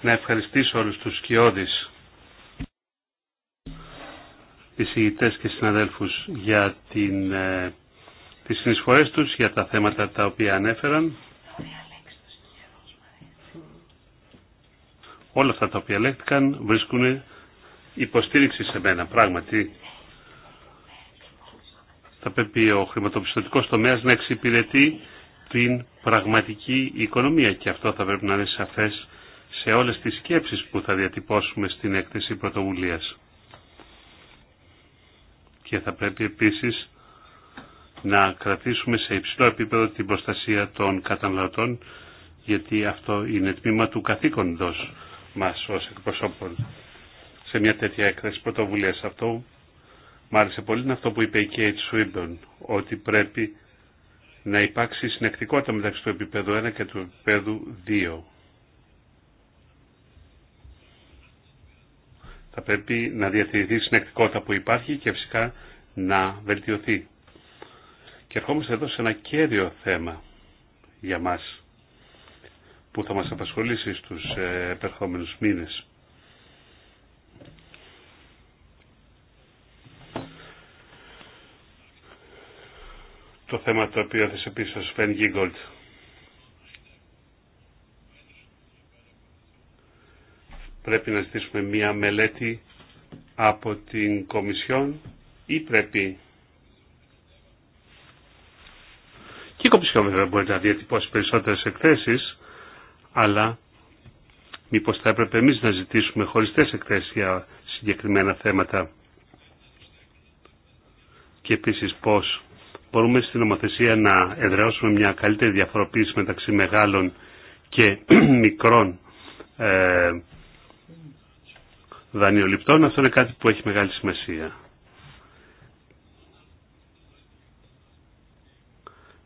Να ευχαριστήσω όλους τους εισηγητές και συναδέλφους για την, ε, τις συνεισφορές τους, για τα θέματα τα οποία ανέφεραν. Όλα αυτά τα οποία λέχτηκαν βρίσκουν υποστήριξη σε μένα. Πράγματι, θα πρέπει ο χρηματοπιστωτικός τομέας να εξυπηρετεί την πραγματική οικονομία και αυτό θα πρέπει να είναι σαφές σε όλες τις σκέψεις που θα διατυπώσουμε στην έκθεση πρωτοβουλίας και θα πρέπει επίσης να κρατήσουμε σε υψηλό επίπεδο την προστασία των καταναλωτών γιατί αυτό είναι τμήμα του καθήκοντος μας ως εκπροσώπων σε μια τέτοια έκθεση πρωτοβουλία. Αυτό μ' άρεσε πολύ αυτό που είπε η Κέιτ Σουίμπτον ότι πρέπει να υπάρξει συνεκτικότητα μεταξύ του επίπεδου 1 και του επίπεδου 2. Θα πρέπει να διατηρηθεί η συνεκτικότητα που υπάρχει και φυσικά να βελτιωθεί. Και ερχόμαστε εδώ σε ένα κέριο θέμα για μας που θα μας απασχολήσει στους ε, επερχόμενους μήνες. Το θέμα το οποίο έθεσε πίσω ο Σφεν Γίγκολτ Πρέπει να ζητήσουμε μία μελέτη από την Κομισιόν ή πρέπει... Και η Κομισιόν βέβαια μπορεί να διατυπώσει περισσότερες εκθέσεις, αλλά μήπως θα έπρεπε εμείς να ζητήσουμε χωριστές εκθέσεις για συγκεκριμένα θέματα και επίσης πώς μπορούμε στην νομοθεσία να εδραιώσουμε μια καλύτερη διαφοροποίηση μεταξύ μεγάλων και μικρών ε, δανειοληπτών, αυτό είναι κάτι που έχει μεγάλη σημασία.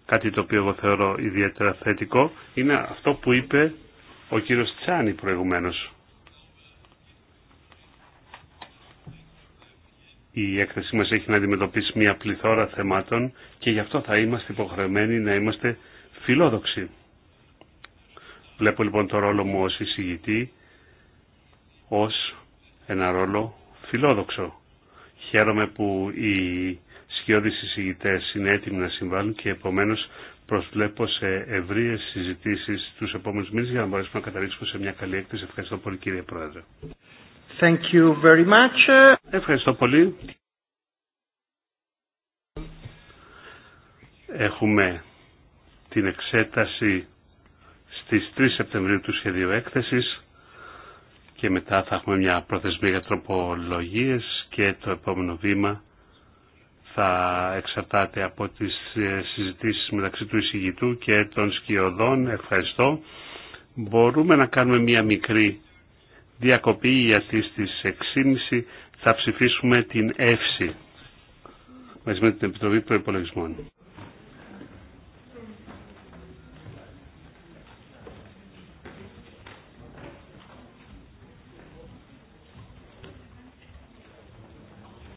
Κάτι το οποίο εγώ θεωρώ ιδιαίτερα θετικό είναι αυτό που είπε ο κύριος Τσάνη προηγουμένως. Η έκθεσή μας έχει να αντιμετωπίσει μια πληθώρα θεμάτων και γι' αυτό θα είμαστε υποχρεωμένοι να είμαστε φιλόδοξοι. Βλέπω λοιπόν το ρόλο μου ως εισηγητή, ως ένα ρόλο φιλόδοξο. Χαίρομαι που οι σκιώδεις εισηγητές είναι έτοιμοι να συμβάλλουν και επομένως προσβλέπω σε ευρύες συζητήσεις τους επόμενους μήνες για να μπορέσουμε να καταλήξουμε σε μια καλή έκθεση. Ευχαριστώ πολύ κύριε Πρόεδρε. Thank you very much. Ευχαριστώ πολύ. Έχουμε την εξέταση στις 3 Σεπτεμβρίου του σχεδίου έκθεσης και μετά θα έχουμε μια προθεσμία για τροπολογίες και το επόμενο βήμα θα εξαρτάται από τις ε, συζητήσεις μεταξύ του εισηγητού και των σκιωδών. Ευχαριστώ. Μπορούμε να κάνουμε μια μικρή διακοπή γιατί στις 6.30 θα ψηφίσουμε την Εύση μαζί με την Επιτροπή Προϋπολογισμών.